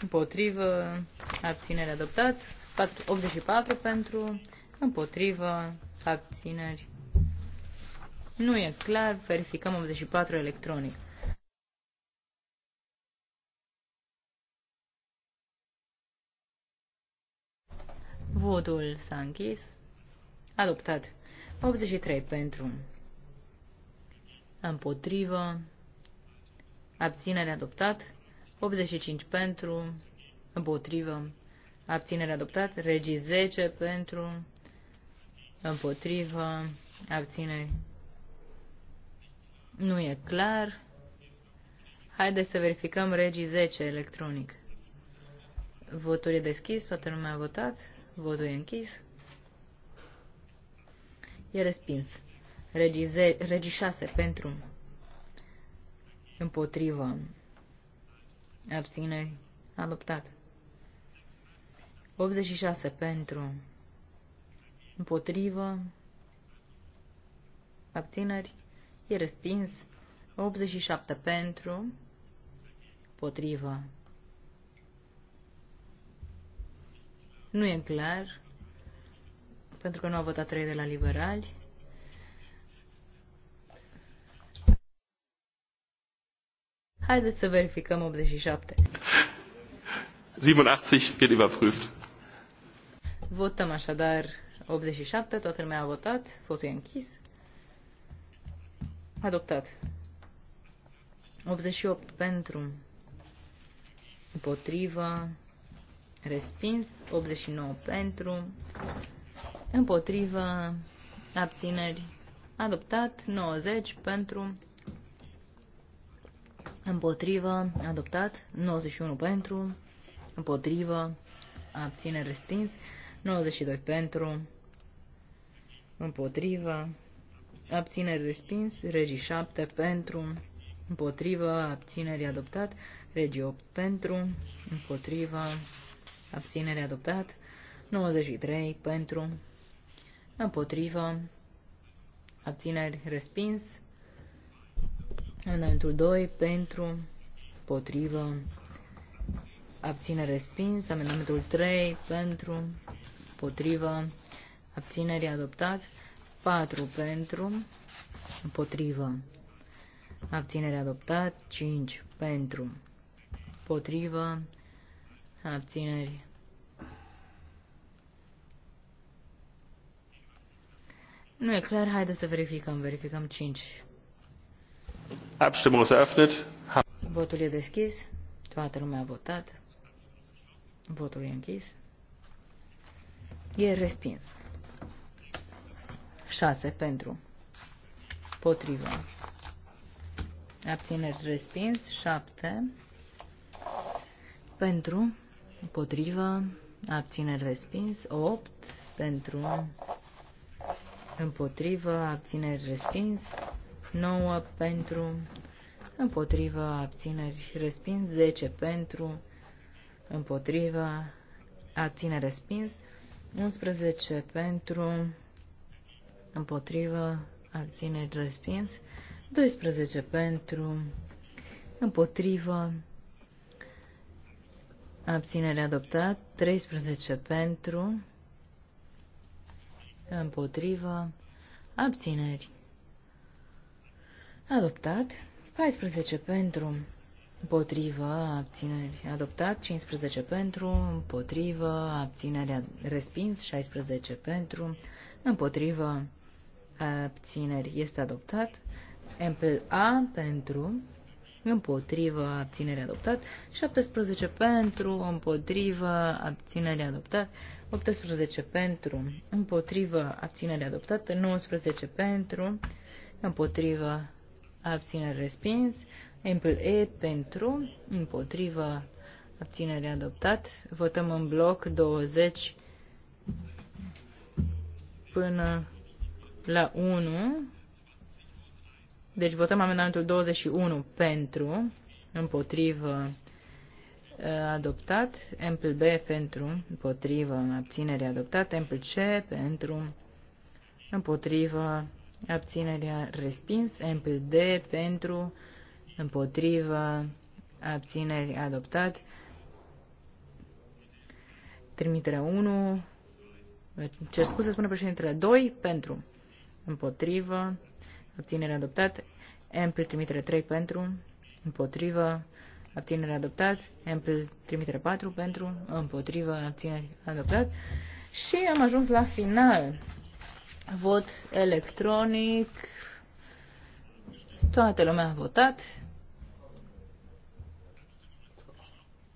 împotrivă, abținere adoptat. 84 pentru, împotrivă, abțineri. Nu e clar, verificăm 84 electronic. Votul s-a închis. Adoptat. 83 pentru. Împotrivă. Abținere adoptat. 85 pentru. Împotrivă. Abținere adoptat. Regii 10 pentru. Împotrivă. Abținere. Nu e clar. Haideți să verificăm regii 10 electronic. Votul e deschis, toată lumea a votat, votul e închis. E respins. Regize, regișase pentru. Împotrivă. Abțineri. Adoptat. 86 pentru. Împotrivă. Abțineri. E respins. 87 pentru. Potrivă. Nu e clar pentru că nu a votat trei de la liberali. Haideți să verificăm 87. 87 wird überprüft. Votăm așadar 87, toată lumea a votat, votul e închis. Adoptat. 88 pentru, împotriva, respins, 89 pentru, împotrivă, abțineri, adoptat, 90 pentru, împotrivă, adoptat, 91 pentru, împotrivă, abțineri, respins, 92 pentru, împotrivă, abțineri, respins, regi 7 pentru, împotrivă, abțineri, adoptat, regi 8 pentru, împotrivă, abțineri, adoptat, 93 pentru, împotrivă, abțineri, respins. Amendamentul 2, pentru, împotrivă, abțineri, respins. Amendamentul 3, pentru, împotrivă, abțineri, adoptat. 4, pentru, împotrivă, abțineri, adoptat, 5 pentru, împotrivă, abțineri Nu e clar, haideți să verificăm. Verificăm 5. Abstimmung ist eröffnet. Votul e deschis. Toată lumea a votat. Votul e închis. E respins. 6 pentru. Potrivă. Abțineri respins. 7 pentru. Potrivă. Abțineri respins. 8 pentru împotrivă, abțineri respins, 9 pentru, împotrivă, abțineri respins, 10 pentru, împotrivă, abțineri respins, 11 pentru, împotrivă, abțineri respins, 12 pentru, împotrivă, abținere adoptat, 13 pentru, împotrivă, abțineri. Adoptat. 14 pentru, împotrivă, abțineri. Adoptat. 15 pentru, împotrivă, abțineri. Respins. 16 pentru, împotrivă, abțineri. Este adoptat. Empel A pentru, împotrivă, abținere adoptat, 17 pentru, împotrivă, abținere adoptat, 18 pentru, împotrivă, abținere adoptată, 19 pentru, împotrivă, abținere respins, ample E pentru, împotrivă, abținere adoptat. Votăm în bloc 20 până la 1. Deci votăm amendamentul 21 pentru, împotrivă, adoptat, ampl B pentru, împotrivă, abținere adoptat, ampl C pentru, împotrivă, abținerea respins, ampl D pentru, împotrivă, abțineri adoptat, trimiterea 1, cer scuze, spune președintele 2, pentru, împotrivă, abținere adoptat, ampl trimitere 3 pentru, împotrivă, abținere adoptat, ample trimitere 4 pentru, împotrivă, abținere adoptat. Și am ajuns la final. Vot electronic. Toată lumea a votat.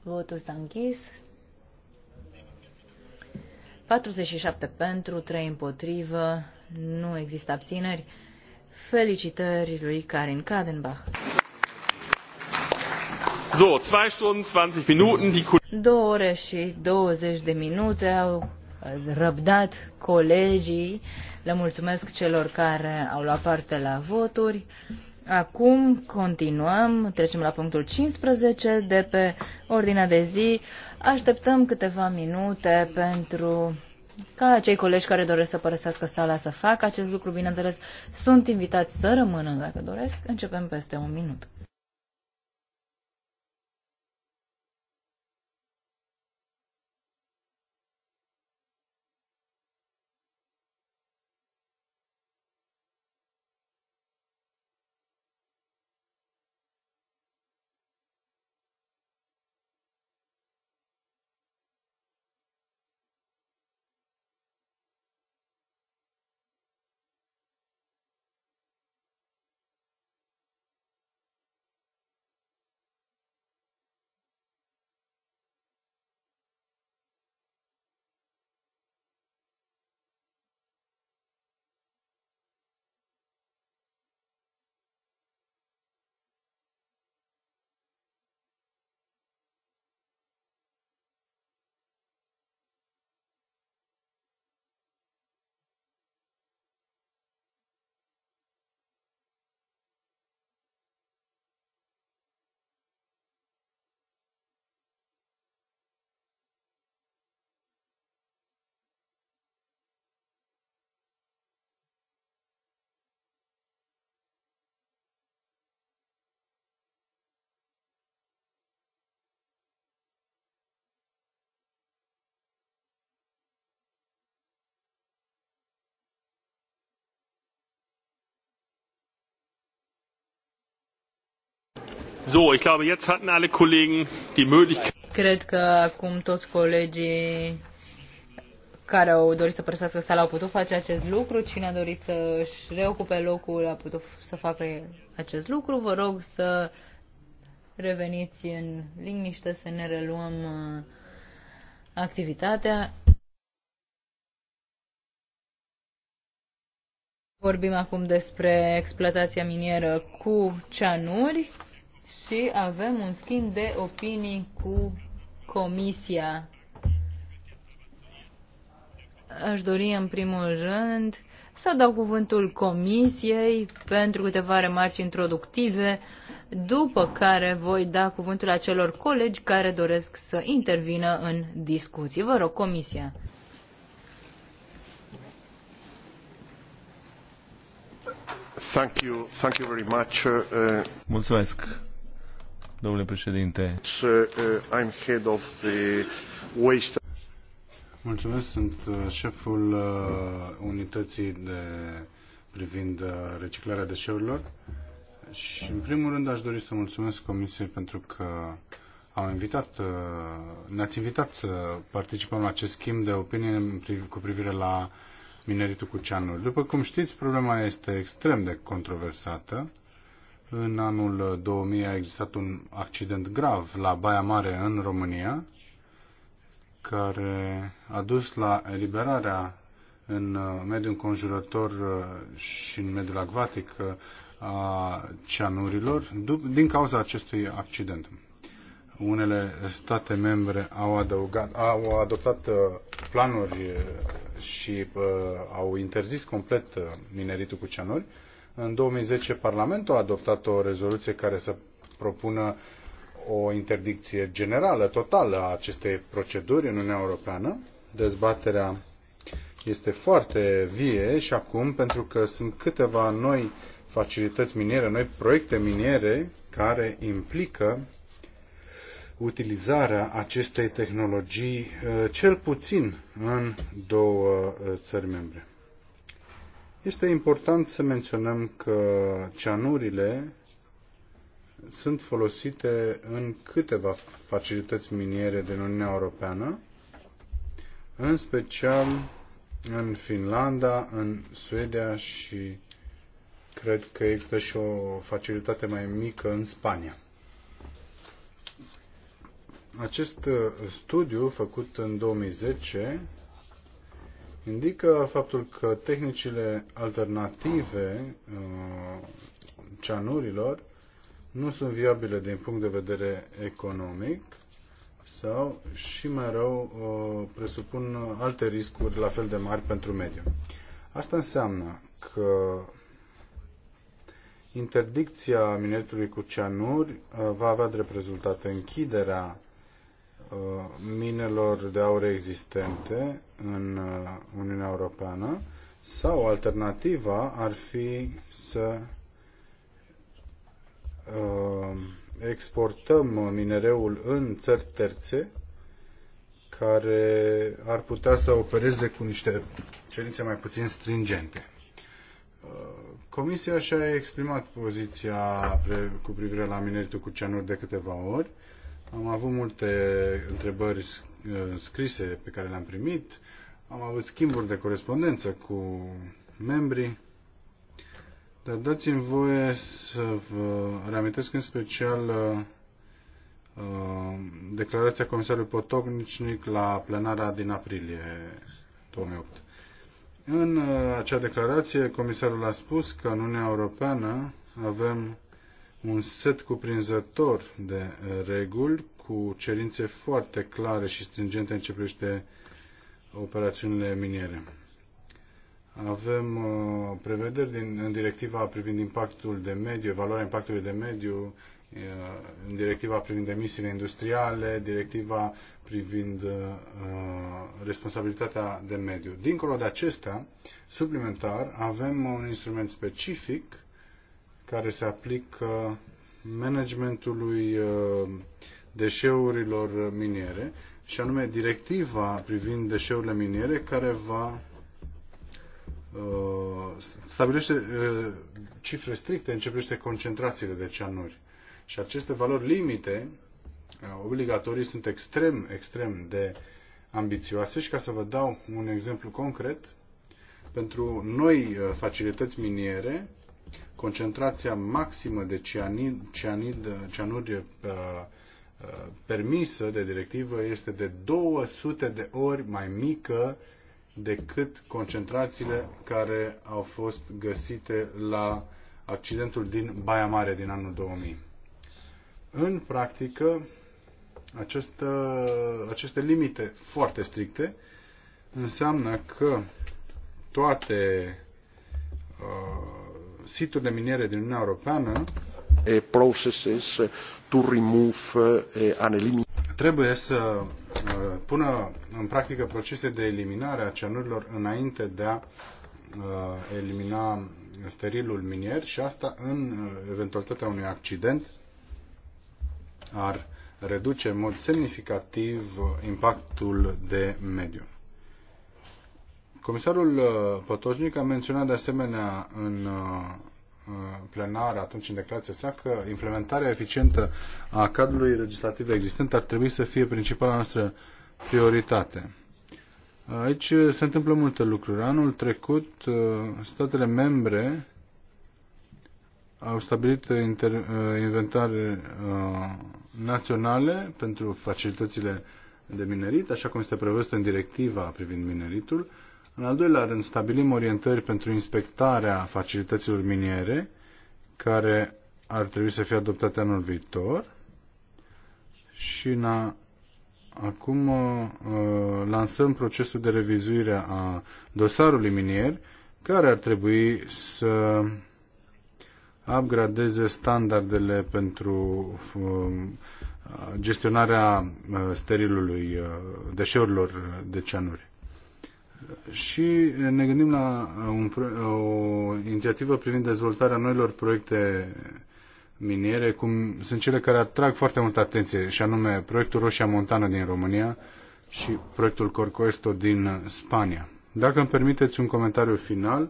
Votul s-a închis. 47 pentru, 3 împotrivă, nu există abțineri. Felicitări lui Karin Kadenbach. So, zwei Stunden 20 Minuten. Die 2 ore și 20 de minute au uh, răbdat colegii. Le mulțumesc celor care au luat parte la voturi. Acum continuăm, trecem la punctul 15 de pe ordinea de zi. Așteptăm câteva minute pentru ca cei colegi care doresc să părăsească sala să facă acest lucru, bineînțeles, sunt invitați să rămână dacă doresc. Începem peste un minut. So, ich glaube, jetzt hatten alle Kollegen die Möglichkeit. Cred că acum toți colegii care au dorit să părăsească sala au putut face acest lucru. Cine a dorit să-și reocupe locul a putut să facă acest lucru. Vă rog să reveniți în liniște, să ne reluăm uh, activitatea. Vorbim acum despre exploatația minieră cu ceanuri și avem un schimb de opinii cu Comisia. Aș dori în primul rând să dau cuvântul Comisiei pentru câteva remarci introductive, după care voi da cuvântul acelor colegi care doresc să intervină în discuții. Vă rog, Comisia. Thank you, thank you very much. Uh, uh, Mulțumesc domnule președinte. Uh, I'm head of the waste... Mulțumesc, sunt uh, șeful uh, unității de, privind reciclarea deșeurilor. Și în primul rând aș dori să mulțumesc Comisiei pentru că au invitat, ne-ați invitat să participăm la acest schimb de opinie cu privire la mineritul cu ceanuri. După cum știți, problema este extrem de controversată în anul 2000 a existat un accident grav la Baia Mare în România, care a dus la eliberarea în uh, mediul înconjurător uh, și în mediul acvatic uh, a ceanurilor din cauza acestui accident. Unele state membre au, adăugat, au adoptat planuri și au interzis complet mineritul cu ceanuri, în 2010 Parlamentul a adoptat o rezoluție care să propună o interdicție generală, totală a acestei proceduri în Uniunea Europeană. Dezbaterea este foarte vie și acum, pentru că sunt câteva noi facilități miniere, noi proiecte miniere care implică utilizarea acestei tehnologii eh, cel puțin în două eh, țări membre. Este important să menționăm că ceanurile sunt folosite în câteva facilități miniere din Uniunea Europeană, în special în Finlanda, în Suedia și cred că există și o facilitate mai mică în Spania. Acest uh, studiu făcut în 2010 indică faptul că tehnicile alternative uh, ceanurilor nu sunt viabile din punct de vedere economic sau, și mai rău, uh, presupun alte riscuri la fel de mari pentru mediu. Asta înseamnă că interdicția mineritului cu ceanuri uh, va avea drept rezultat închiderea Uh, minelor de aur existente în uh, Uniunea Europeană sau alternativa ar fi să uh, exportăm minereul în țări terțe care ar putea să opereze cu niște cerințe mai puțin stringente. Comisia și-a exprimat poziția cu privire la mineritul cu cianuri de câteva ori am avut multe întrebări uh, scrise pe care le-am primit. Am avut schimburi de corespondență cu membrii. Dar dați-mi voie să vă reamintesc în special uh, declarația comisarului Potocnicnic la plenara din aprilie 2008. În uh, acea declarație, comisarul a spus că în Uniunea Europeană avem un set cuprinzător de eh, reguli cu cerințe foarte clare și stringente în ce privește operațiunile miniere. Avem uh, prevederi din, în directiva privind impactul de mediu, evaluarea impactului de mediu, uh, în directiva privind emisiile industriale, directiva privind uh, responsabilitatea de mediu. Dincolo de acestea, suplimentar, avem un instrument specific care se aplică managementului uh, deșeurilor miniere, și anume directiva privind deșeurile miniere, care va uh, stabilește uh, cifre stricte în ce privește concentrațiile de ceanuri. Și aceste valori limite obligatorii sunt extrem, extrem de ambițioase și ca să vă dau un exemplu concret, pentru noi facilități miniere, concentrația maximă de cianid, cianid, cianuri uh, uh permisă de directivă este de 200 de ori mai mică decât concentrațiile care au fost găsite la accidentul din Baia Mare din anul 2000. În practică, această, aceste limite foarte stricte înseamnă că toate uh, siturile miniere din Uniunea Europeană processes to remove and eliminate. Trebuie să pună în practică procese de eliminare a cianurilor înainte de a elimina sterilul minier și asta în eventualitatea unui accident ar reduce în mod semnificativ impactul de mediu. Comisarul uh, Potocnic a menționat de asemenea în uh, uh, plenar atunci în declarația sa că implementarea eficientă a cadrului legislativ existent ar trebui să fie principala noastră prioritate. Aici se întâmplă multe lucruri. Anul trecut, statele membre au stabilit inter, inventare naționale pentru facilitățile de minerit, așa cum este prevăzut în directiva privind mineritul, în al doilea rând, stabilim orientări pentru inspectarea facilităților miniere, care ar trebui să fie adoptate anul viitor. Și na, acum uh, uh, lansăm procesul de revizuire a dosarului minier, care ar trebui să upgradeze standardele pentru um, uh, gestionarea sterilului uh, deșeurilor de ceanuri și ne gândim la uh, un, uh, o inițiativă privind dezvoltarea noilor proiecte miniere, cum sunt cele care atrag foarte multă atenție, și anume proiectul Roșia Montană din România și proiectul Corcoesto din Spania. Dacă îmi permiteți un comentariu final,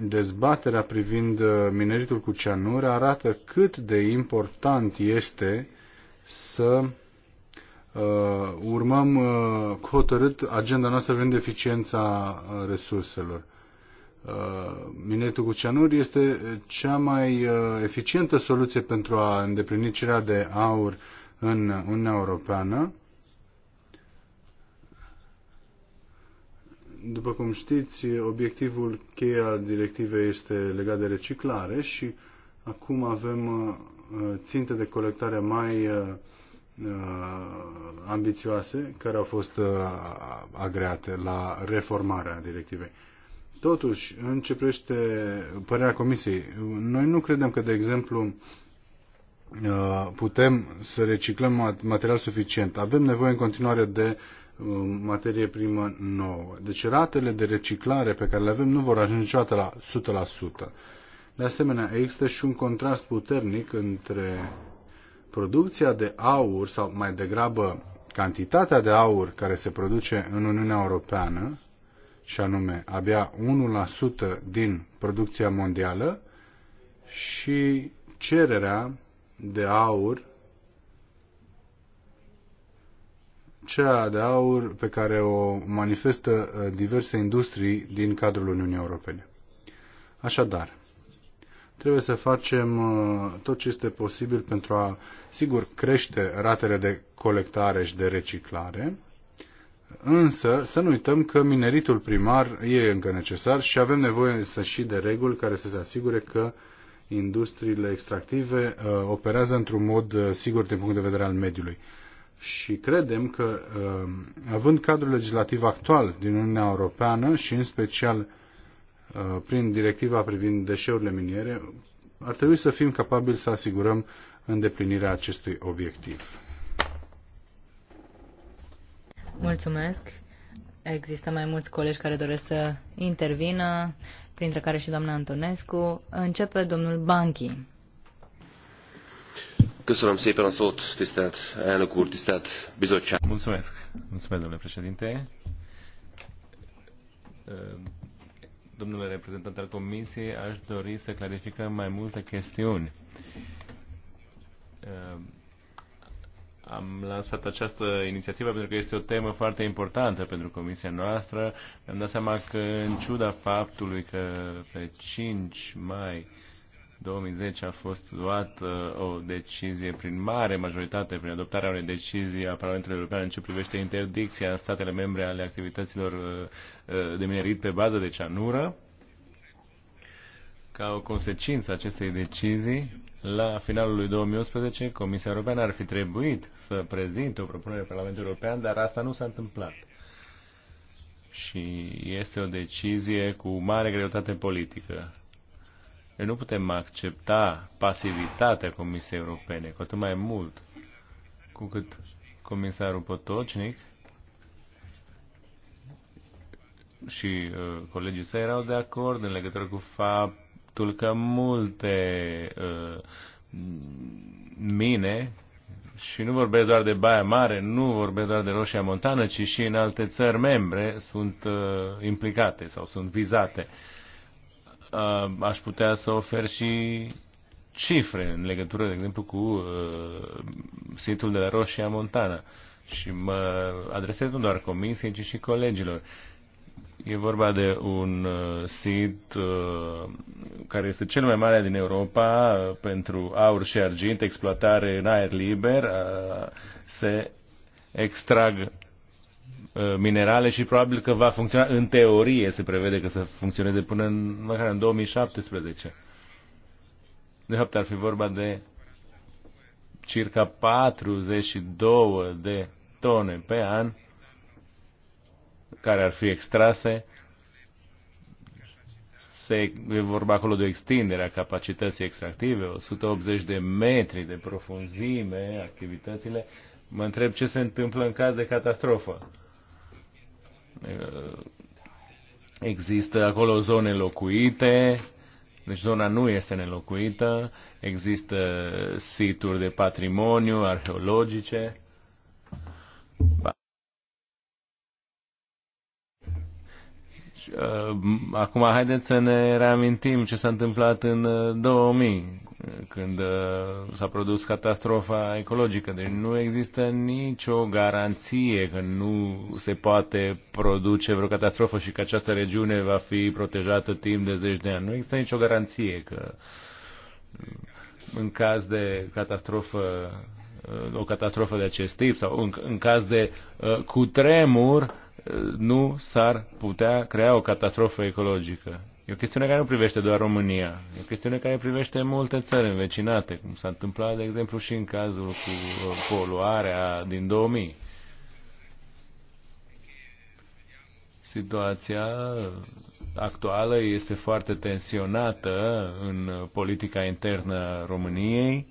dezbaterea privind uh, mineritul cu cianură arată cât de important este să Uh, urmăm uh, hotărât agenda noastră pentru eficiența Uh, uh Minetul cu cianuri este cea mai eficientă soluție pentru a îndeplini cererea de aur în Uniunea Europeană. După cum știți, obiectivul cheie al directivei este legat de reciclare și acum avem ținte de colectare mai Uh, ambițioase care au fost uh, agreate la reformarea directivei. Totuși, în ce privește părerea Comisiei, noi nu credem că, de exemplu, uh, putem să reciclăm material suficient. Avem nevoie în continuare de materie primă nouă. Deci ratele de reciclare pe care le avem nu vor ajunge niciodată la 100%. De asemenea, există și un contrast puternic între producția de aur, sau mai degrabă cantitatea de aur care se produce în Uniunea Europeană, și anume abia 1% din producția mondială, și cererea de aur, cea de aur pe care o manifestă uh, diverse industrii din cadrul Uniunii Europene. Așadar, Trebuie să facem uh, tot ce este posibil pentru a, sigur, crește ratele de colectare și de reciclare, însă să nu uităm că mineritul primar e încă necesar și avem nevoie să și de reguli care să se asigure că industriile extractive uh, operează într-un mod uh, sigur din punct de vedere al mediului. Și credem că, uh, având cadrul legislativ actual din Uniunea Europeană și în special Uh, prin directiva privind deșeurile miniere, ar trebui să fim capabili să asigurăm îndeplinirea acestui obiectiv. Mulțumesc. Există mai mulți colegi care doresc să intervină, printre care și doamna Antonescu. Începe domnul Banchi. Köszönöm szépen a szót, tisztelt elnök úr, tisztelt bizottság. Mulțumesc. Mulțumesc, domnule președinte domnule reprezentant al Comisiei, aș dori să clarificăm mai multe chestiuni. Ehm, am lansat această inițiativă pentru că este o temă foarte importantă pentru Comisia noastră. Am dat seama că, în ciuda faptului că pe 5 mai 2010 a fost uh, o decizie prin mare majoritate, prin adoptarea unei decizii a Parlamentului European în ce privește interdicția în statele membre ale activităților uh, uh, de minerit pe bază de ceanură. Ca o consecință acestei decizii, la finalul lui 2011, Comisia Europeană ar fi trebuit să prezinte o propunere Parlamentului European, dar asta nu s-a întâmplat. Și este o decizie cu mare greutate politică noi deci nu putem accepta pasivitatea Comisiei Europene, cu atât mai mult cu cât comisarul Potocnic și uh, colegii săi erau de acord în legătură cu faptul că multe uh, mine, și nu vorbesc doar de Baia Mare, nu vorbesc doar de Roșia Montană, ci și în alte țări membre sunt uh, implicate sau sunt vizate. Uh, Uh, aș putea să ofer și cifre în legătură, de exemplu, cu uh, situl de la Roșia Montana. Și mă adresez nu doar comisiei, ci și colegilor. E vorba de un uh, sit uh, care este cel mai mare din Europa uh, pentru aur și argint, exploatare în aer liber. Uh, se extrag Uh, minerale și probabil că va funcționa în teorie, se prevede că să funcționeze până în, măcar în 2017. De fapt ar fi vorba de circa 42 de tone pe an care ar fi extrase. Se, e vorba acolo de extinderea capacității extractive, 180 de metri de profunzime, activitățile. Mă întreb ce se întâmplă în caz de catastrofă. Eh, există acolo zone locuite, deci zona nu este nelocuită, există situri de patrimoniu arheologice. Uh, acum haideți să ne reamintim ce s-a întâmplat în 2000, uh, când uh, s-a produs catastrofa ecologică. Deci nu există nicio garanție că nu se poate produce vreo catastrofă și că această regiune va fi protejată timp de zeci de ani. Nu există nicio garanție că în caz de catastrofă o catastrofă de acest tip sau în, în caz de uh, cutremur uh, nu s-ar putea crea o catastrofă ecologică. E o chestiune care nu privește doar România, e o chestiune care privește multe țări învecinate, cum s-a întâmplat, de exemplu, și în cazul cu uh, poluarea din 2000. Situația actuală este foarte tensionată în politica internă a României,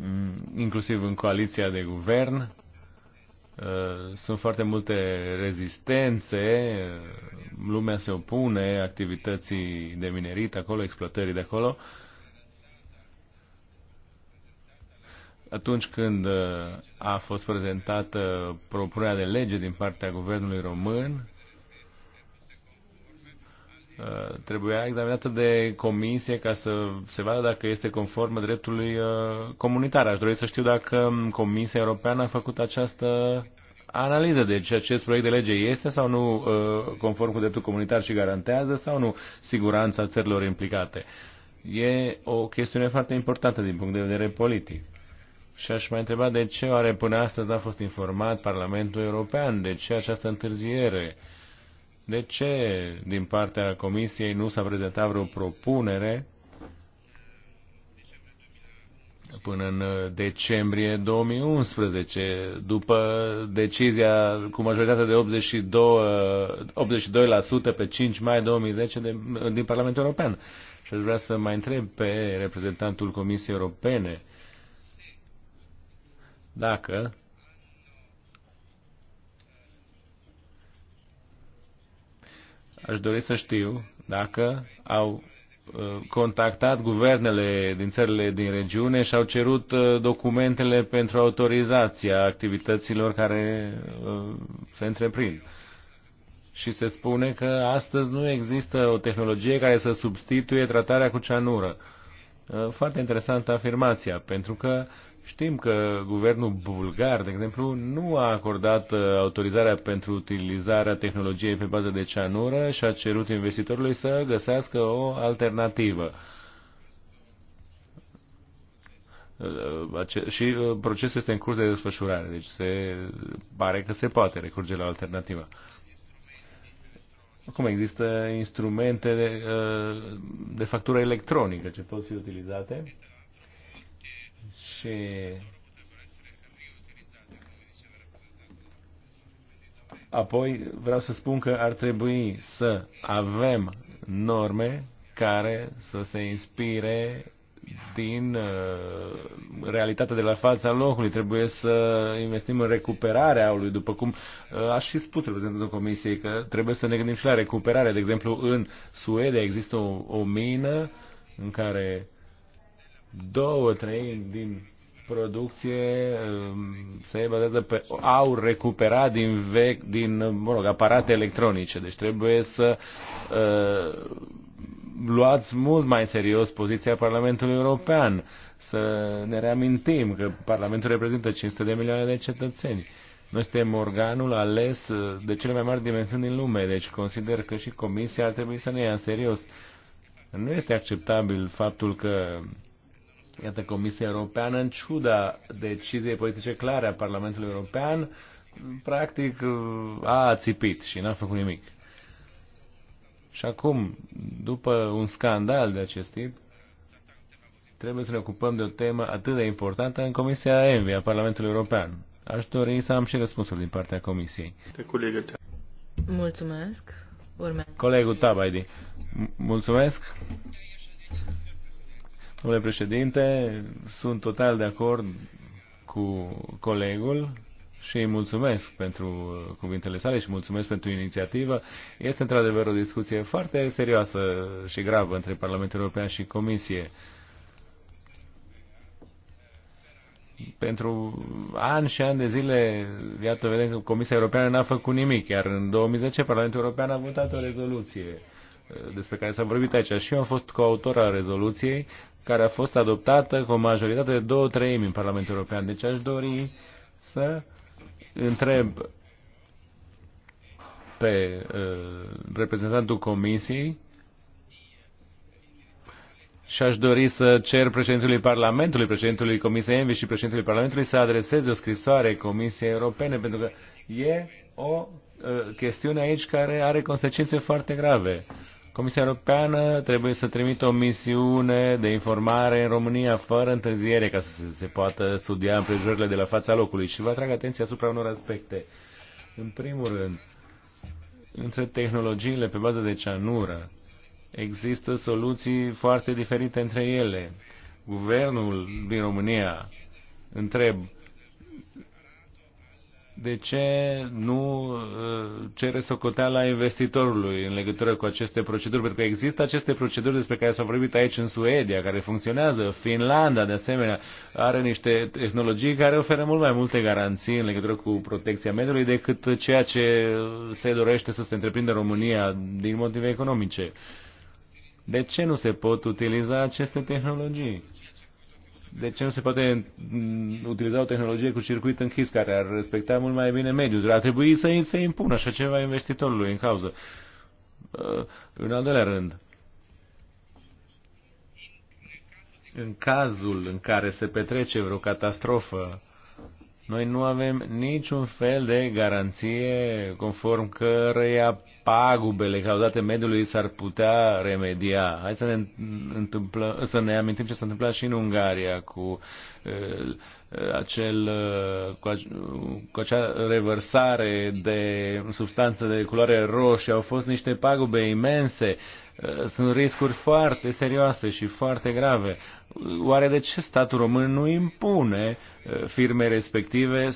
mm, inclusiv în coaliția de guvern Uh, sunt foarte multe rezistențe, uh, lumea se opune activității de minerit acolo, exploatării de acolo. Atunci când uh, a fost prezentată propunerea de lege din partea guvernului român, Uh, trebuia examinată de comisie ca să se vadă dacă este conformă dreptului uh, comunitar. Aș dori să știu dacă um, Comisia Europeană a făcut această analiză. Deci acest proiect de lege este sau nu uh, conform cu dreptul comunitar și garantează sau nu siguranța țărilor implicate. E o chestiune foarte importantă din punct de vedere politic. Și aș mai întreba de ce oare până astăzi n-a fost informat Parlamentul European, de ce această întârziere. Uh, de ce din partea Comisiei nu s-a prezentat vreo propunere până în decembrie 2011, după decizia cu majoritatea de 82, 82% pe 5 mai 2010 de, din Parlamentul European. Și aș vrea să mai întreb pe reprezentantul Comisiei Europene dacă Aș dori să știu dacă au uh, contactat guvernele din țările din regiune și au cerut uh, documentele pentru autorizația activităților care uh, se întreprind. Și se spune că astăzi nu există o tehnologie care să substituie tratarea cu ceanură. Foarte interesantă afirmația, pentru că Știm că guvernul bulgar, de exemplu, nu a acordat uh, autorizarea pentru utilizarea tehnologiei pe bază de ceanură și a cerut investitorului să găsească o alternativă. Uh, și uh, procesul este în curs de desfășurare, deci se pare că se poate recurge la alternativă. Acum există instrumente de, de factură electronică ce pot fi utilizate ce apoi vreau să spun că ar trebui să avem norme care să se inspire din uh, realitatea de la fața locului. Trebuie să investim în recuperarea aului, după cum uh, aș fi spus reprezentantul Comisiei, că trebuie să ne gândim și la recuperare. De exemplu, în Suedia există o, o mină în care două trei din producție um, se bazează pe, au recuperat din, vechi, din mă rog, aparate electronice, deci trebuie să uh, luați mult mai serios poziția Parlamentului European, să ne reamintim că Parlamentul reprezintă 500 de milioane de cetățeni. Noi suntem organul ales uh, de cele mai mari dimensiuni din lume, deci consider că și Comisia ar trebui să ne ia în serios. Nu este acceptabil faptul că Iată, Comisia Europeană, în ciuda deciziei politice clare a Parlamentului European, practic a țipit și n-a făcut nimic. Și acum, după un scandal de acest tip, trebuie să ne ocupăm de o temă atât de importantă în Comisia ENVI a Parlamentului European. Aș dori să am și răspunsul din partea Comisiei. Mulțumesc. Urmează. Colegul Tabaidi, mulțumesc. Domnule președinte, sunt total de acord cu colegul și îi mulțumesc pentru uh, cuvintele sale și mulțumesc pentru inițiativă. Este într-adevăr o discuție foarte serioasă și gravă între Parlamentul European și Comisie. Pentru ani și ani de zile, iată, vedem că Comisia Europeană n-a făcut nimic, iar în 2010 Parlamentul European a votat o rezoluție uh, despre care s-a vorbit aici și eu am fost coautor al rezoluției care a fost adoptată cu o majoritate de două treimi în Parlamentul European. Deci aș dori să întreb pe uh, reprezentantul Comisiei și aș dori să cer președintului Parlamentului, președintului Comisiei Envi și președintului Parlamentului să adreseze o scrisoare Comisiei Europene, pentru că e o uh, chestiune aici care are consecințe foarte grave. Comisia Europeană trebuie să trimită o misiune de informare în România fără întârziere ca să se poată studia împrejurările de la fața locului și vă atrag atenția asupra unor aspecte. În primul rând, între tehnologiile pe bază de ceanură există soluții foarte diferite între ele. Guvernul din România întreb de ce nu uh, cere socoteala investitorului în legătură cu aceste proceduri? Pentru că există aceste proceduri despre care s-a vorbit aici în Suedia, care funcționează, Finlanda de asemenea are niște tehnologii care oferă mult mai multe garanții în legătură cu protecția mediului decât ceea ce se dorește să se întreprindă în România din motive economice. De ce nu se pot utiliza aceste tehnologii? de ce nu se poate mm, utiliza o tehnologie cu circuit închis care ar respecta mult mai bine mediul? Ar trebui să se impună așa ceva investitorului în cauză. Uh, în al doilea rând, în cazul în care se petrece vreo catastrofă noi nu avem niciun fel de garanție conform căreia pagubele cauzate mediului s-ar putea remedia. Hai să ne, întâmplă, să ne amintim ce s-a întâmplat și în Ungaria cu acel, cu, a, cu acea revărsare de substanță de culoare roșie. Au fost niște pagube imense. Uh, Eh, sunt riscuri foarte serioase și foarte grave. Oare de ce statul român nu impune eh, firme respective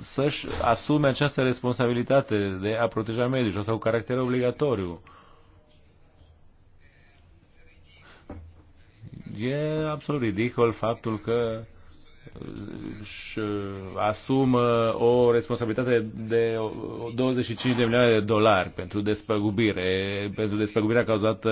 să-și asume această responsabilitate de a proteja medici sau cu caracter obligatoriu? E absolut ridicol faptul că își uh, asumă o responsabilitate de 25 de milioane de dolari pentru despăgubire, pentru despăgubirea cauzată,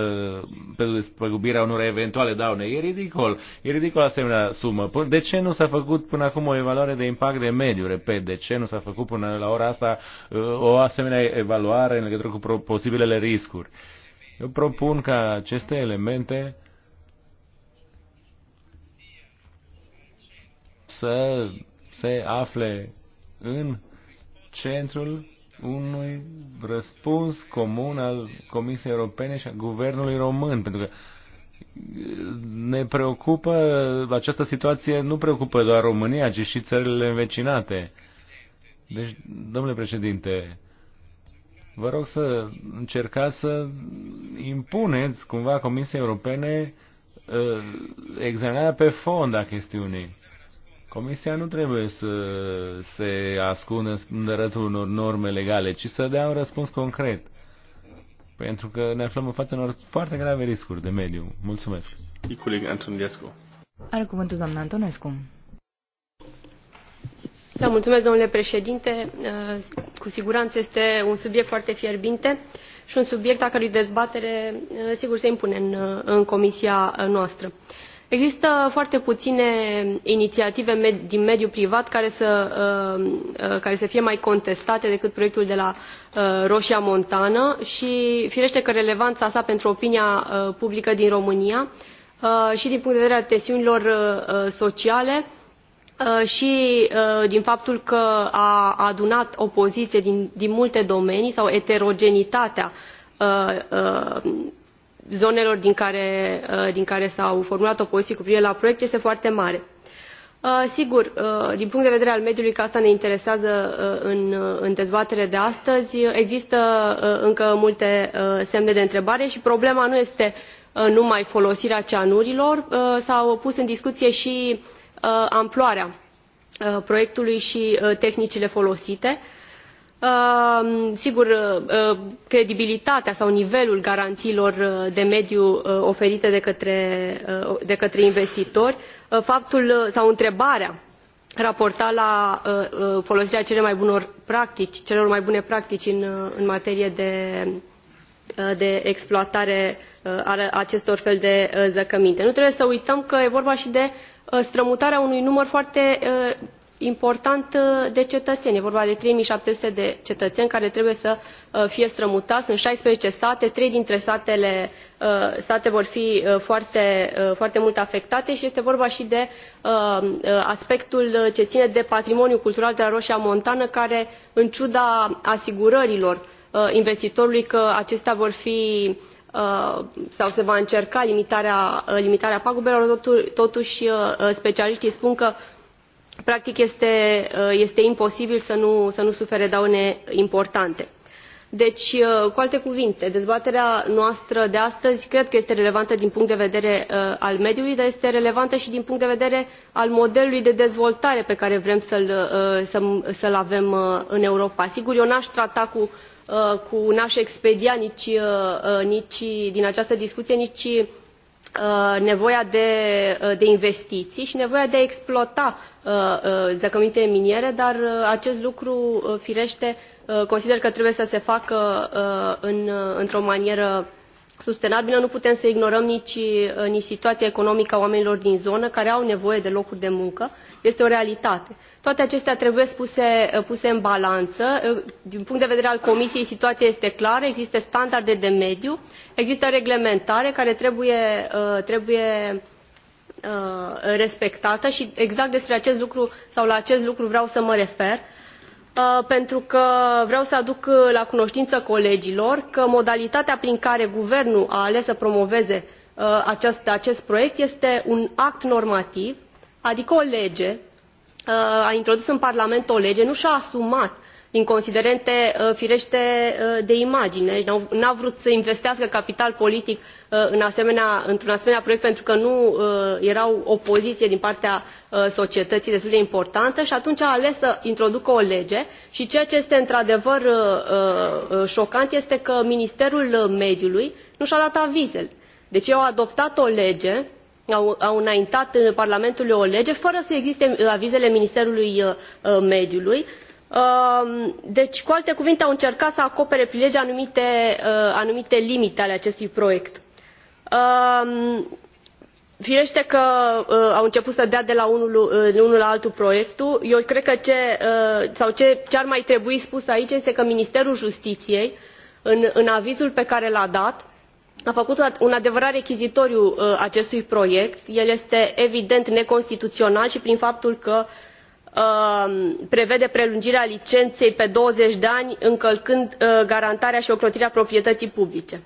pentru despăgubirea unor eventuale daune. E ridicol, e ridicol asemenea sumă. De ce nu s-a făcut până acum o evaluare de impact de mediu, repet, de ce nu s-a făcut până la ora asta uh, o asemenea evaluare în legătură cu posibilele riscuri? Eu propun ca aceste elemente să se afle în centrul unui răspuns comun al Comisiei Europene și a Guvernului Român, pentru că ne preocupă, această situație nu preocupă doar România, ci și țările învecinate. Deci, domnule președinte, vă rog să încercați să impuneți cumva Comisiei Europene uh, examinarea pe fond a chestiunii. Comisia nu trebuie să se ascundă în rătul unor norme legale, ci să dea un răspuns concret. Pentru că ne aflăm în fața unor foarte grave riscuri de mediu. Mulțumesc. Iculeg Antonescu. Are cuvântul doamna Antonescu. Da, mulțumesc, domnule președinte. Uh, cu siguranță este un subiect foarte fierbinte și un subiect a cărui dezbatere, uh, sigur, se impune în, uh, în comisia noastră există foarte puține inițiative din mediul privat care să, uh, uh, care să fie mai contestate decât proiectul de la uh, roia montană și firește că relevanța sa pentru opinia publică din românia și din punct de vedere al tensiunilor sociale și din faptul că a adunat opoziție din, din multe domenii sau eterogenitatea zonelor din care, uh, din care s-au formulat opoziții cu privire la proiect este foarte mare. Uh, sigur, uh, din punct de vedere al mediului, că asta ne interesează în, în dezbatere de astăzi, există încă multe semne de întrebare și problema nu este numai folosirea cianurilor, s-au pus în discuție și amploarea proiectului și tehnicile folosite sigur uh, uh, credibilitatea sau nivelul garanțiilor uh, de mediu oferite de către, de către investitori faptul sau întrebarea raportat la folosirea celor mai, bunor practici, celor mai bune practici în, în materie de, de exploatare a acestor fel de zăcăminte. Nu trebuie să uităm că e vorba și de strămutarea unui număr foarte important uh, de cetățeni. E vorba de 3700 de cetățeni care trebuie să uh, fie strămutați. în 16 state. trei dintre satele uh, state vor fi foarte, foarte mult afectate și este vorba și de aspectul ce ține de patrimoniul cultural de la Roșia Montană, care, în ciuda asigurărilor investitorului că acestea vor fi sau se va încerca limitarea, limitarea pagubelor, totuși specialiștii spun că practic uh, este, imposibil să nu, să nu sufere daune importante. Deci, uh, cu alte cuvinte, dezbaterea noastră de astăzi cred că este relevantă din punct de vedere uh, al mediului, dar este relevantă și din punct de vedere al modelului de dezvoltare pe care vrem să-l uh, să, să avem uh, în Europa. Sigur, eu n-aș trata cu, uh, cu n-aș expedia nici, nici din această discuție nici Uh, nevoia de, uh, de investiții și nevoia de a exploata uh, zăcămintele miniere, dar acest lucru, firește, consider că trebuie să se facă în, într-o manieră sustenabilă. Nu putem să ignorăm nici, nici situația economică a oamenilor din zonă care au nevoie de locuri de muncă. Este o realitate toate acestea trebuie uh, puse, în balană. Uh, din punct de vedere al comisiei situaia este clară există standarde de mediu există reglementare care trebuie, uh, respectată i exact despre acest lucru sau la acest lucru vreau să mă refer pentru că vreau să aduc la cunotină colegilor că modalitatea prin care guvernul a ales să promoveze acest, acest proiect este un act normativ adică o lege a introdus în parlament o lege nu și a asumat din considerente uh, firește uh, de imagine deci n a vrut să investească capital politic uh, în asemenea, într un asemenea proiect pentru că nu era o poziție din partea societății destul de importantă și atunci a ales să introducă o lege și ceea ce este într adevăr șocant este că ministerul mediului nu și a dat avizele deci ei au adoptat o lege au, înaintat parlamentului o lege fără să existe uh, avizele ministerului uh, uh, mediului um, deci cu alte cuvinte au încercat să acopere prin lege anumite, limite ale acestui proiect. Um, firește că au început să dea de la unul, la altul proiectul. Eu cred că ce, sau ce, ce ar mai trebui spus aici este că Ministerul Justiției, în, în avizul pe care l-a dat, a făcut un adevărat rechizitoriu uh, acestui proiect el este evident neconstituțional și prin faptul că uh, prevede prelungirea licenței pe douăzeci de ani încălcând uh, garantarea și ocrotirea proprietății publice.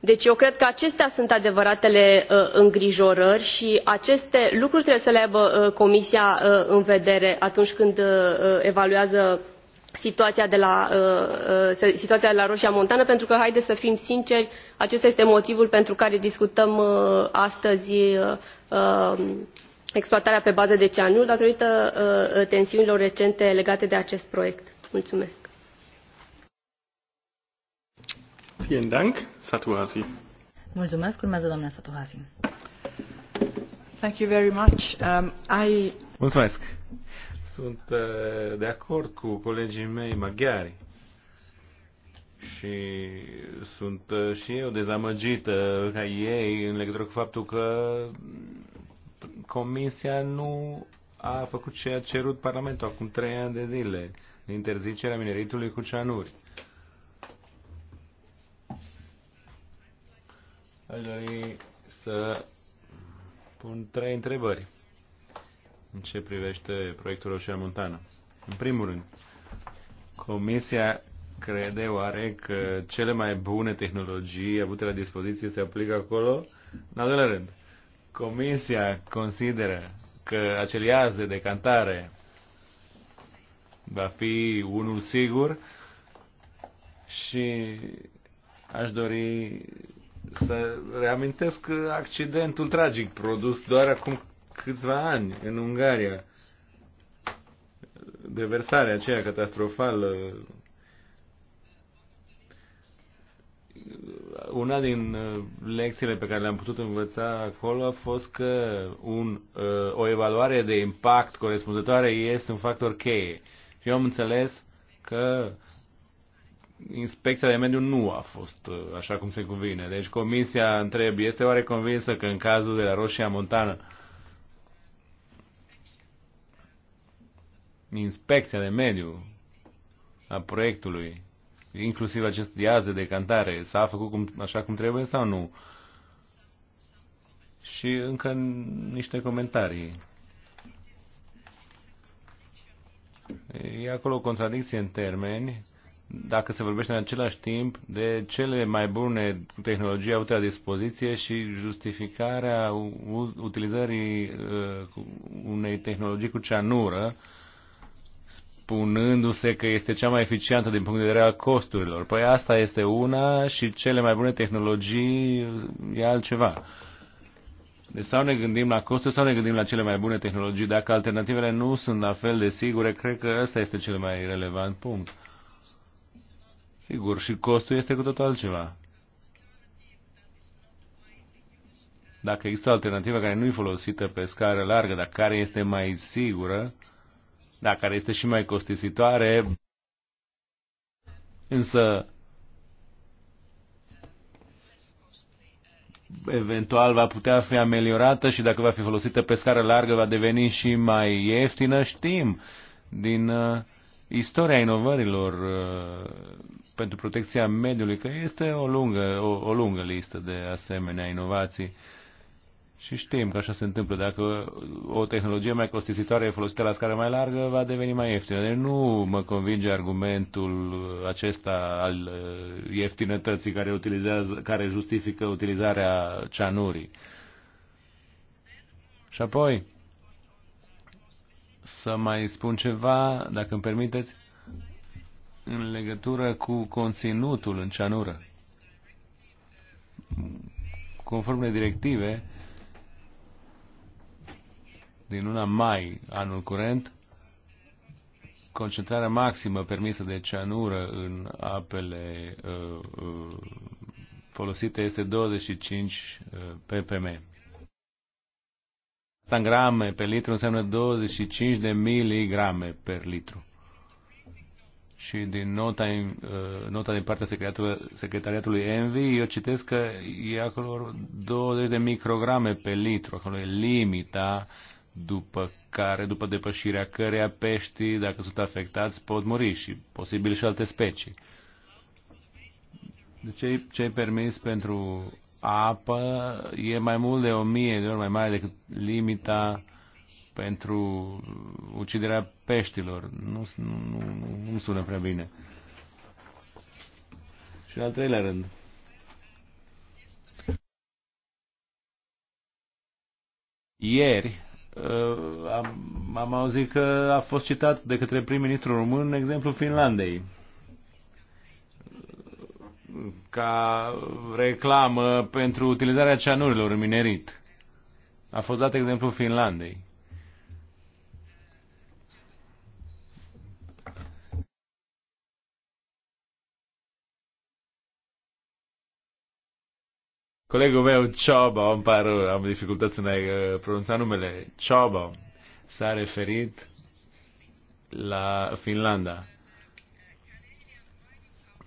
deci eu cred că acestea sunt adevăratele îngrijorări și aceste lucruri trebuie să le aibă comisia în vedere atunci când evaluează situația de la, uh, uh, situația de la roșia montană pentru că haideți să fim sinceri acesta este motivul pentru care discutăm uh, astăzi exploatarea pe bază de ceanul, datorită tensiunilor recente legate de acest proiect. Mulțumesc. Vielen Dank, Satuhasi. Mulțumesc, urmează doamna Satuhasi. Thank you very much. Um, I... Mulțumesc. Sunt eh, de acord cu colegii mei maghiari și sunt eh, și eu dezamăgită eh, ca ei în legătură cu faptul că Comisia nu a făcut ce a cerut Parlamentul acum trei ani de zile, interzicerea mineritului cu ceanuri. Aș dori să pun trei întrebări în ce privește proiectul Roșia Montană. În primul rând, Comisia crede oare că cele mai bune tehnologii avute la dispoziție se aplică acolo? În al doilea rând, Comisia consideră că acel iaz de decantare va fi unul sigur și aș dori să reamintesc accidentul tragic produs doar acum câțiva ani în Ungaria. Deversarea aceea catastrofală una din uh, lecțiile pe care le-am putut învăța acolo a fost că un, uh, o evaluare de impact corespunzătoare este un factor cheie. Și eu am înțeles că inspecția de mediu nu a fost uh, așa cum se cuvine. Deci comisia întreb, este oare convinsă că în cazul de la Roșia Montană inspecția de mediu a proiectului, inclusiv acest diaz de cantare, s-a făcut cum, așa cum trebuie sau nu? Și încă niște comentarii. E acolo o contradicție în termeni dacă se vorbește în același timp de cele mai bune tehnologii avute la dispoziție și justificarea utilizării uh, unei tehnologii cu ceanură spunându-se că este cea mai eficientă din punct de vedere al costurilor. Păi asta este una și cele mai bune tehnologii e altceva. Deci sau ne gândim la costuri sau ne gândim la cele mai bune tehnologii. Dacă alternativele nu sunt la fel de sigure, cred că ăsta este cel mai relevant punct. Sigur, și costul este cu totul altceva. Dacă există o alternativă care nu e folosită pe scară largă, dar care este mai sigură, da, care este și mai costisitoare, însă eventual va putea fi ameliorată și dacă va fi folosită pe scară largă va deveni și mai ieftină, știm din uh, istoria inovărilor uh, pentru protecția mediului, că este o lungă, o, o lungă listă de asemenea inovații. Uh, și știm că așa se întâmplă. Dacă o tehnologie mai costisitoare e folosită la scară mai largă, va deveni mai ieftină. Deci nu mă convinge argumentul acesta al uh, ieftinătății care, utilizează, care justifică utilizarea cianurii. Și apoi, să mai spun ceva, dacă îmi permiteți, în legătură cu conținutul în cianură. Conform de directive, din luna mai anul curent, concentrarea maximă permisă de ceanură în apele uh, uh, folosite este 25 uh, ppm. 100 grame pe litru înseamnă 25 de miligrame per litru. Și din nota, uh, nota din partea secretariatului, secretariatului Envi, eu citesc că e acolo 20 de micrograme pe litru, acolo e limita uh, după care, după depășirea căreia peștii, dacă sunt afectați, pot muri și posibil și alte specii. Deci ce e permis pentru apă e mai mult de o mie de ori mai mare decât limita pentru uciderea peștilor. Nu, nu, nu, nu sună prea bine. Și al treilea rând, ieri am auzit că a fost citat de către prim-ministru român exemplu Finlandei ca reclamă pentru utilizarea ceanurilor în minerit. A fost dat exemplu Finlandei. Colegul meu, Ciobo, îmi pare am dificultăți în a uh, pronunța numele, Ciobo, s-a referit la Finlanda.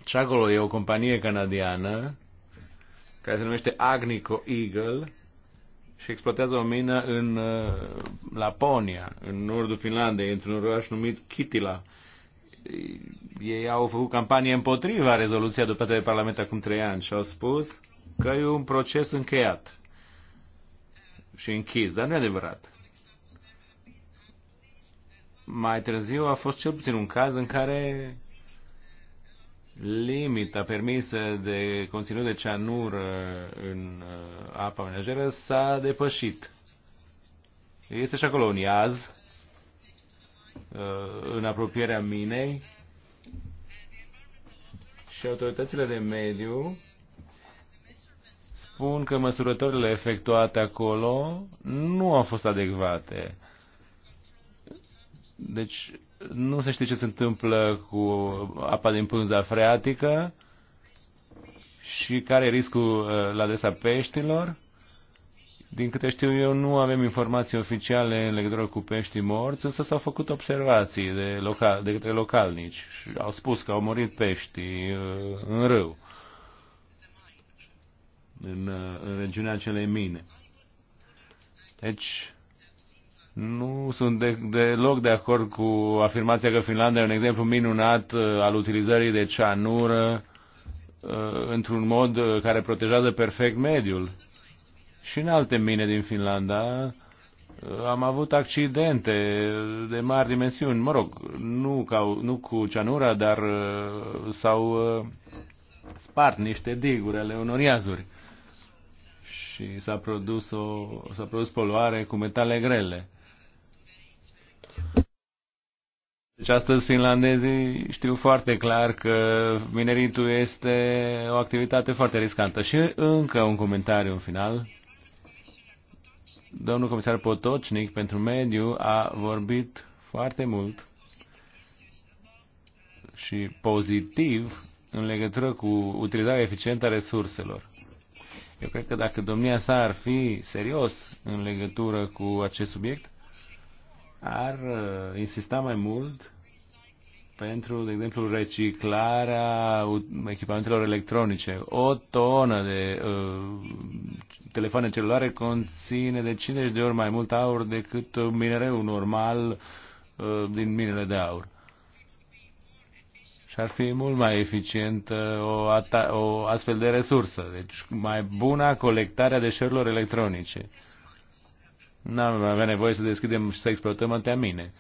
Și acolo e o companie canadiană care se numește Agnico Eagle și exploatează o mină în uh, Laponia, în nordul Finlandei, într-un oraș numit Kitila. Ei au făcut campanie împotriva rezoluției adoptată de Parlament acum trei ani și au spus că e un proces încheiat și închis, dar nu e adevărat mai târziu a fost cel puțin un caz în care limita permisă de conținut de cianură uh, în uh, apa menajeră s-a depășit. Este și acolo un iaz uh, în apropierea minei și autoritățile de mediu spun că măsurătorile efectuate acolo nu au fost adecvate deci nu se știe ce se întâmplă cu apa din pânza freatică și care e riscul uh, la adresa peștilor. Din câte știu eu, nu avem informații oficiale în legătură cu peștii morți, însă s-au făcut observații de, local, de către localnici și au spus că au murit peștii uh, în râu, în, uh, în regiunea acelei mine. Deci, nu sunt de, deloc de acord cu afirmația că Finlanda e un exemplu minunat uh, al utilizării de ceanură uh, într-un mod uh, care protejează perfect mediul. Și în alte mine din Finlanda am avut accidente de mari dimensiuni, mă rog, nu, ca, nu cu ceanura, dar s-au spart niște diguri ale unor iazuri și s-a produs, o, s-a produs poluare cu metale grele. Deci astăzi finlandezii știu foarte clar că mineritul este o activitate foarte riscantă. Și încă un comentariu în final. Domnul comisar Potocnic pentru mediu a vorbit foarte mult și pozitiv în legătură cu utilizarea eficientă a resurselor. Eu cred că dacă domnia sa ar fi serios în legătură cu acest subiect, ar uh, insista mai mult pentru, de exemplu, reciclarea echipamentelor electronice. O tonă de uh, telefoane celulare conține de 50 de ori mai mult aur decât minereul normal uh, din minele de aur. Și ar fi mult mai eficient uh, o, o astfel de resursă, deci mai bună colectarea deșeurilor electronice. Nu am avea nevoie să deschidem și să exploatăm atâtea mine.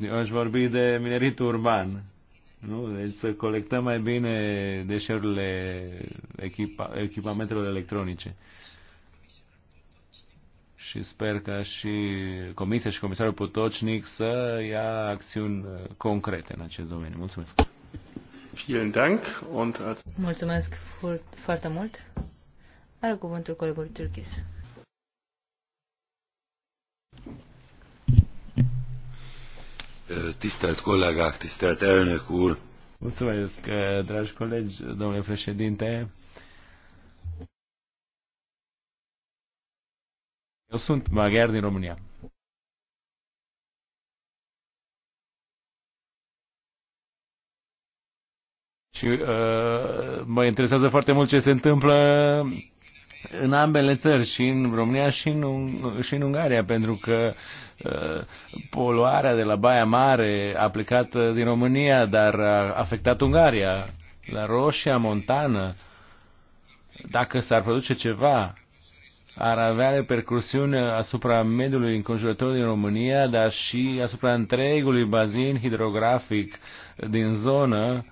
Eu aș vorbi de minerit urban. Nu? Deci să colectăm mai bine deșeurile echipa, echipamentelor electronice. Și sper ca și Comisia și Comisarul Potocnic să ia acțiuni uh, concrete în acest domeniu. Mulțumesc! Mulțumesc foarte mult! Are cuvântul colegul Turkis. Tisztelt kollégák, tisztelt elnök úr! Mulțumesc, dragi colegi, domnule președinte! Eu sunt maghiar din România. Și uh, mă interesează foarte mult ce se întâmplă în ambele țări, și în România și în, și în Ungaria, pentru că uh, poluarea de la Baia Mare a plecat uh, din România, dar a afectat Ungaria, la Roșia Montană. Dacă s-ar produce ceva, ar avea repercursiuni asupra mediului înconjurător din România, dar și asupra întregului bazin hidrografic din zonă,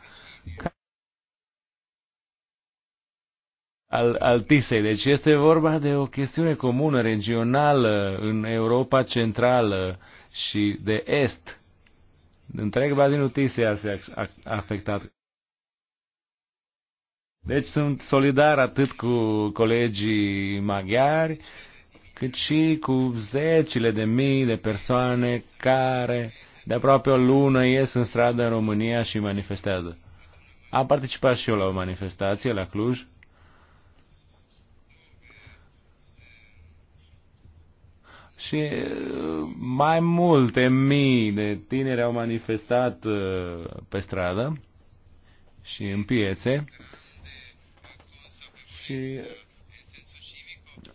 al, al Tisei. Deci este vorba de o chestiune comună, regională, în Europa Centrală și de Est. Întreg bazinul Tisei ar fi afectat. Deci sunt solidar atât cu colegii maghiari, cât și cu zecile de mii de persoane care de aproape o lună ies în stradă în România și manifestează. Am participat și eu la o manifestație la Cluj Și uh, mai multe mii de tineri au manifestat uh, pe stradă și în piețe și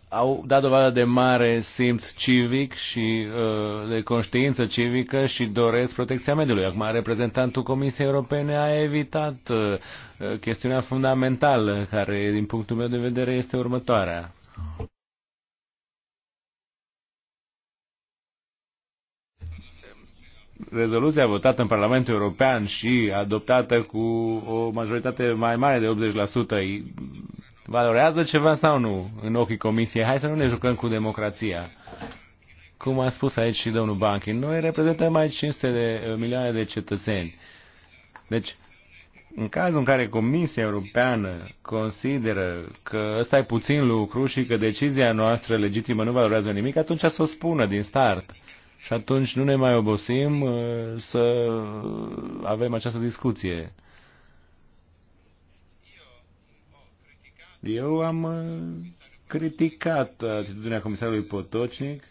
au dat dovadă de mare simț civic și uh, de conștiință civică și doresc protecția mediului. Acum, reprezentantul Comisiei Europene a evitat chestiunea fundamentală, care, din punctul meu de vedere, este următoarea. rezoluția votată în Parlamentul European și adoptată cu o majoritate mai mare de 80% valorează ceva sau nu în ochii Comisiei? Hai să nu ne jucăm cu democrația. Cum a spus aici și domnul Banchi, noi reprezentăm mai 500 de eh, milioane de cetățeni. Deci, în cazul în care Comisia Europeană consideră că ăsta e puțin lucru și că decizia noastră legitimă nu valorează nimic, atunci să o spună din start și atunci nu ne mai obosim uh, să avem această discuție. Eu am uh, criticat atitudinea comisarului Potocnic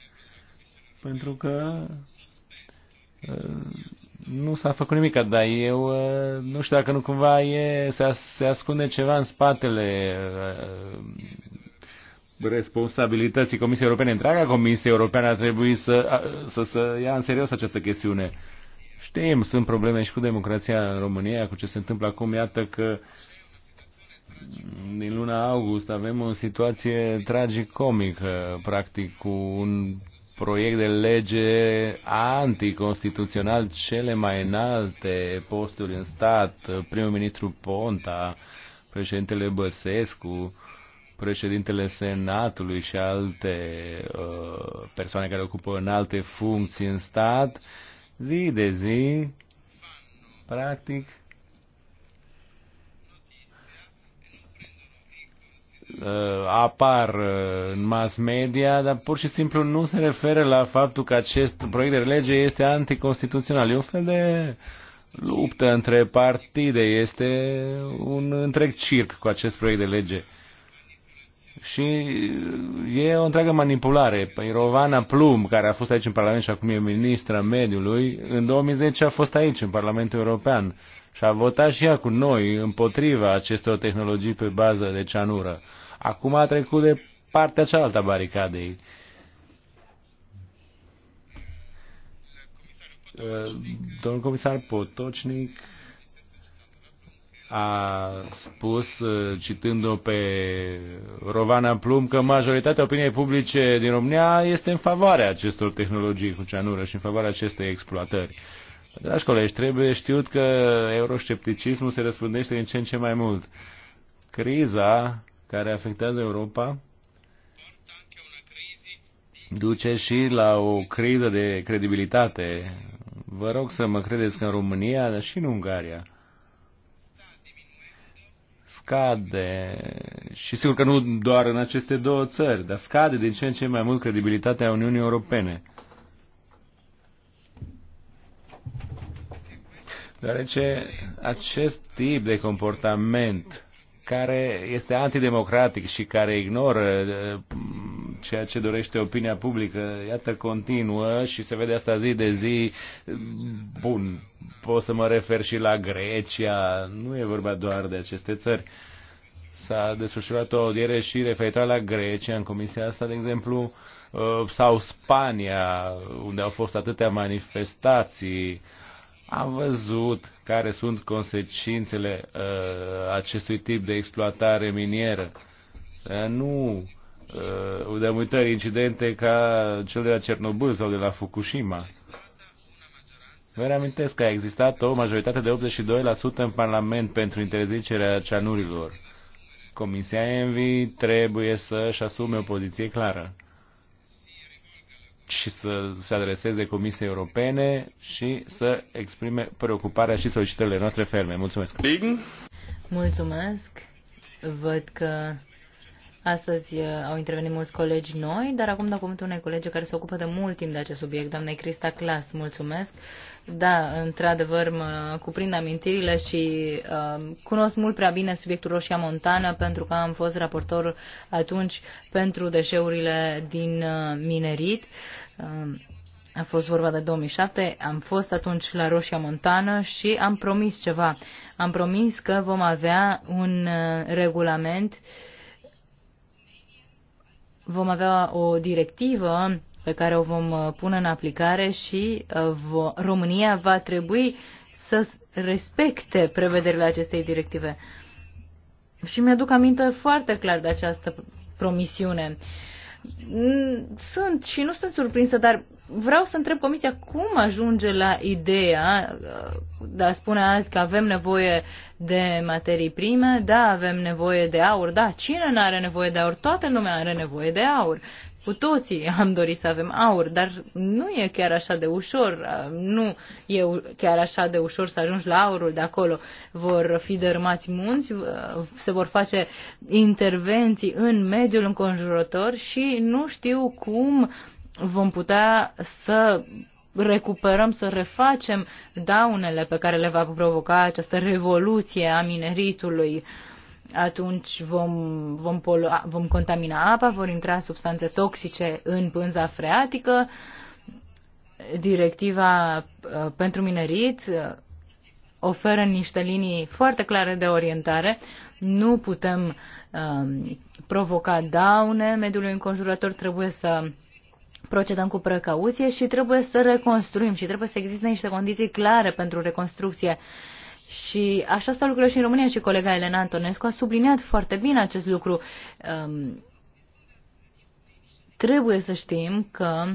pentru că uh, nu s-a făcut nimic, dar eu nu știu dacă nu cumva e, se, se ascunde ceva în spatele responsabilității Comisiei Europene. Întreaga Comisie Europeană ar trebui să, să, să ia în serios această chestiune. Știm, sunt probleme și cu democrația în România, cu ce se întâmplă acum. Iată că din luna august avem o situație tragicomică, practic, cu un proiect de lege anticonstituțional, cele mai înalte posturi în stat, primul ministru Ponta, președintele Băsescu, președintele Senatului și alte uh, persoane care ocupă în alte funcții în stat, zi de zi, practic, uh, apar uh, în mass media, dar pur și simplu nu se referă la faptul că acest proiect de lege este anticonstituțional. E un fel de luptă între partide, este un întreg circ cu acest proiect de lege. Și e o întreagă manipulare. Păi Rovana Plum, care a fost aici în Parlament și acum e ministra mediului, în 2010 a fost aici, în Parlamentul European. Și a votat și ea cu noi împotriva acestor tehnologii pe bază de cianură. Acum a trecut de partea cealaltă a baricadei. Domnul comisar Potocnic a spus, uh, citând-o pe Rovana Plum, că majoritatea opiniei publice din România este în favoarea acestor tehnologii cu ceanură și în favoarea acestei exploatări. Dragi colegi, trebuie știut că euroscepticismul se răspândește din ce în ce mai mult. Criza care afectează Europa duce și la o criză de credibilitate. Vă rog să mă credeți că în România, dar și în Ungaria, scade, și sigur că nu doar în aceste două țări, dar scade din ce în ce mai mult credibilitatea Uniunii Europene. Deoarece acest tip de comportament care este antidemocratic și care ignoră ceea ce dorește opinia publică, iată, continuă și se vede asta zi de zi. Bun, pot să mă refer și la Grecia, nu e vorba doar de aceste țări. S-a desfășurat o audiere și referitoare la Grecia în comisia asta, de exemplu, uh, sau Spania, unde au fost atâtea manifestații. Am văzut care sunt consecințele uh, acestui tip de exploatare minieră. Uh, nu Uh, de multe incidente ca cel de la Cernobâl sau de la Fukushima. Vă reamintesc că a existat o majoritate de 82% în Parlament pentru interzicerea ceanurilor. Comisia Envi trebuie să-și asume o poziție clară și să se adreseze Comisiei Europene și să exprime preocuparea și solicitările noastre ferme. Mulțumesc! Mulțumesc! Văd că Astăzi uh, au intervenit mulți colegi noi, dar acum dau cuvântul unei colege care se ocupă de mult timp de acest subiect, doamna Crista Clas, mulțumesc. Da, într-adevăr, mă cuprind amintirile și uh, cunosc mult prea bine subiectul Roșia Montană pentru că am fost raportor atunci pentru deșeurile din uh, minerit. Uh, a fost vorba de 2007, am fost atunci la Roșia Montană și am promis ceva. Am promis că vom avea un uh, regulament uh, vom avea o directivă pe care o vom uh, pune în aplicare și uh, România va trebui să respecte prevederile acestei directive. Și mi-aduc aminte foarte clar de această promisiune. Sunt și nu sunt surprinsă, dar vreau să întreb Comisia cum ajunge la ideea de a spune azi că avem nevoie de materii prime, da, avem nevoie de aur, da, cine nu are nevoie de aur? Toată lumea are nevoie de aur. Cu toții am dorit să avem aur, dar nu e chiar așa de ușor, nu e chiar așa de ușor să ajungi la aurul de acolo. Vor fi dărâmați munți, se vor face intervenții în mediul înconjurător și nu știu cum vom putea să recuperăm, să refacem daunele pe care le va provoca această revoluție a mineritului. Atunci vom, vom, polua, vom contamina apa, vor intra substanțe toxice în pânza freatică. Directiva uh, pentru minerit uh, oferă niște linii foarte clare de orientare. Nu putem um, provoca daune mediului înconjurător, trebuie să procedăm cu precauție și trebuie să reconstruim și trebuie să existe niște condiții clare pentru reconstrucție. Și așa stau lucrurile și în România și colega Elena Antonescu a subliniat foarte bine acest lucru. Um, trebuie să știm că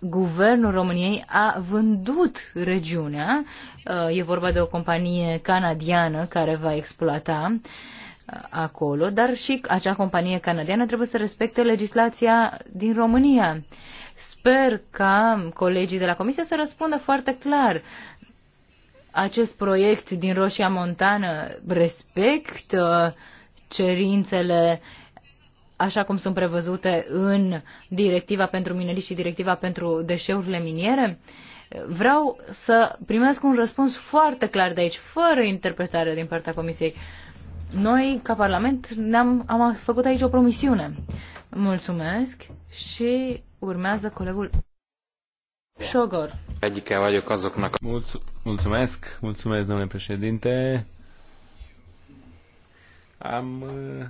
guvernul României a vândut regiunea. Uh, e vorba de o companie canadiană care va exploata. Uh, acolo, dar și acea companie canadiană trebuie să respecte legislația din România. Sper ca colegii de la Comisie să răspundă foarte clar. Acest proiect din Roșia Montană respectă cerințele așa cum sunt prevăzute în directiva pentru minerii și directiva pentru deșeurile miniere? Vreau să primesc un răspuns foarte clar de aici, fără interpretare din partea Comisiei. Noi, ca Parlament, ne-am am făcut aici o promisiune. Mulțumesc și urmează colegul Șogor. Adică mulțumesc, mulțumesc, domnule președinte. Am uh,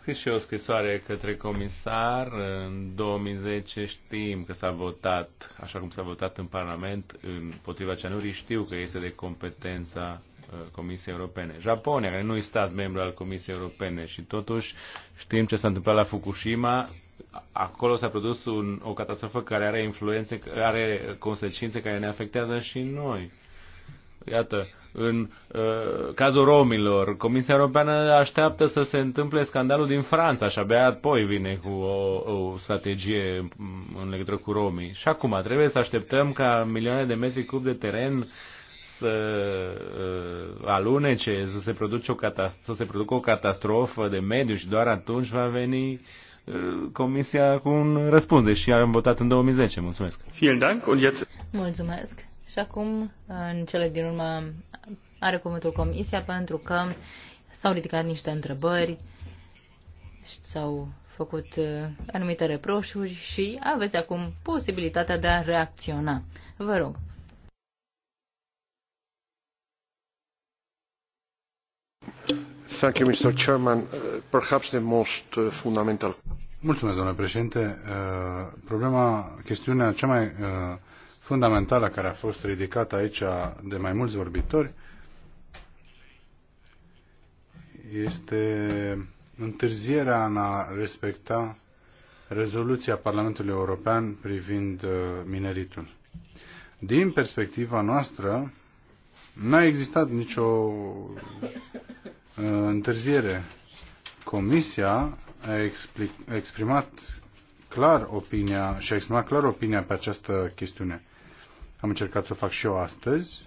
scris și o scrisoare către comisar. În 2010 știm că s-a votat, așa cum s-a votat în Parlament, împotriva ceanurii. Știu că este de competența Uh, Comisiei Europene. Japonia, care nu e stat membru al Comisiei Europene și totuși știm ce s-a întâmplat la Fukushima, acolo s-a produs un, o catastrofă care are influențe, are consecințe care ne afectează și noi. Iată, în uh, cazul romilor, Comisia Europeană așteaptă să se întâmple scandalul din Franța și abia apoi vine cu o, o strategie în legătură cu romii. Și acum trebuie să așteptăm ca milioane de metri cub de teren să uh, alunece, să se, produce o să se producă o catastrofă de mediu și doar atunci va veni uh, Comisia cu un răspunde și am votat în 2010. Mulțumesc. Vielen Dank und jetzt... Mulțumesc. Și acum, în cele din urmă, are cuvântul Comisia pentru că s-au ridicat niște întrebări și s-au făcut uh, anumite reproșuri și aveți acum posibilitatea de a reacționa. Vă rog. Uh, uh, Mulțumesc, domnule președinte. Uh, problema, chestiunea cea mai fundamentală care a fost ridicată aici de mai mulți vorbitori este întârzierea în a respecta rezoluția Parlamentului European privind mineritul. Din perspectiva noastră, N-a existat nicio uh, întârziere. Comisia a exprimat clar opinia și a exprimat clar opinia pe această chestiune. Am încercat să o fac și eu astăzi.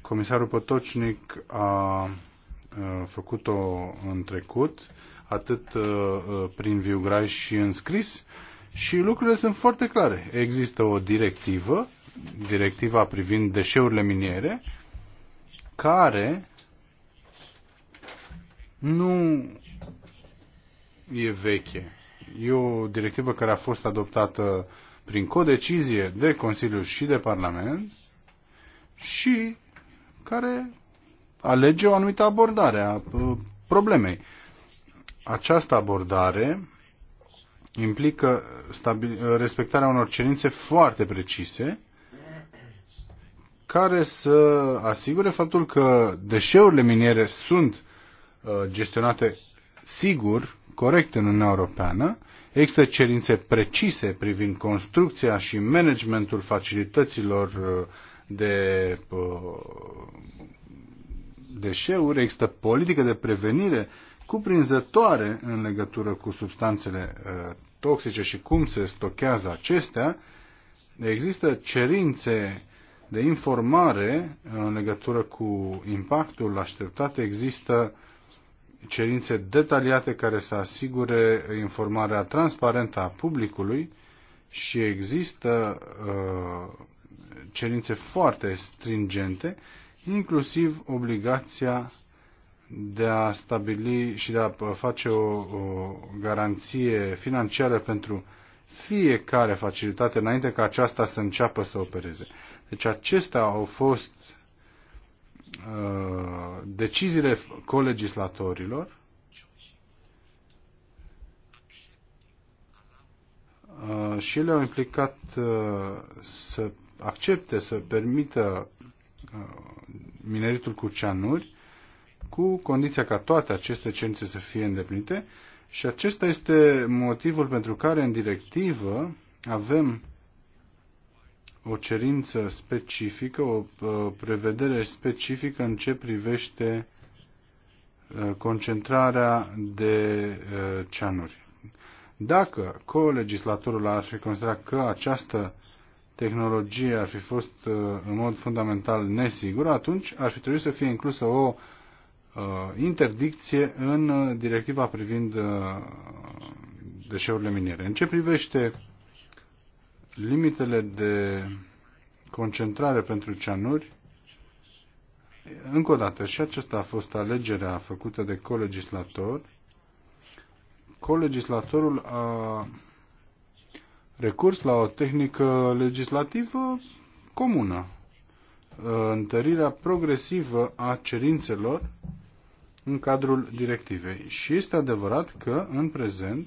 Comisarul Potocnic a, uh, făcut-o în trecut, atât uh, uh prin viugrai și în scris, și lucrurile sunt foarte clare. Există o directivă, directiva privind deșeurile miniere, care nu e veche. E o directivă care a fost adoptată prin codecizie de Consiliu și de Parlament și care alege o anumită abordare a uh, problemei. Această abordare implică respectarea unor cerințe foarte precise care să asigure faptul că deșeurile miniere sunt uh, gestionate sigur, corect în Uniunea Europeană. Există cerințe precise privind construcția și managementul facilităților uh, de uh, deșeuri, există politică de prevenire cuprinzătoare în legătură cu substanțele toxice și cum se stochează acestea. Există cerințe de informare în legătură cu impactul așteptat. Există cerințe detaliate care să asigure informarea transparentă a publicului și există uh, cerințe foarte stringente, inclusiv obligația de a stabili și de a uh, face o, o garanție financiară pentru fiecare facilitate înainte ca aceasta să înceapă să opereze. Deci acestea au fost uh, deciziile colegislatorilor uh, și le-au implicat uh, să accepte, să permită mineritul cu ceanuri cu condiția ca toate aceste cerințe să fie îndeplinite și acesta este motivul pentru care în directivă avem o cerință specifică, o uh, prevedere specifică în ce privește uh, concentrarea de uh, ceanuri. Dacă co-legislatorul ar fi considerat că această tehnologie ar fi fost în mod fundamental nesigură, atunci ar fi trebuit să fie inclusă o interdicție în directiva privind deșeurile miniere. În ce privește limitele de concentrare pentru ceanuri, încă o dată, și aceasta a fost alegerea făcută de colegislator, colegislatorul a recurs la o tehnică legislativă comună, întărirea progresivă a cerințelor în cadrul directivei. Și este adevărat că, în prezent,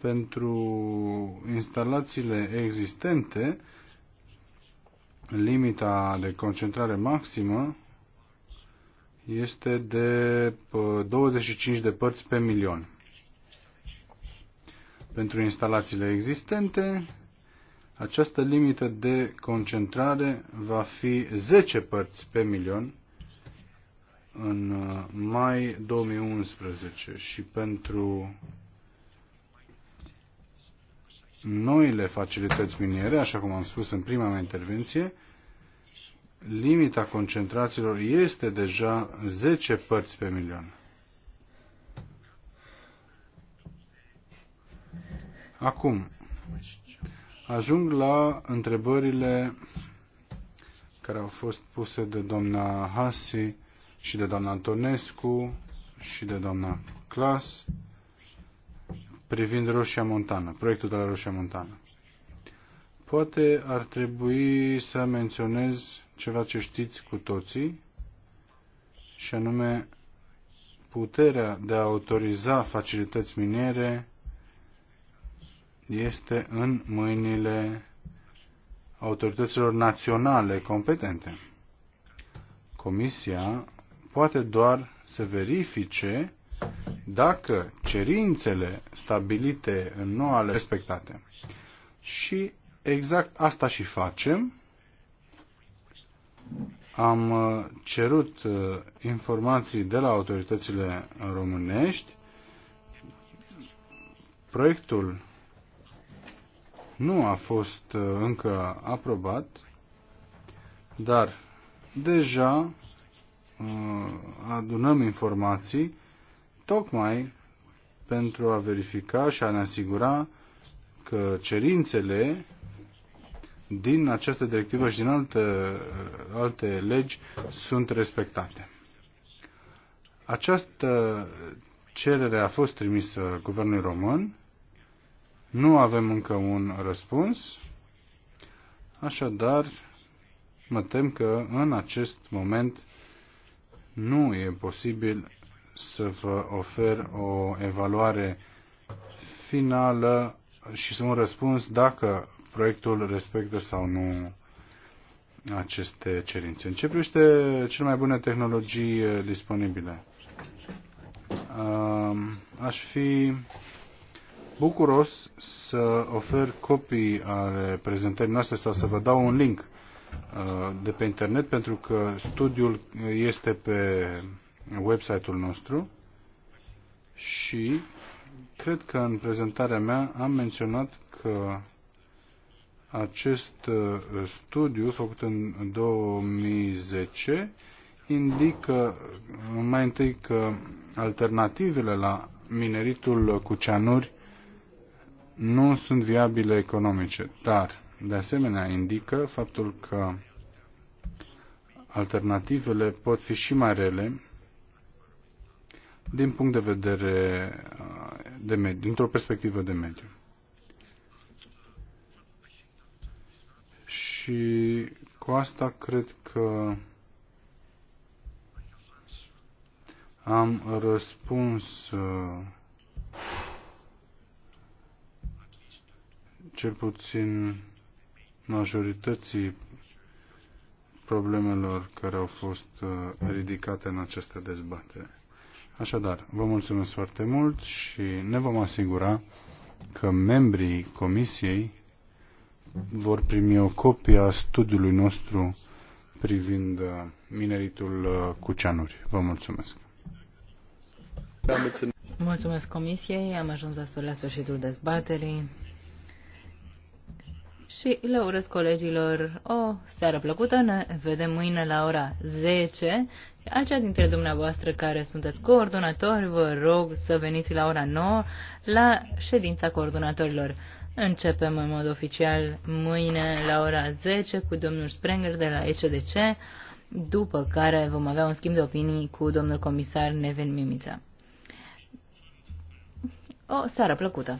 pentru instalațiile existente, limita de concentrare maximă este de 25 de părți pe milion. Pentru instalațiile existente, această limită de concentrare va fi 10 părți pe milion în uh, mai 2011 și pentru noile facilități miniere, așa cum am spus în prima mea intervenție, limita concentrațiilor este deja 10 părți pe milion. Acum, ajung la întrebările care au fost puse de doamna Hasi și de doamna Antonescu și de doamna Clas privind Roșia Montană, proiectul de la Roșia Montană. Poate ar trebui să menționez ceva ce știți cu toții, și anume puterea de a autoriza facilități miniere este în mâinile autorităților naționale competente. Comisia poate doar să verifice dacă cerințele stabilite în noua respectate. Și exact asta și facem. Am uh, cerut uh, informații de la autoritățile românești. Proiectul nu a fost uh, încă aprobat, dar deja adunăm informații tocmai pentru a verifica și a ne asigura că cerințele din această directivă și din alte, alte legi sunt respectate. Această cerere a fost trimisă guvernului român. Nu avem încă un răspuns. Așadar, mă tem că în acest moment nu e posibil să vă ofer o evaluare finală și să un răspuns dacă proiectul respectă sau nu aceste cerințe. În ce privește cele mai bune tehnologii eh, disponibile? Aș fi bucuros să ofer copii ale prezentării noastre sau să vă dau un link eh, de pe internet pentru că studiul eh, este pe website-ul nostru și cred că în prezentarea mea am menționat că acest uh, studiu făcut în 2010 indică uh, mai întâi că alternativele la mineritul cu ceanuri nu sunt viabile economice, dar de asemenea indică faptul că alternativele pot fi și mai rele din punct de vedere uh, de mediu, dintr-o perspectivă de mediu. Și cu asta cred că am răspuns uh, cel puțin majorității problemelor care au fost uh, ridicate în această dezbatere. Așadar, vă mulțumesc foarte mult și ne vom asigura că membrii comisiei vor primi o copie a studiului nostru privind uh, mineritul uh, cu ceanuri. Vă mulțumesc! Mulțumesc comisiei, am ajuns astfel la sfârșitul dezbaterii și le urez colegilor o seară plăcută. Ne vedem mâine la ora 10. Acea dintre dumneavoastră care sunteți coordonatori, vă rog să veniți la ora 9 la ședința coordonatorilor. Începem în mod oficial mâine la ora 10 cu domnul Sprenger de la ECDC, după care vom avea un schimb de opinii cu domnul comisar Neven Mimița. O seară plăcută!